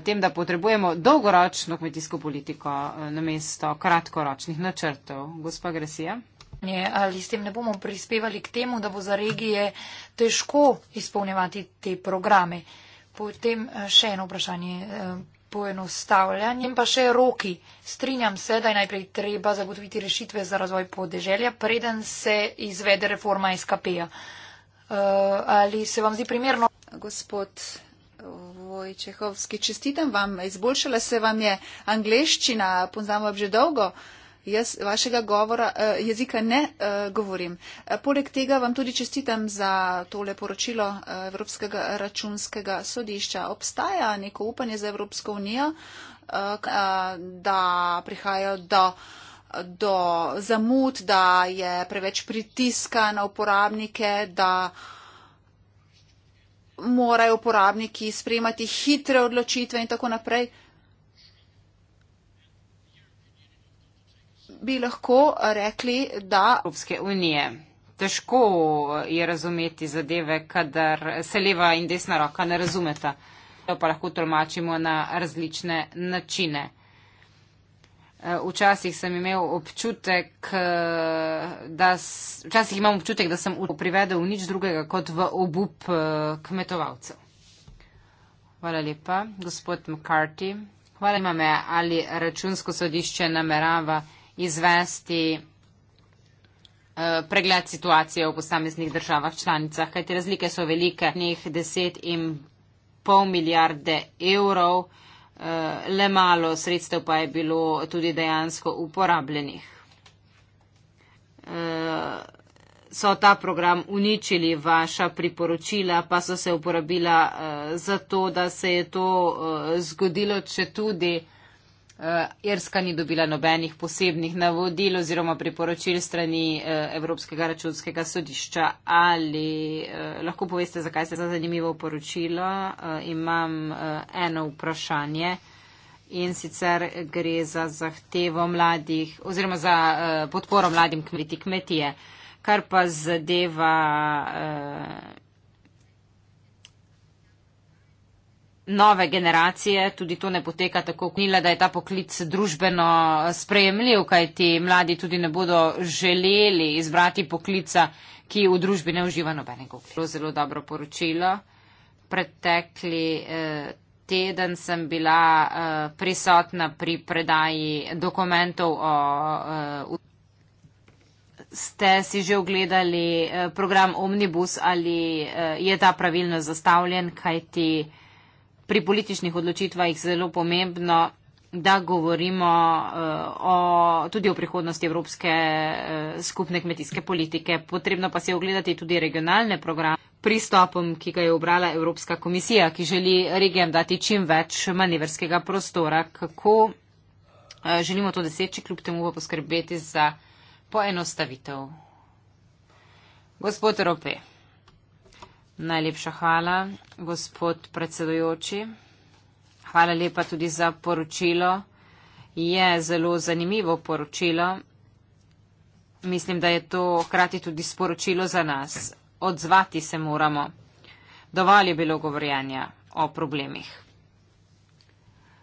tem, da potrebujemo dolgoročno kmetijsko politiko eh, namesto kratkoročnih načrtov. Gospa Gresija. Ali s tem ne bomo prispevali k temu, da bo za regije težko izpolnjevati te programe? Potem eh, še eno vprašanje. Eh, poenostavljanje. In pa še roki. Strinjam se, da je najprej treba zagotoviti rešitve za razvoj podeželja, preden se izvede reforma SKP-ja. Uh, eh, ali se vam zdi primerno? Gospod Vojčehovski, čestitam vam. Izboljšala se vam je angleščina, poznamo jo že dolgo. Uh, jaz vašega govora, eh, jezika ne eh, govorim. Eh, poleg tega vam tudi čestitam za tole poročilo Evropskega računskega sodišča. Obstaja neko upanje za Evropsko unijo, da prihajajo do do zamud, da je preveč pritiska na uporabnike, da morajo uporabniki sprejemati hitre odločitve in tako naprej. Uh, bi lahko rekli, da Evropske unije. Težko je razumeti zadeve, kadar se leva in desna roka ne razumeta. To pa lahko tolmačimo na različne načine. Eh, včasih sem imel občutek, eh, da, včasih imam občutek, da sem privedel v nič drugega kot v obup eh, kmetovalcev. Hvala lepa, gospod McCarthy. Hvala lepa me, ali računsko sodišče namerava izvesti eh, pregled situacije v posameznih državah članicah, kajti razlike so velike, njih 10 in pol milijarde evrov, eh, le malo sredstev pa je bilo tudi dejansko uporabljenih. Eh, so ta program uničili, vaša priporočila pa so se uporabila za to, da se je to zgodilo, če tudi Uh, Irska ni dobila nobenih posebnih navodil oziroma priporočil strani uh, Evropskega računskega sodišča. Ali uh, lahko poveste, zakaj ste za zanimivo poročilo? Uh, imam uh, eno vprašanje in sicer gre za zahtevo mladih oziroma za uh, podporo mladim kmeti kmetije. Kar pa zadeva. Uh, nove generacije, tudi to ne poteka tako knile, da je ta poklic družbeno sprejemljiv, kaj ti mladi tudi ne bodo želeli izbrati poklica, ki v družbi ne uživa nobenega. Zelo, zelo dobro poročilo. Pretekli eh, teden sem bila eh, prisotna pri predaji dokumentov o. Eh, ste si že ogledali program Omnibus ali je ta pravilno zastavljen, kaj ti pri političnih odločitvah zelo pomembno, da govorimo uh, o, tudi o prihodnosti Evropske uh, skupne kmetijske politike. Potrebno pa se je ogledati tudi regionalne programe pristopom, ki ga je obrala Evropska komisija, ki želi regijam dati čim več manevrskega prostora. Kako uh, želimo to doseči, kljub temu pa poskrbeti za poenostavitev. Gospod Rope. Najlepša hvala, gospod predsedujoči. Hvala lepa tudi za poročilo. Je zelo zanimivo poročilo. Mislim, da je to hkrati tudi sporočilo za nas. Odzvati se moramo. Dovolj je bilo govorjenja o problemih.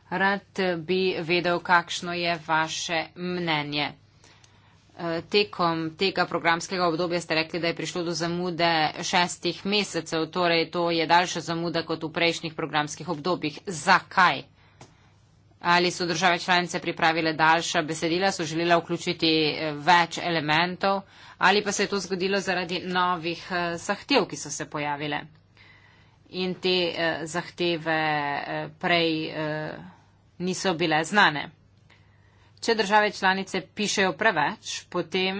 Rad bi vedel, kakšno je vaše mnenje tekom tega programskega obdobja ste rekli, da je prišlo do zamude šestih mesecev, torej to je daljša zamuda kot v prejšnjih programskih obdobjih. Zakaj? Ali so države članice pripravile daljša besedila, so želela vključiti eh, več elementov ali pa se je to zgodilo zaradi novih eh, zahtev, ki so se pojavile in te eh, zahteve prej niso bile znane. Če države članice pišejo preveč, potem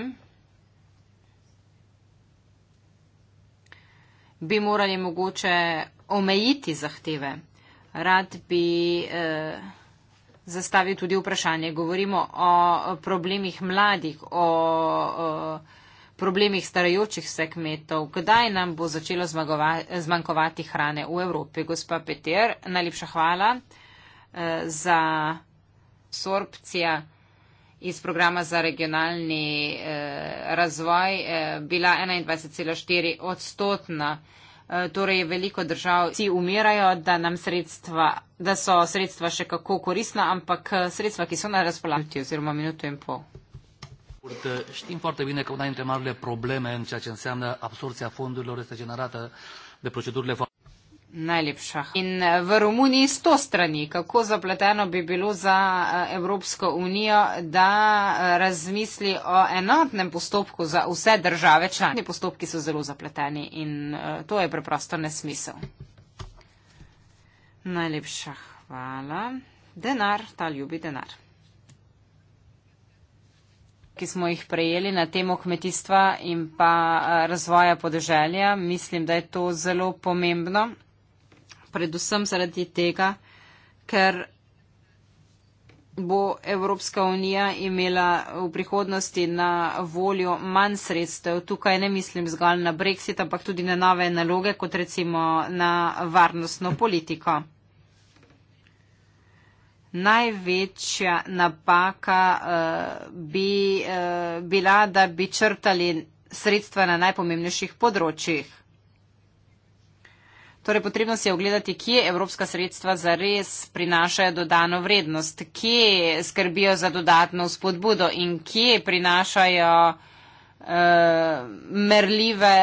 bi morali mogoče omejiti zahteve. Rad bi eh, zastavil tudi vprašanje. Govorimo o problemih mladih, o, o problemih starajočih se kmetov. Kdaj nam bo začelo zmagova, zmanjkovati hrane v Evropi? Gospa Peter, najlepša hvala eh, za sorpcija iz programa za regionalni eh, razvoj eh, bila 21,4 odstotna. Eh, torej veliko držav si umirajo, da nam sredstva, da so sredstva še kako korisna, ampak sredstva, ki so na razpolagati oziroma minuto in pol. Știm foarte bine că una dintre marile probleme în ceea ce înseamnă absorția fondurilor este generată de procedurile foarte. Najlepša. In eh, v Romuniji sto strani, kako zapleteno bi bilo za eh, Evropsko unijo, da eh, razmisli o enotnem postopku za vse države članice. Postopki so zelo zapleteni in to je preprosto nesmisel. Najlepša hvala. Denar, ta ljubi denar. Ki smo jih prejeli na temo kmetijstva in pa razvoja podeželja, mislim, da je to zelo pomembno predvsem zaradi tega, ker bo Evropska unija imela v prihodnosti na voljo manj sredstev. Tukaj ne mislim zgolj na Brexit, ampak tudi na nove naloge, kot recimo na varnostno politiko. Največja napaka uh, bi uh, bila, da bi črtali sredstva na najpomembnejših področjih. Torej, potrebno si je ogledati, kje evropska sredstva zares prinašajo dodano vrednost, kje skrbijo za dodatno spodbudo in kje prinašajo uh, merljive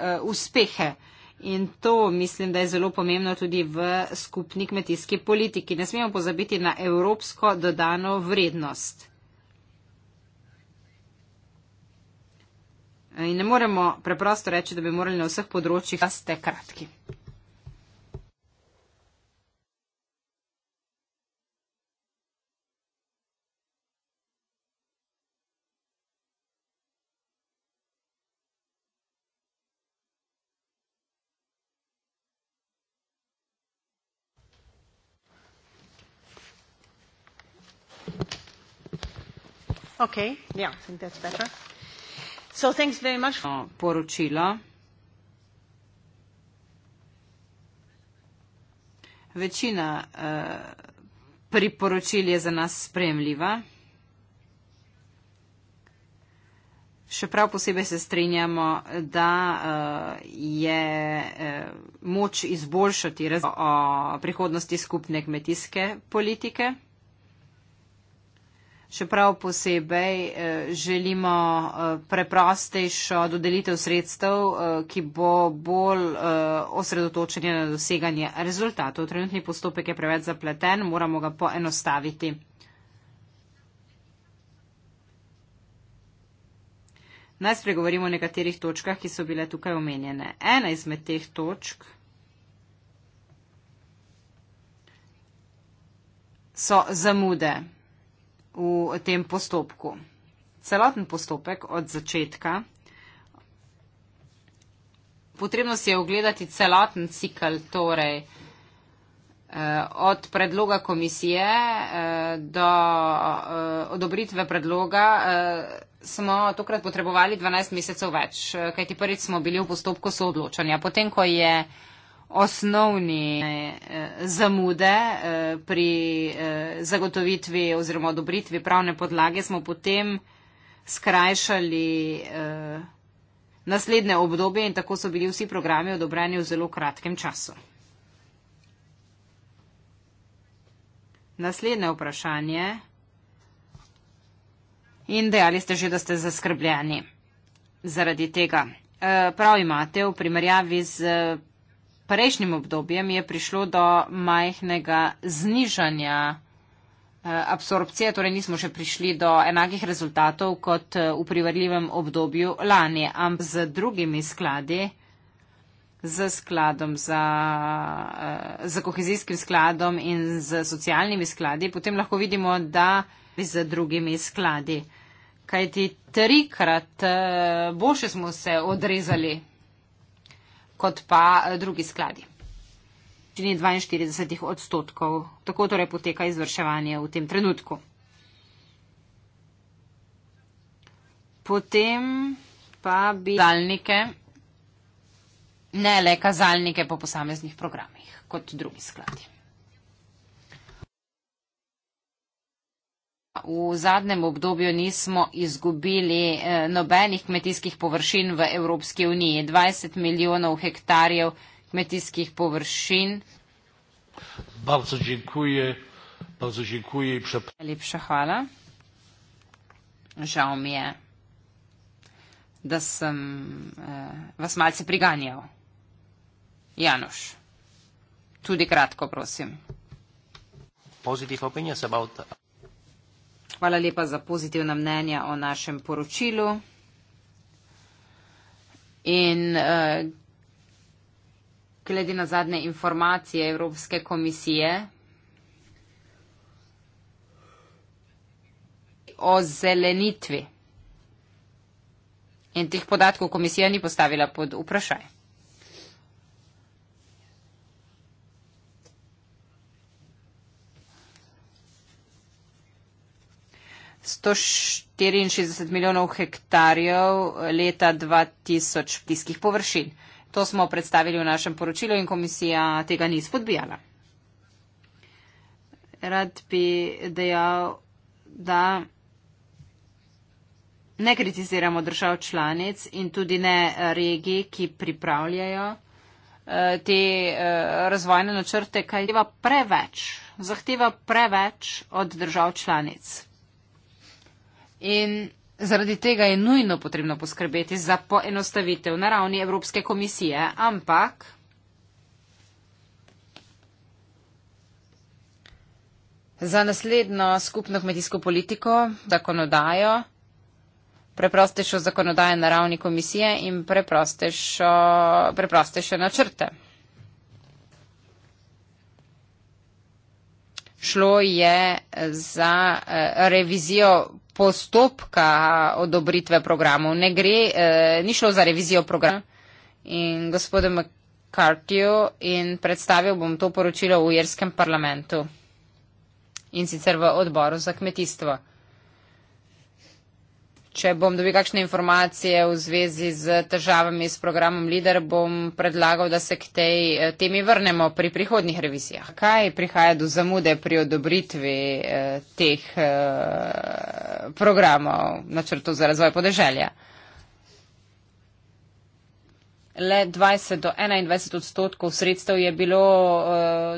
uh, uspehe. In to mislim, da je zelo pomembno tudi v skupni kmetijski politiki. Ne smemo pozabiti na evropsko dodano vrednost. In ne moremo preprosto reči, da bi morali na vseh področjih, da ste kratki. Okay, yeah, I think that's better. So thanks very much. No, poročilo. Večina uh, priporočil je za nas spremljiva. Še prav posebej se strinjamo, da uh, je uh, moč izboljšati razvoj o prihodnosti skupne kmetijske politike. Še prav posebej eh, želimo eh, preprostejšo dodelitev sredstev, eh, ki bo bolj osredotočenje na doseganje rezultatov. Trenutni postopek je preveč zapleten, moramo ga poenostaviti. Naj spregovorimo o nekaterih točkah, ki so bile tukaj omenjene. Ena izmed teh točk so zamude v tem postopku. Celoten postopek od začetka. Potrebno si je ogledati celoten cikl, torej eh, od predloga komisije eh, do eh, odobritve predloga smo tokrat potrebovali 12 mesecev več, kajti prvič smo bili v postopku soodločanja. Potem, ko je osnovni eh, zamude eh, pri eh, zagotovitvi oziroma odobritvi pravne podlage, smo potem skrajšali naslednje obdobje in tako so bili vsi programi odobreni v zelo kratkem času. Naslednje vprašanje. In dejali ste že, da ste zaskrbljeni zaradi tega. Prav imate v primerjavi z prejšnjim obdobjem je prišlo do majhnega znižanja eh, absorpcije, torej nismo še prišli do enakih rezultatov kot eh, v privrljivem obdobju lani, ampak z drugimi skladi, z skladom za, eh, za kohezijskim skladom in z socialnimi skladi, potem lahko vidimo, da z drugimi skladi. Kajti trikrat boljše smo se odrezali kot pa eh, drugi skladi. Čini 42 odstotkov. Tako torej poteka izvrševanje v tem trenutku. Potem pa bi kazalnike, ne le kazalnike po posameznih programih, kot drugi skladi. v zadnjem obdobju nismo izgubili eh, nobenih kmetijskih površin v Evropski uniji. 20 milijonov hektarjev kmetijskih površin. Bardzo dziękuję. Bardzo dziękuję i przepraszam. Lepša hvala. Žal mi je, da sem eh, vas malce priganjal. Janoš, tudi kratko prosim. Positive opinions about Hvala lepa za pozitivna mnenja o našem poročilu. In uh, glede na zadnje informacije Evropske komisije o zelenitvi. In teh podatkov komisija ni postavila pod vprašanje. 164 milijonov hektarjev leta 2000 tiskih površin. To smo predstavili v našem poročilu in komisija tega ni spodbijala. Rad bi dejal, da ne kritiziramo držav članic in tudi ne regij, ki pripravljajo eh, te eh, razvojne načrte, kaj zahteva preveč, zahteva preveč od držav članic. In zaradi tega je nujno potrebno poskrbeti za poenostavitev na ravni Evropske komisije, ampak. Za naslednjo skupno kmetijsko politiko, zakonodajo, preprostejšo zakonodajo na ravni komisije in preprostejšo, preprostejše načrte. Šlo je za eh, revizijo postopka odobritve programov. Ne gre, eh, ni šlo za revizijo programa. In gospodem McCartyju in predstavil bom to poročilo v Jerskem parlamentu in sicer v odboru za kmetijstvo. Če bom dobil kakšne informacije v zvezi z težavami s programom LIDER, bom predlagal, da se k tej eh, temi vrnemo pri prihodnih revizijah. Kaj prihaja do zamude pri odobritvi eh, teh eh, programov načrtu za razvoj podeželja? Le 20 do 21 odstotkov sredstev je bilo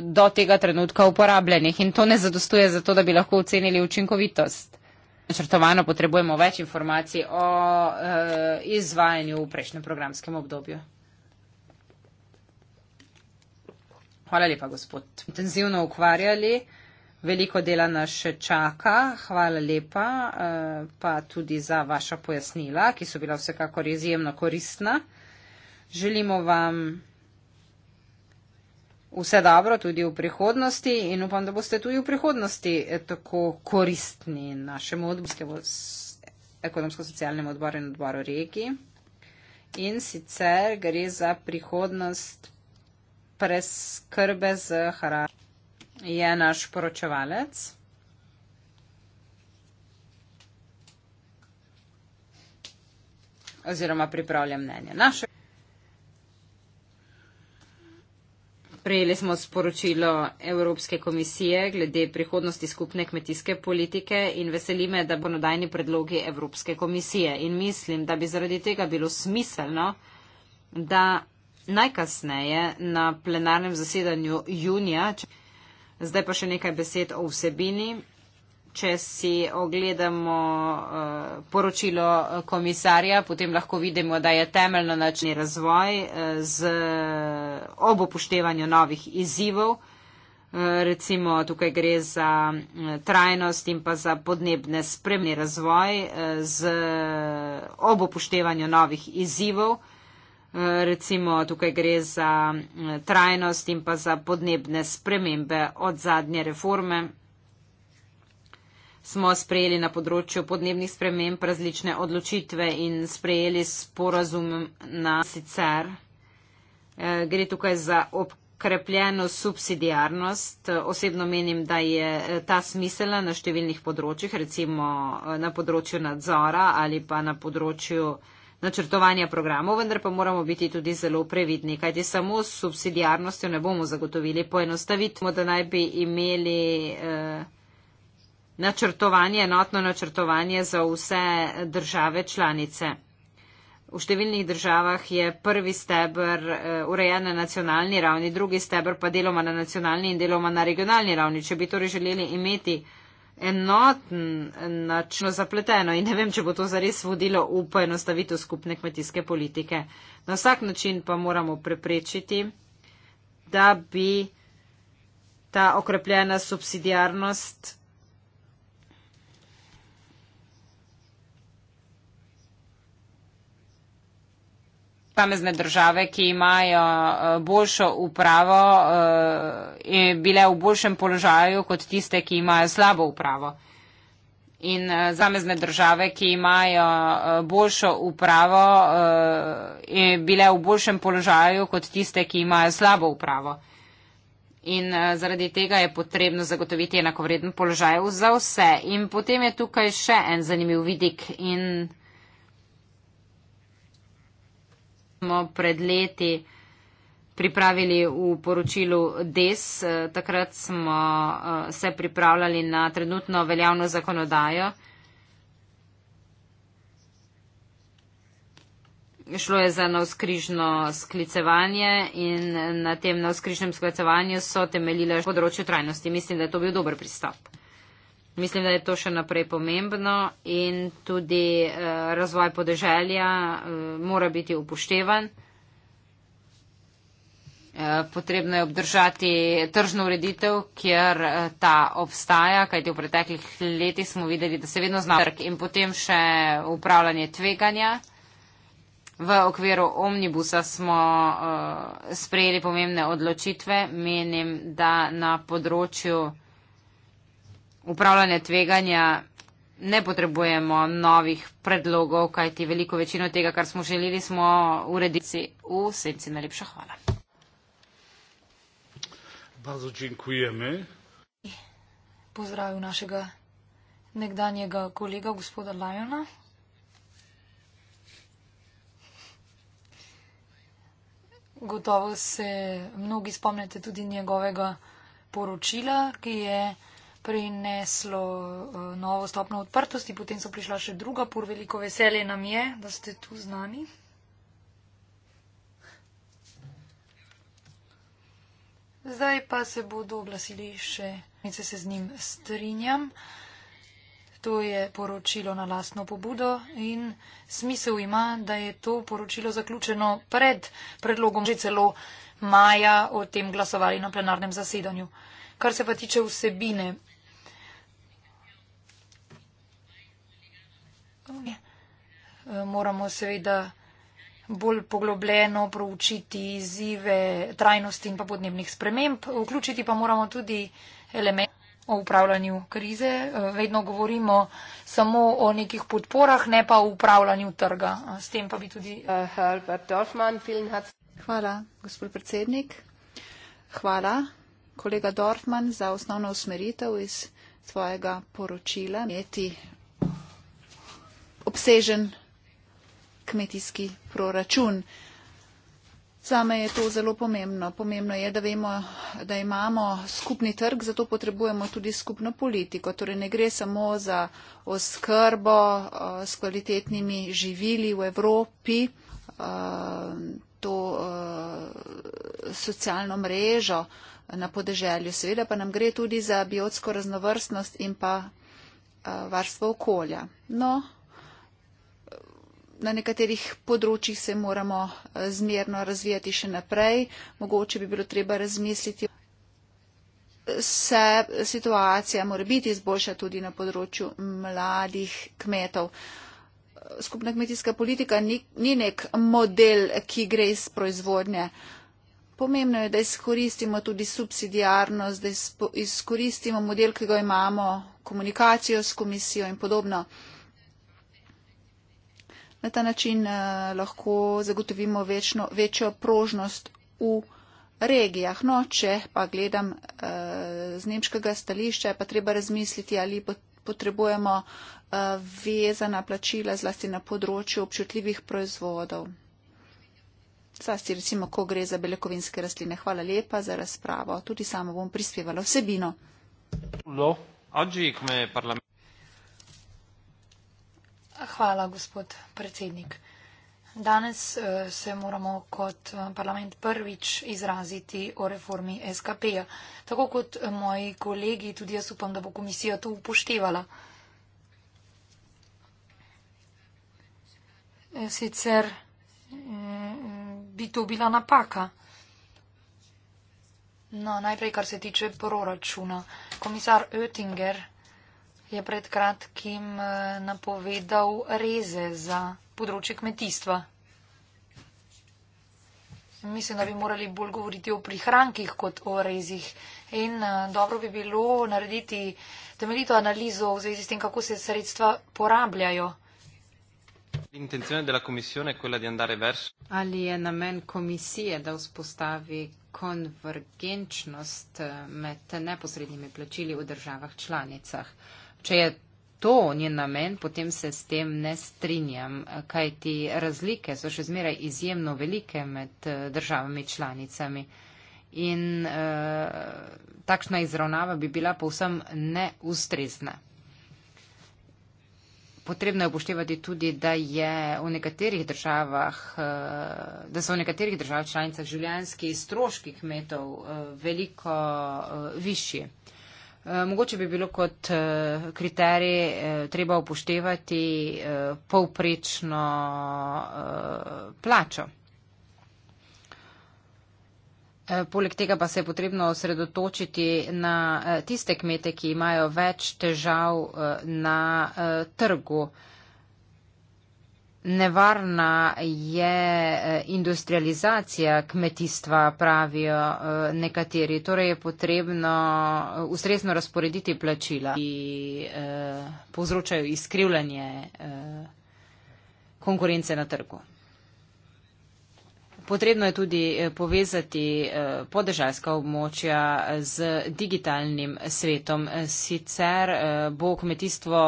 do tega trenutka uporabljenih in to ne zadostuje za to, da bi lahko ocenili učinkovitost načrtovano potrebujemo več informacij o uh, izvajanju v prejšnjem programskem obdobju. Hvala lepa, gospod. Intenzivno ukvarjali, veliko dela nas še čaka. Hvala lepa uh, pa tudi za vaša pojasnila, ki so bila vsekakor izjemno koristna. Želimo vam vse dobro tudi v prihodnosti in upam, da boste tudi v prihodnosti eh, tako koristni našemu odborskemu, ekonomsko-socialnemu odboru in odboru regiji. In sicer gre za prihodnost preskrbe z hranjem. Je naš poročevalec. Oziroma pripravljam mnenje naše. Prejeli smo sporočilo Evropske komisije glede prihodnosti skupne kmetijske politike in veseli me, da bo nadajni predlogi Evropske komisije. In mislim, da bi zaradi tega bilo smiselno, da najkasneje na plenarnem zasedanju junija, zdaj pa še nekaj besed o vsebini, Če si ogledamo uh, poročilo eh, komisarja, potem lahko vidimo, da je temeljno način razvoj uh, z ob upoštevanju novih izzivov. Recimo tukaj gre za trajnost in pa za podnebne spremne razvoj z ob upoštevanju novih izzivov. Recimo tukaj gre za trajnost in pa za podnebne spremembe od zadnje reforme smo sprejeli na področju podnebnih sprememb različne odločitve in sprejeli sporazum na sicer. Eh, gre tukaj za okrepljeno subsidijarnost. Osebno menim, da je eh, ta smisela na številnih področjih, recimo eh, na področju nadzora ali pa na področju načrtovanja programov, vendar pa moramo biti tudi zelo previdni, kajti samo s subsidijarnostjo ne bomo zagotovili poenostavitmo, da naj bi imeli. Eh, načrtovanje, enotno načrtovanje za vse države članice. V številnih državah je prvi stebr eh, urejen na nacionalni ravni, drugi stebr pa deloma na nacionalni in deloma na regionalni ravni. Če bi torej želeli imeti enoten eh, način zapleteno in ne vem, če bo to zares vodilo v poenostavitev skupne kmetijske politike. Na vsak način pa moramo preprečiti, da bi ta okrepljena subsidijarnost pamezne države, ki imajo e, boljšo upravo, e, bile v boljšem položaju kot tiste, ki imajo slabo upravo. In zamezne e, države, ki imajo boljšo upravo, bile v boljšem položaju kot tiste, ki imajo slabo upravo. In zaradi tega je potrebno zagotoviti enakovreden položaj za vse. In potem je tukaj še en zanimiv vidik in smo pred leti pripravili v poročilu DES. Eh, takrat smo eh, se pripravljali na trenutno veljavno zakonodajo. Šlo je za navskrižno sklicevanje in na tem navskrižnem sklicevanju so temeljile področje trajnosti. Mislim, da je to bil dober pristop. Mislim, da je to še naprej pomembno in tudi uh, razvoj podeželja uh, mora biti upoštevan. Eh, potrebno je obdržati tržno ureditev, kjer ta obstaja, kajti v preteklih letih smo videli, da se vedno zna trg in potem še upravljanje tveganja. V okviru omnibusa smo uh, sprejeli pomembne odločitve. Menim, da na področju upravljanje tveganja ne potrebujemo novih predlogov, kajti veliko večino tega, kar smo želeli, smo uredili v senci. Najlepša hvala. Bardzo dziękujemy. Pozdravil našega nekdanjega kolega, gospoda Lajona. Gotovo se mnogi spomnite tudi njegovega poročila, ki je prineslo eh, novo stopno odprtosti, potem so prišla še druga pur, veliko veselje nam je, da ste tu z nami. Zdaj pa se bodo oglasili še, in se z njim strinjam. To je poročilo na lastno pobudo in smisel ima, da je to poročilo zaključeno pred predlogom že celo maja o tem glasovali na plenarnem zasedanju. Kar se pa tiče vsebine, unije. Eh, moramo seveda bolj poglobljeno proučiti izzive trajnosti in pa podnebnih sprememb. Vključiti pa moramo tudi element o upravljanju krize. Eh, vedno govorimo samo o nekih podporah, ne pa o upravljanju trga. Eh, s tem pa bi tudi. Hvala, gospod predsednik. Hvala, kolega Dorfman, za osnovno usmeritev iz svojega poročila. Imeti obsežen kmetijski proračun. Zame je to zelo pomembno. Pomembno je, da vemo, da imamo skupni trg, zato potrebujemo tudi skupno politiko. Torej ne gre samo za oskrbo eh, s kvalitetnimi živili v Evropi, eh, to eh, socialno mrežo na podeželju. Seveda pa nam gre tudi za biotsko raznovrstnost in pa varstvo okolja. No, na nekaterih področjih se moramo eh, zmerno razvijati še naprej. Mogoče bi bilo treba razmisliti, se situacija mora biti izboljša tudi na področju mladih kmetov. Skupna kmetijska politika ni, ni nek model, ki gre iz proizvodnje. Pomembno je, da izkoristimo tudi subsidijarnost, da izkoristimo model, ki ga imamo, komunikacijo s komisijo in podobno na ta način uh, lahko zagotovimo večno, večjo prožnost v regijah. No, če pa gledam uh, z nemškega stališča, je pa treba razmisliti, ali potrebujemo uh, vezana plačila zlasti na področju občutljivih proizvodov. Zlasti recimo, ko gre za beljakovinske rastline. Hvala lepa za razpravo. Tudi sama bom prispevala vsebino. No. Hvala, gospod predsednik. Danes eh, se moramo kot eh, parlament prvič izraziti o reformi SKP-ja. Tako kot eh, moji kolegi, tudi jaz upam, da bo komisija to upoštevala. Sicer bi to bila napaka. No, najprej, kar se tiče proračuna. Komisar Oettinger je pred kratkim eh, napovedal reze za področje kmetijstva. Mislim, da bi morali bolj govoriti o prihrankih kot o rezih. In eh, dobro bi bilo narediti temeljito analizo v zvezi s tem, kako se sredstva porabljajo. Ali je namen komisije, da vzpostavi konvergenčnost eh, med neposrednimi plačili v državah članicah? Če je to njen namen, potem se s tem ne strinjam, kaj ti razlike so še zmeraj izjemno velike med eh, državami članicami. In e, takšna izravnava bi bila povsem neustrezna. Potrebno je upoštevati tudi, da, je v državah, eh, da so v nekaterih državah članicah življenjski stroški kmetov veliko višji. Eh, mogoče bi bilo kot eh, kriterij eh, treba upoštevati povprečno plačo. Poleg tega pa se je potrebno osredotočiti na tiste kmete, ki imajo več težav na trgu. Nevarna je eh, industrializacija kmetijstva, pravijo eh, nekateri. Torej je potrebno eh, ustrezno razporediti plačila, ki povzročajo izkrivljanje konkurence na trgu. Potrebno je tudi eh, povezati eh, podeželska območja eh, z digitalnim svetom. Sicer bo kmetijstvo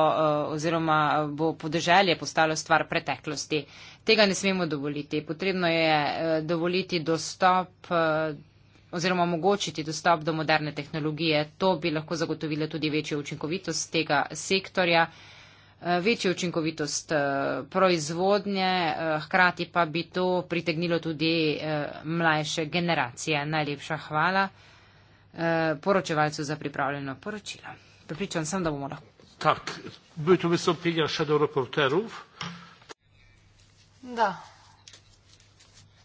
oziroma bo podeželje postalo stvar preteklosti. Tega ne smemo dovoliti. Potrebno je dovoliti dostop oziroma omogočiti dostop do moderne tehnologije. To bi lahko zagotovilo tudi večjo učinkovitost tega sektorja. Eh, večjo učinkovitost eh, proizvodnje, eh, hkrati pa bi to pritegnilo tudi mlajše generacije. Najlepša hvala poročevalcu za pripravljeno poročilo. Pripričan sem, da bomo lahko. Tak, bi to mislil pinja še do reporterov? Da.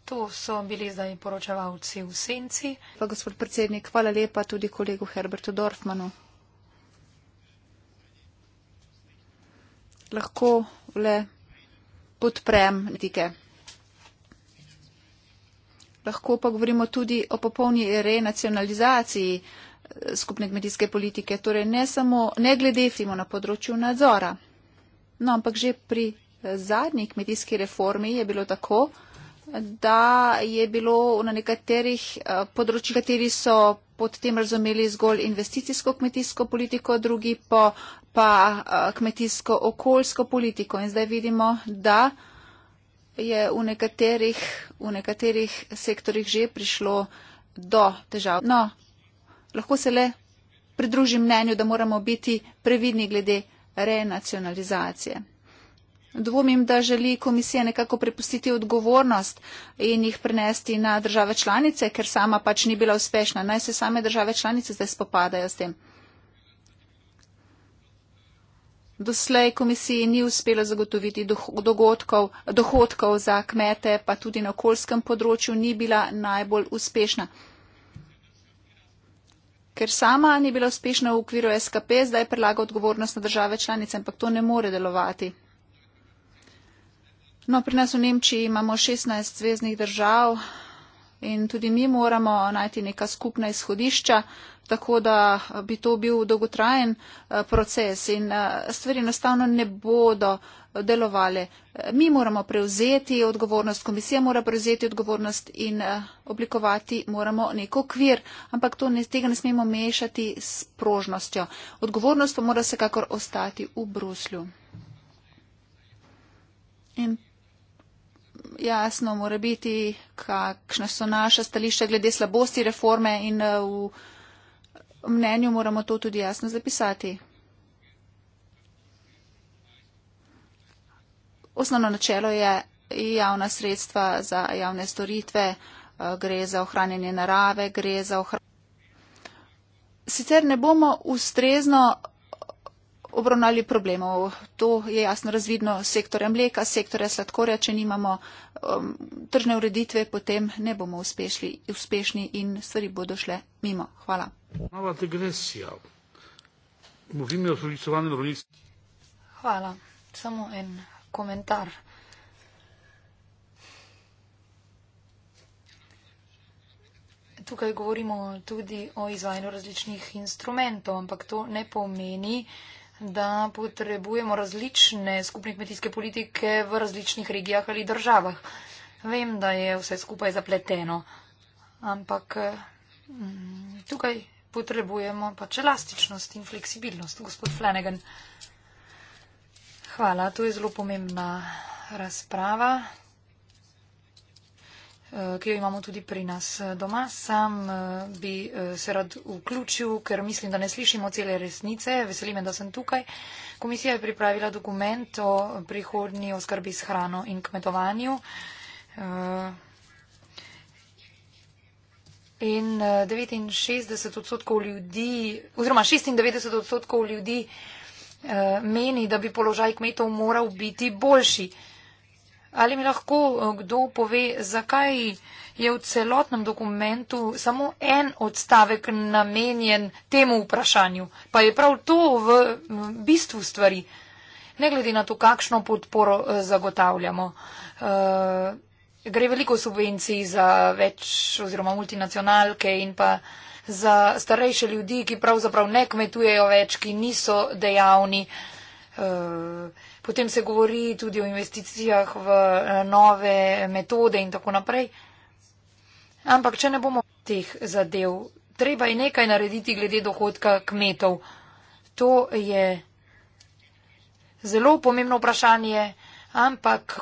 To so bili zdaj poročevalci v senci. Pa gospod predsednik, hvala lepa tudi kolegu Herbertu Dorfmanu. lahko le podprem tike. Lahko pa govorimo tudi o popolni renacionalizaciji eh, skupne kmetijske politike, torej ne samo, ne glede recimo na področju nadzora. No, ampak že pri eh, zadnji kmetijski reformi je bilo tako, da je bilo na nekaterih eh, področjih, kateri so pod tem razumeli zgolj investicijsko kmetijsko politiko, drugi po pa eh, kmetijsko okoljsko politiko. In zdaj vidimo, da je v nekaterih, v nekaterih sektorjih že prišlo do težav. No, lahko se le pridružim mnenju, da moramo biti previdni glede renacionalizacije. Dvomim, da želi komisija nekako prepustiti odgovornost in jih prenesti na države članice, ker sama pač ni bila uspešna. Naj se same države članice zdaj spopadajo s tem. Doslej komisiji ni uspelo zagotoviti dogodkov, dohodkov za kmete, pa tudi na okoljskem področju ni bila najbolj uspešna. Ker sama ni bila uspešna v okviru SKP, zdaj prelaga odgovornost na države članice, ampak to ne more delovati. No, pri nas v Nemčiji imamo 16 zvezdnih držav, in tudi mi moramo najti neka skupna izhodišča, tako da bi to bil dolgotrajen eh, proces in eh, stvari enostavno ne bodo eh, delovale. Mi moramo prevzeti odgovornost, komisija mora prevzeti odgovornost in oblikovati moramo nek okvir, ampak to ne, tega ne smemo mešati s prožnostjo. Odgovornost pa mora vsekakor ostati v Bruslju. In jasno, mora biti, kakšna so naša stališča glede slabosti reforme in eh, v mnenju moramo to tudi jasno zapisati. Osnovno načelo je javna sredstva za javne storitve, eh, gre za ohranjanje narave, gre za ohranjanje. Sicer ne bomo ustrezno obravnali problemov. To je jasno razvidno sektorja mleka, sektorja sladkorja. Če nimamo um, tržne ureditve, potem ne bomo uspešli, uspešni in stvari bodo šle mimo. Hvala. Hvala. Hvala. Samo en komentar. Tukaj govorimo tudi o izvajanju različnih instrumentov, ampak to ne pomeni, da potrebujemo različne skupne kmetijske politike v različnih regijah ali državah. Vem, da je vse skupaj zapleteno, ampak mm, tukaj potrebujemo pač elastičnost in fleksibilnost, gospod Flanagan. Hvala, to je zelo pomembna razprava. Eh, ki jo imamo tudi pri nas eh, doma. Sam eh, bi se rad vključil, ker mislim, da ne slišimo cele resnice. Veseli me, da sem tukaj. Komisija je pripravila dokument o prihodnji oskrbi s hrano in kmetovanju. In 69 odstotkov ljudi, oziroma 96 odstotkov ljudi meni, da bi položaj kmetov moral biti boljši. Ali mi lahko eh, kdo pove, zakaj je v celotnem dokumentu samo en odstavek namenjen temu vprašanju? Pa je prav to v bistvu stvari, ne glede na to, kakšno podporo eh, zagotavljamo. Eh, gre veliko subvencij za več oziroma multinacionalke in pa za starejše ljudi, ki pravzaprav ne kmetujejo več, ki niso dejavni. Uh, Potem se govori tudi o investicijah v eh, nove metode in tako naprej. Ampak, če ne bomo teh zadev, treba je nekaj narediti glede dohodka kmetov. To je zelo pomembno vprašanje, ampak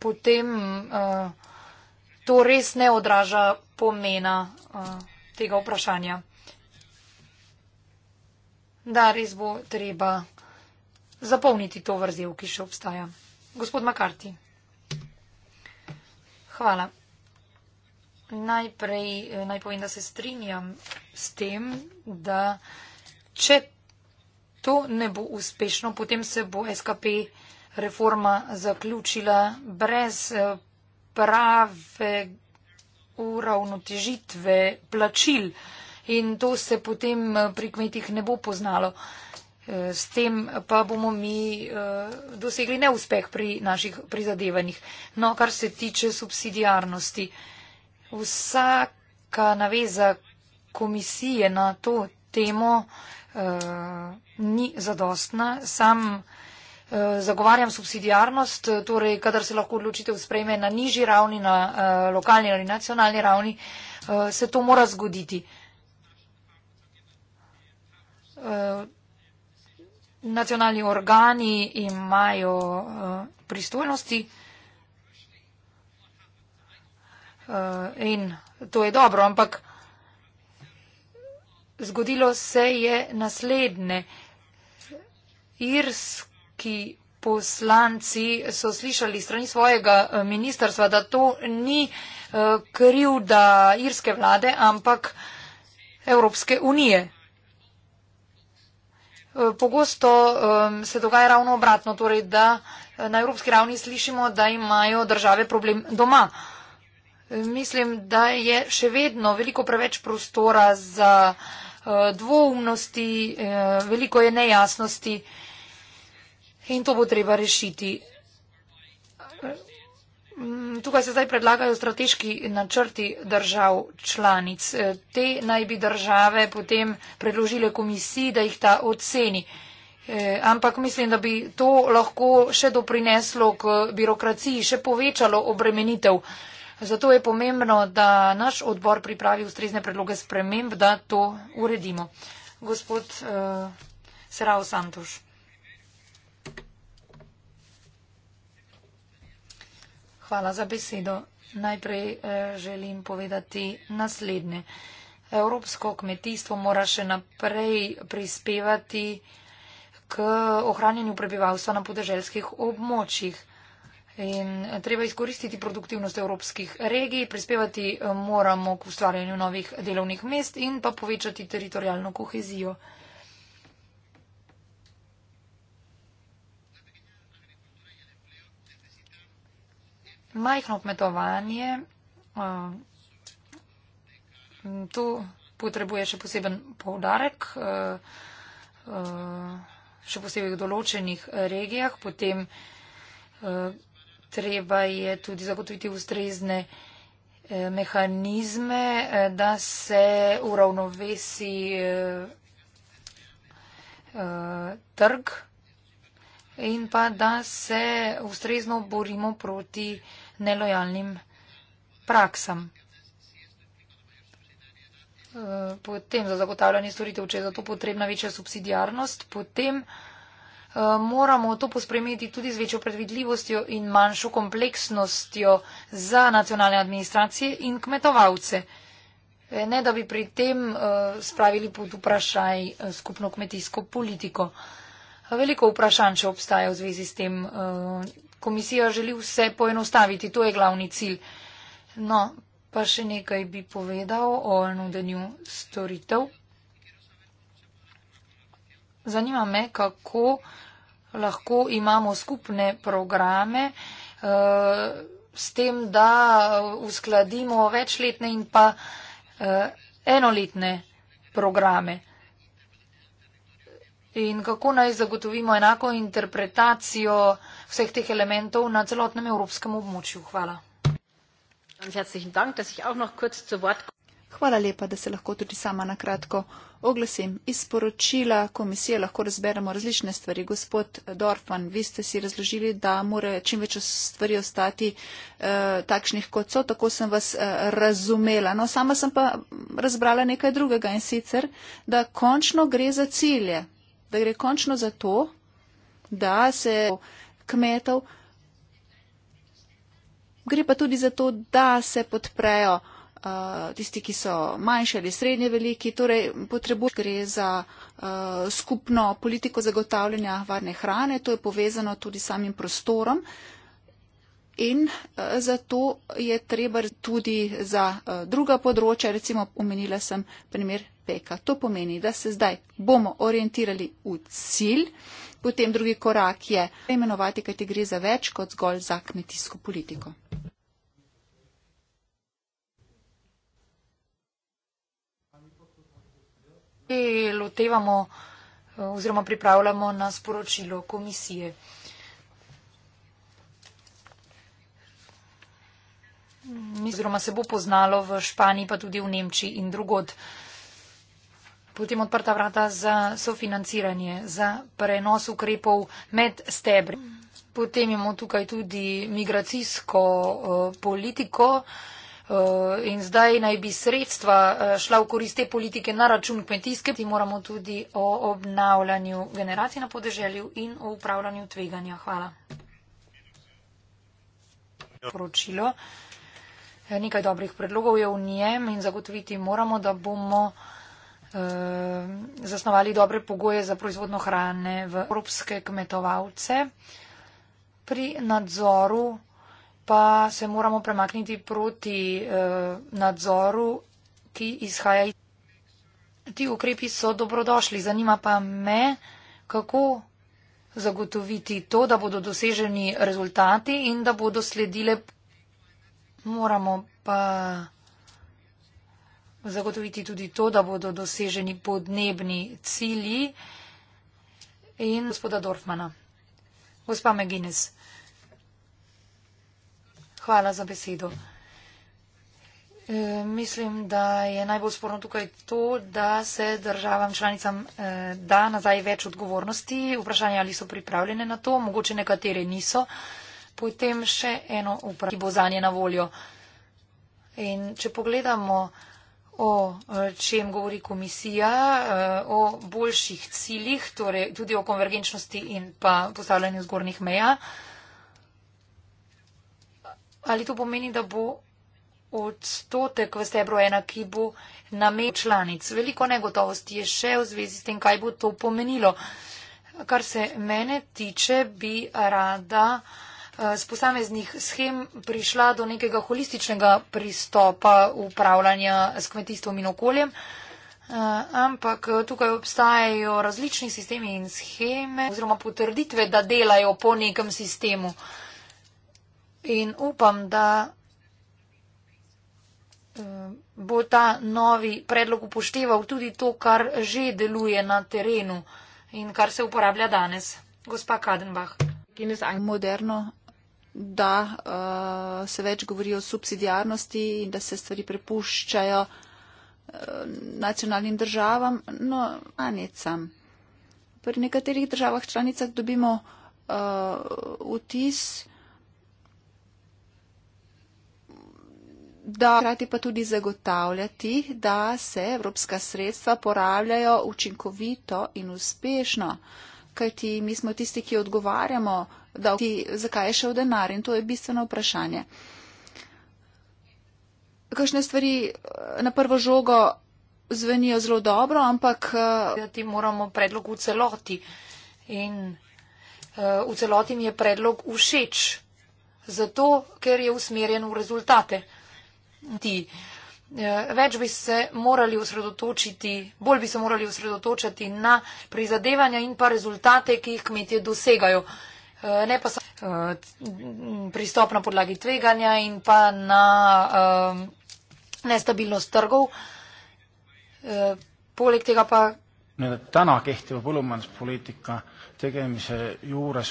potem uh, to res ne odraža pomena uh, tega vprašanja. Da, res bo treba zapolniti to vrzel, ki še obstaja. Gospod Makarti. Hvala. Najprej eh, naj povem, da se strinjam s tem, da če to ne bo uspešno, potem se bo SKP reforma zaključila brez eh, prave uravnotežitve plačil in to se potem eh, pri kmetih ne bo poznalo. Eh, s tem pa bomo mi eh, dosegli neuspeh pri naših prizadevanjih. No, kar se tiče subsidijarnosti, vsaka naveza komisije na to temo eh, ni zadostna. Sam zagovarjam subsidijarnost, torej kadar se lahko odločitev sprejme na nižji ravni, na lokalni ali nacionalni ravni, se to mora zgoditi nacionalni organi imajo uh, pristojnosti uh, in to je dobro, ampak zgodilo se je naslednje. Irski poslanci so slišali strani svojega eh, ministerstva, da to ni uh, krivda irske vlade, ampak Evropske unije. Pogosto um, se dogaja ravno obratno, torej da eh, na evropski ravni slišimo, da imajo države problem doma. Mislim, da je še vedno veliko preveč prostora za uh, dvoumnosti, uh, veliko je nejasnosti in to bo treba rešiti. Mm, tukaj se zdaj predlagajo strateški načrti držav članic. E, te naj bi države potem predložile komisiji, da jih ta oceni. E, ampak mislim, da bi to lahko še doprineslo k birokraciji, še povečalo obremenitev. Zato je pomembno, da naš odbor pripravi ustrezne predloge sprememb, da to uredimo. Gospod uh, Serao Santoš. Hvala za besedo. Najprej eh, želim povedati naslednje. Evropsko kmetijstvo mora še naprej prispevati k ohranjanju prebivalstva na podeželskih območjih. In treba izkoristiti produktivnost evropskih regij, prispevati eh, moramo k ustvarjanju novih delovnih mest in pa povečati teritorijalno kohezijo. majhno kmetovanje, tu potrebuje še poseben povdarek, še posebej v določenih regijah, potem treba je tudi zagotoviti ustrezne e, mehanizme, e, da se uravnovesi e, trg in pa da se ustrezno borimo proti nelojalnim praksam. Eh, potem za zagotavljanje storitev, če je za to potrebna večja subsidijarnost, potem eh, moramo to pospremeti tudi z večjo predvidljivostjo in manjšo kompleksnostjo za nacionalne administracije in kmetovalce. Eh, ne, da bi pri tem spravili pod vprašaj skupno kmetijsko politiko. Veliko vprašanj še obstaja v zvezi s tem. Eh, komisija želi vse poenostaviti, to je glavni cilj. No, pa še nekaj bi povedal o nudenju storitev. Zanima me, kako lahko imamo skupne programe eh, s tem, da eh, uskladimo večletne in pa enoletne programe. In kako naj zagotovimo enako interpretacijo vseh teh elementov na celotnem evropskem območju? Hvala. Hvala lepa, da se lahko tudi sama na kratko oglasim. Iz poročila komisije lahko razberemo različne stvari. Gospod Dorfman, vi ste si razložili, da mora čim več stvari ostati eh, takšnih, kot so. Tako sem vas eh, razumela. No, sama sem pa razbrala nekaj drugega in sicer, da končno gre za cilje da gre končno za to, da se kmetov, gre pa tudi za to, da se podprejo uh, tisti, ki so manjši ali srednje veliki, torej potrebuje gre za uh, skupno politiko zagotavljanja varne hrane, to je povezano tudi samim prostorom. Uh, in eh, zato je treba tudi za eh, druga področja, recimo omenila sem primer peka. To pomeni, da se zdaj bomo orientirali v cilj, potem drugi korak je imenovati, kaj ti gre za več kot zgolj za kmetijsko politiko. Lotevamo eh, oziroma pripravljamo na sporočilo komisije. Mm, oziroma se bo poznalo v Španiji, pa tudi v Nemčiji in drugod. Potem odprta vrata za sofinanciranje, za prenos ukrepov med stebri. Potem imamo tukaj tudi migracijsko uh, politiko uh, in zdaj naj bi sredstva uh, šla v korist te politike na račun kmetijske. Ti moramo tudi o obnavljanju generacij na podeželju in o upravljanju tveganja. Hvala. Poročilo nekaj dobrih predlogov je v njem in zagotoviti moramo, da bomo eh, zasnovali dobre pogoje za proizvodno hrane v evropske kmetovalce. Pri nadzoru pa se moramo premakniti proti eh, nadzoru, ki izhaja iz. Ti ukrepi so dobrodošli. Zanima pa me, kako zagotoviti to, da bodo doseženi rezultati in da bodo sledile Moramo pa zagotoviti tudi to, da bodo doseženi podnebni cilji in gospoda Dorfmana. Gospa Meginis, hvala za besedo. E, mislim, da je najbolj sporno tukaj to, da se državam članicam e, da nazaj več odgovornosti. Vprašanje, ali so pripravljene na to, mogoče nekatere niso. E, potem še eno vprašanje, ki bo za nje na voljo. In če pogledamo, o čem govori komisija, o boljših ciljih, torej tudi o konvergenčnosti in pa postavljanju zgornjih meja, ali to pomeni, da bo odstotek v stebro ena, ki bo na mej članic. Veliko negotovosti je še v zvezi s tem, kaj bo to pomenilo. Kar se mene tiče, bi rada Eh, z posameznih schem prišla do nekega holističnega pristopa upravljanja s kmetijstvom in okoljem. Eh, ampak eh, tukaj obstajajo različni sistemi in scheme oziroma potrditve, da delajo po nekem sistemu. In upam, da bo ta novi predlog upošteval tudi to, kar že deluje na terenu in kar se uporablja danes. Gospa Kadenbach. Moderno da uh, se več govori o subsidijarnosti in da se stvari prepuščajo eh, nacionalnim državam, no, anicam. Pri nekaterih državah članicah dobimo uh, vtis, da hkrati pa tudi zagotavljati, da se evropska sredstva porabljajo učinkovito in uspešno, kajti mi smo tisti, ki odgovarjamo uh, davki, zakaj je šel denar in to je bistveno vprašanje. Kakšne stvari eh, na prvo žogo zvenijo zelo dobro, ampak eh, ti moramo predlog v celoti. In eh, v celoti mi je predlog všeč, zato ker je usmerjen v rezultate. Ti. Več bi se morali osredotočiti, bolj bi se morali osredotočiti na prizadevanja in pa rezultate, ki jih kmetje dosegajo. Eh, ne pa samo eh, pristop na podlagi tveganja in pa na eh, nestabilnost trgov. Poleg tega pa. Täna kehtiva põllumajanduspoliitika tegemise juures.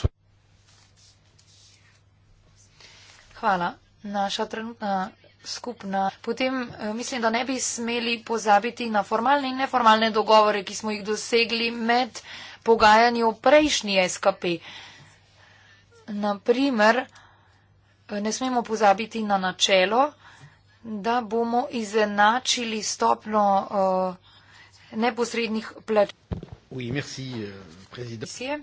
Hvala. Naša trenutna skupna. Potem mislim, da ne bi smeli pozabiti na formalne in neformalne dogovore, ki smo jih dosegli med pogajanjem o prejšnji SKP naprimer, ne smemo pozabiti na načelo, da bomo izenačili stopno eh, neposrednih plačil. Euh,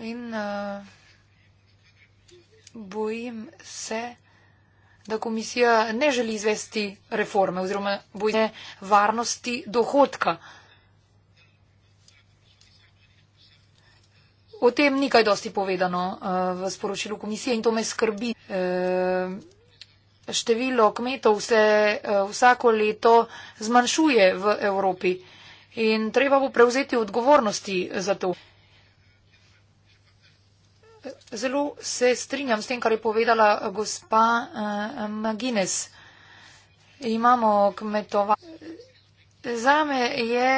In eh, bojim se, da komisija ne želi izvesti reforme oziroma bojne varnosti dohodka. O tem ni kaj dosti povedano eh, v sporočilu komisije in to me skrbi. Eh, število kmetov se eh, vsako leto zmanjšuje v Evropi in treba bo prevzeti odgovornosti za to. Zelo se strinjam s tem, kar je povedala gospa Magines. Imamo kmetova. Zame je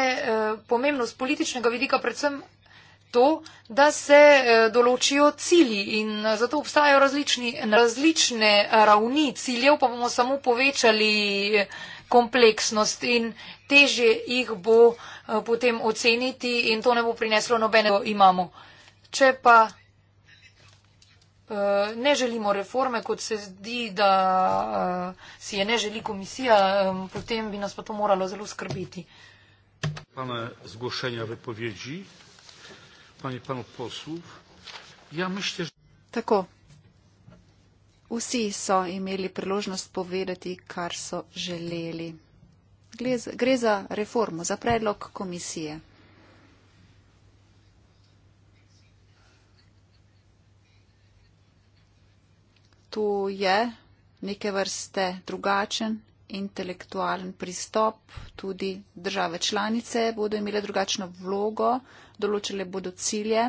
pomembno z političnega vidika predvsem to, da se eh, določijo cilji in eh, zato obstajajo različni, različne ravni ciljev, pa bomo samo povečali eh, kompleksnost in teže jih bo potem oceniti in to ne bo prineslo nobenega imamo. Če pa ne želimo reforme, kot se zdi, da si je ne želi komisija, potem bi nas pa to moralo zelo skrbiti. Pane zgošenja vypovědí pani panów posłów. Ja myślę, że... Tako. Vsi so imeli priložnost povedati, kar so želeli. Gre za, gre za reformo, za predlog komisije. Tu je neke vrste drugačen intelektualen pristop, tudi države članice bodo imele drugačno vlogo, določile bodo cilje.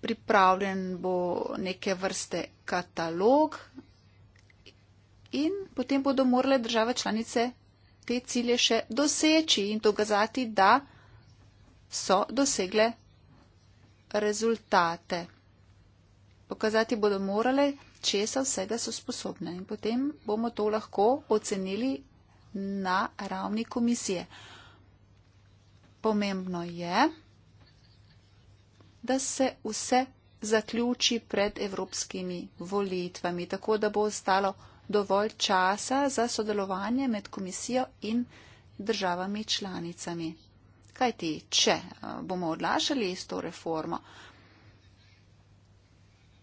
Pripravljen bo neke vrste katalog in potem bodo morale države članice te cilje še doseči in dokazati, da so dosegle rezultate. Pokazati bodo morale, česa vsega so sposobne. In potem bomo to lahko ocenili na ravni komisije. Pomembno je, da se vse zaključi pred evropskimi volitvami, tako da bo ostalo dovolj časa za sodelovanje med komisijo in državami članicami. Kajti, če eh, bomo odlašali s to reformo,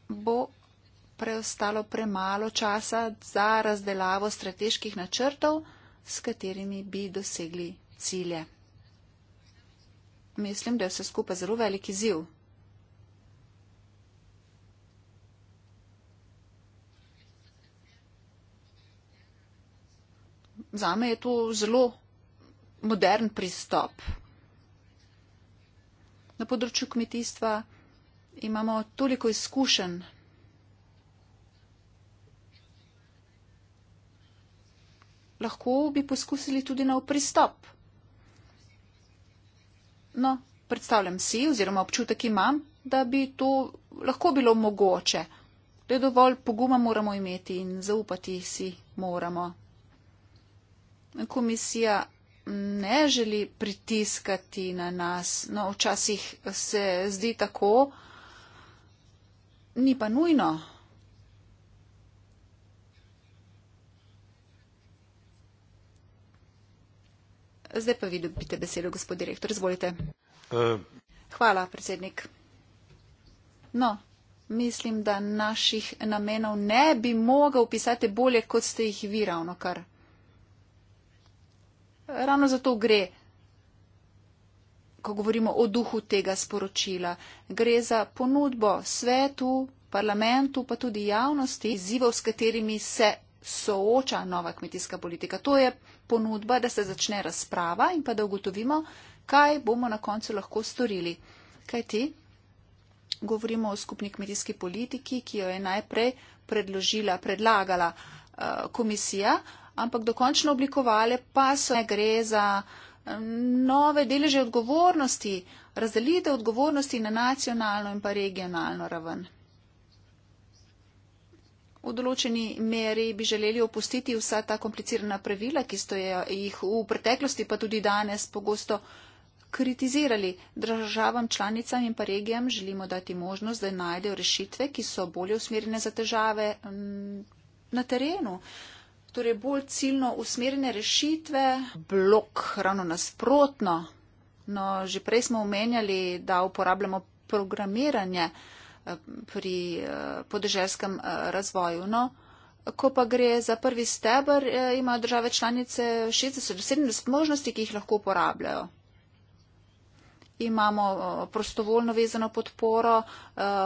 bo preostalo premalo časa za razdelavo strateških načrtov, s katerimi bi dosegli cilje. Mislim, da je vse skupaj zelo veliki ziv. Zame je to zelo modern pristop. Na področju kmetijstva imamo toliko izkušenj lahko bi poskusili tudi nov pristop. No, predstavljam si oziroma občutek imam, da bi to lahko bilo mogoče. Le dovolj poguma moramo imeti in zaupati si moramo. Komisija ne želi pritiskati na nas, no včasih se zdi tako, ni pa nujno. Zdaj pa vi dobite besedo, gospod direktor, izvolite. Eh. Hvala, predsednik. No, mislim, da naših namenov ne bi mogel pisati bolje, kot ste jih vi ravno kar. Ravno zato gre, ko govorimo o duhu tega sporočila. Gre za ponudbo svetu, parlamentu, pa tudi javnosti, izzivov, s katerimi se sooča nova kmetijska politika. To je ponudba, da se začne razprava in pa da ugotovimo, kaj bomo na koncu lahko storili. Kaj ti? Govorimo o skupni kmetijski politiki, ki jo je najprej predložila, predlagala uh, komisija, ampak dokončno oblikovale pa so ne gre za eh, nove deleže odgovornosti, razdelite odgovornosti na nacionalno in pa regionalno raven. V določeni meri bi želeli opustiti vsa ta komplicirana pravila, ki ste jih v preteklosti, pa tudi danes pogosto kritizirali. Državam, članicam in pa regijam želimo dati možnost, da najdejo rešitve, ki so bolje usmerjene za težave na terenu. Torej bolj ciljno usmerjene rešitve, blok ravno nasprotno. No, že prej smo omenjali, da uporabljamo programiranje pri eh, podeželskem eh, razvoju. No, ko pa gre za prvi stebr, eh, imajo države članice 60-70 možnosti, ki jih lahko uporabljajo. Imamo prostovoljno vezano podporo,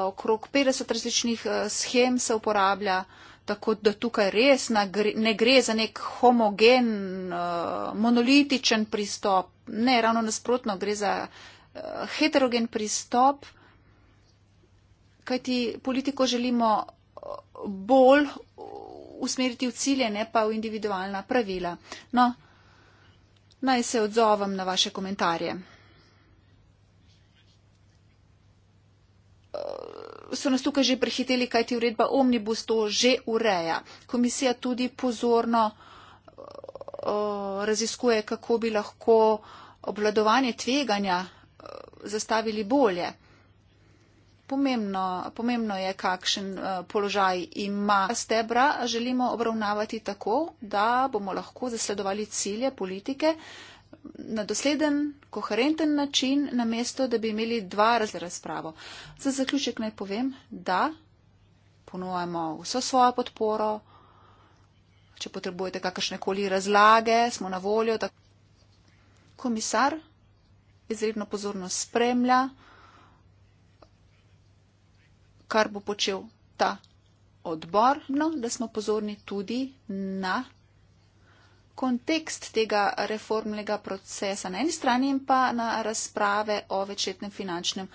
okrog 50 različnih schem se uporablja, tako da tukaj res ne gre za nek homogen, monolitičen pristop. Ne, ravno nasprotno, gre za heterogen pristop kajti politiko želimo eh, bolj eh, usmeriti v cilje, ne pa v individualna pravila. No, naj se odzovem na vaše komentarje. Eh, so nas tukaj že prehiteli, kajti uredba Omnibus to že ureja. Komisija tudi pozorno raziskuje, kako bi lahko obvladovanje tveganja zastavili bolje pomembno, pomembno je, kakšen uh, položaj ima stebra, želimo obravnavati tako, da bomo lahko zasledovali cilje politike na dosleden, koherenten način, namesto da bi imeli dva razpravo. Za zaključek naj povem, da ponujemo vso svojo podporo, če potrebujete kakršnekoli razlage, smo na voljo. Komisar izredno pozorno spremlja kar bo počel ta odbor, no, da smo pozorni tudi na kontekst tega reformnega procesa na eni strani in pa na razprave o večetnem finančnem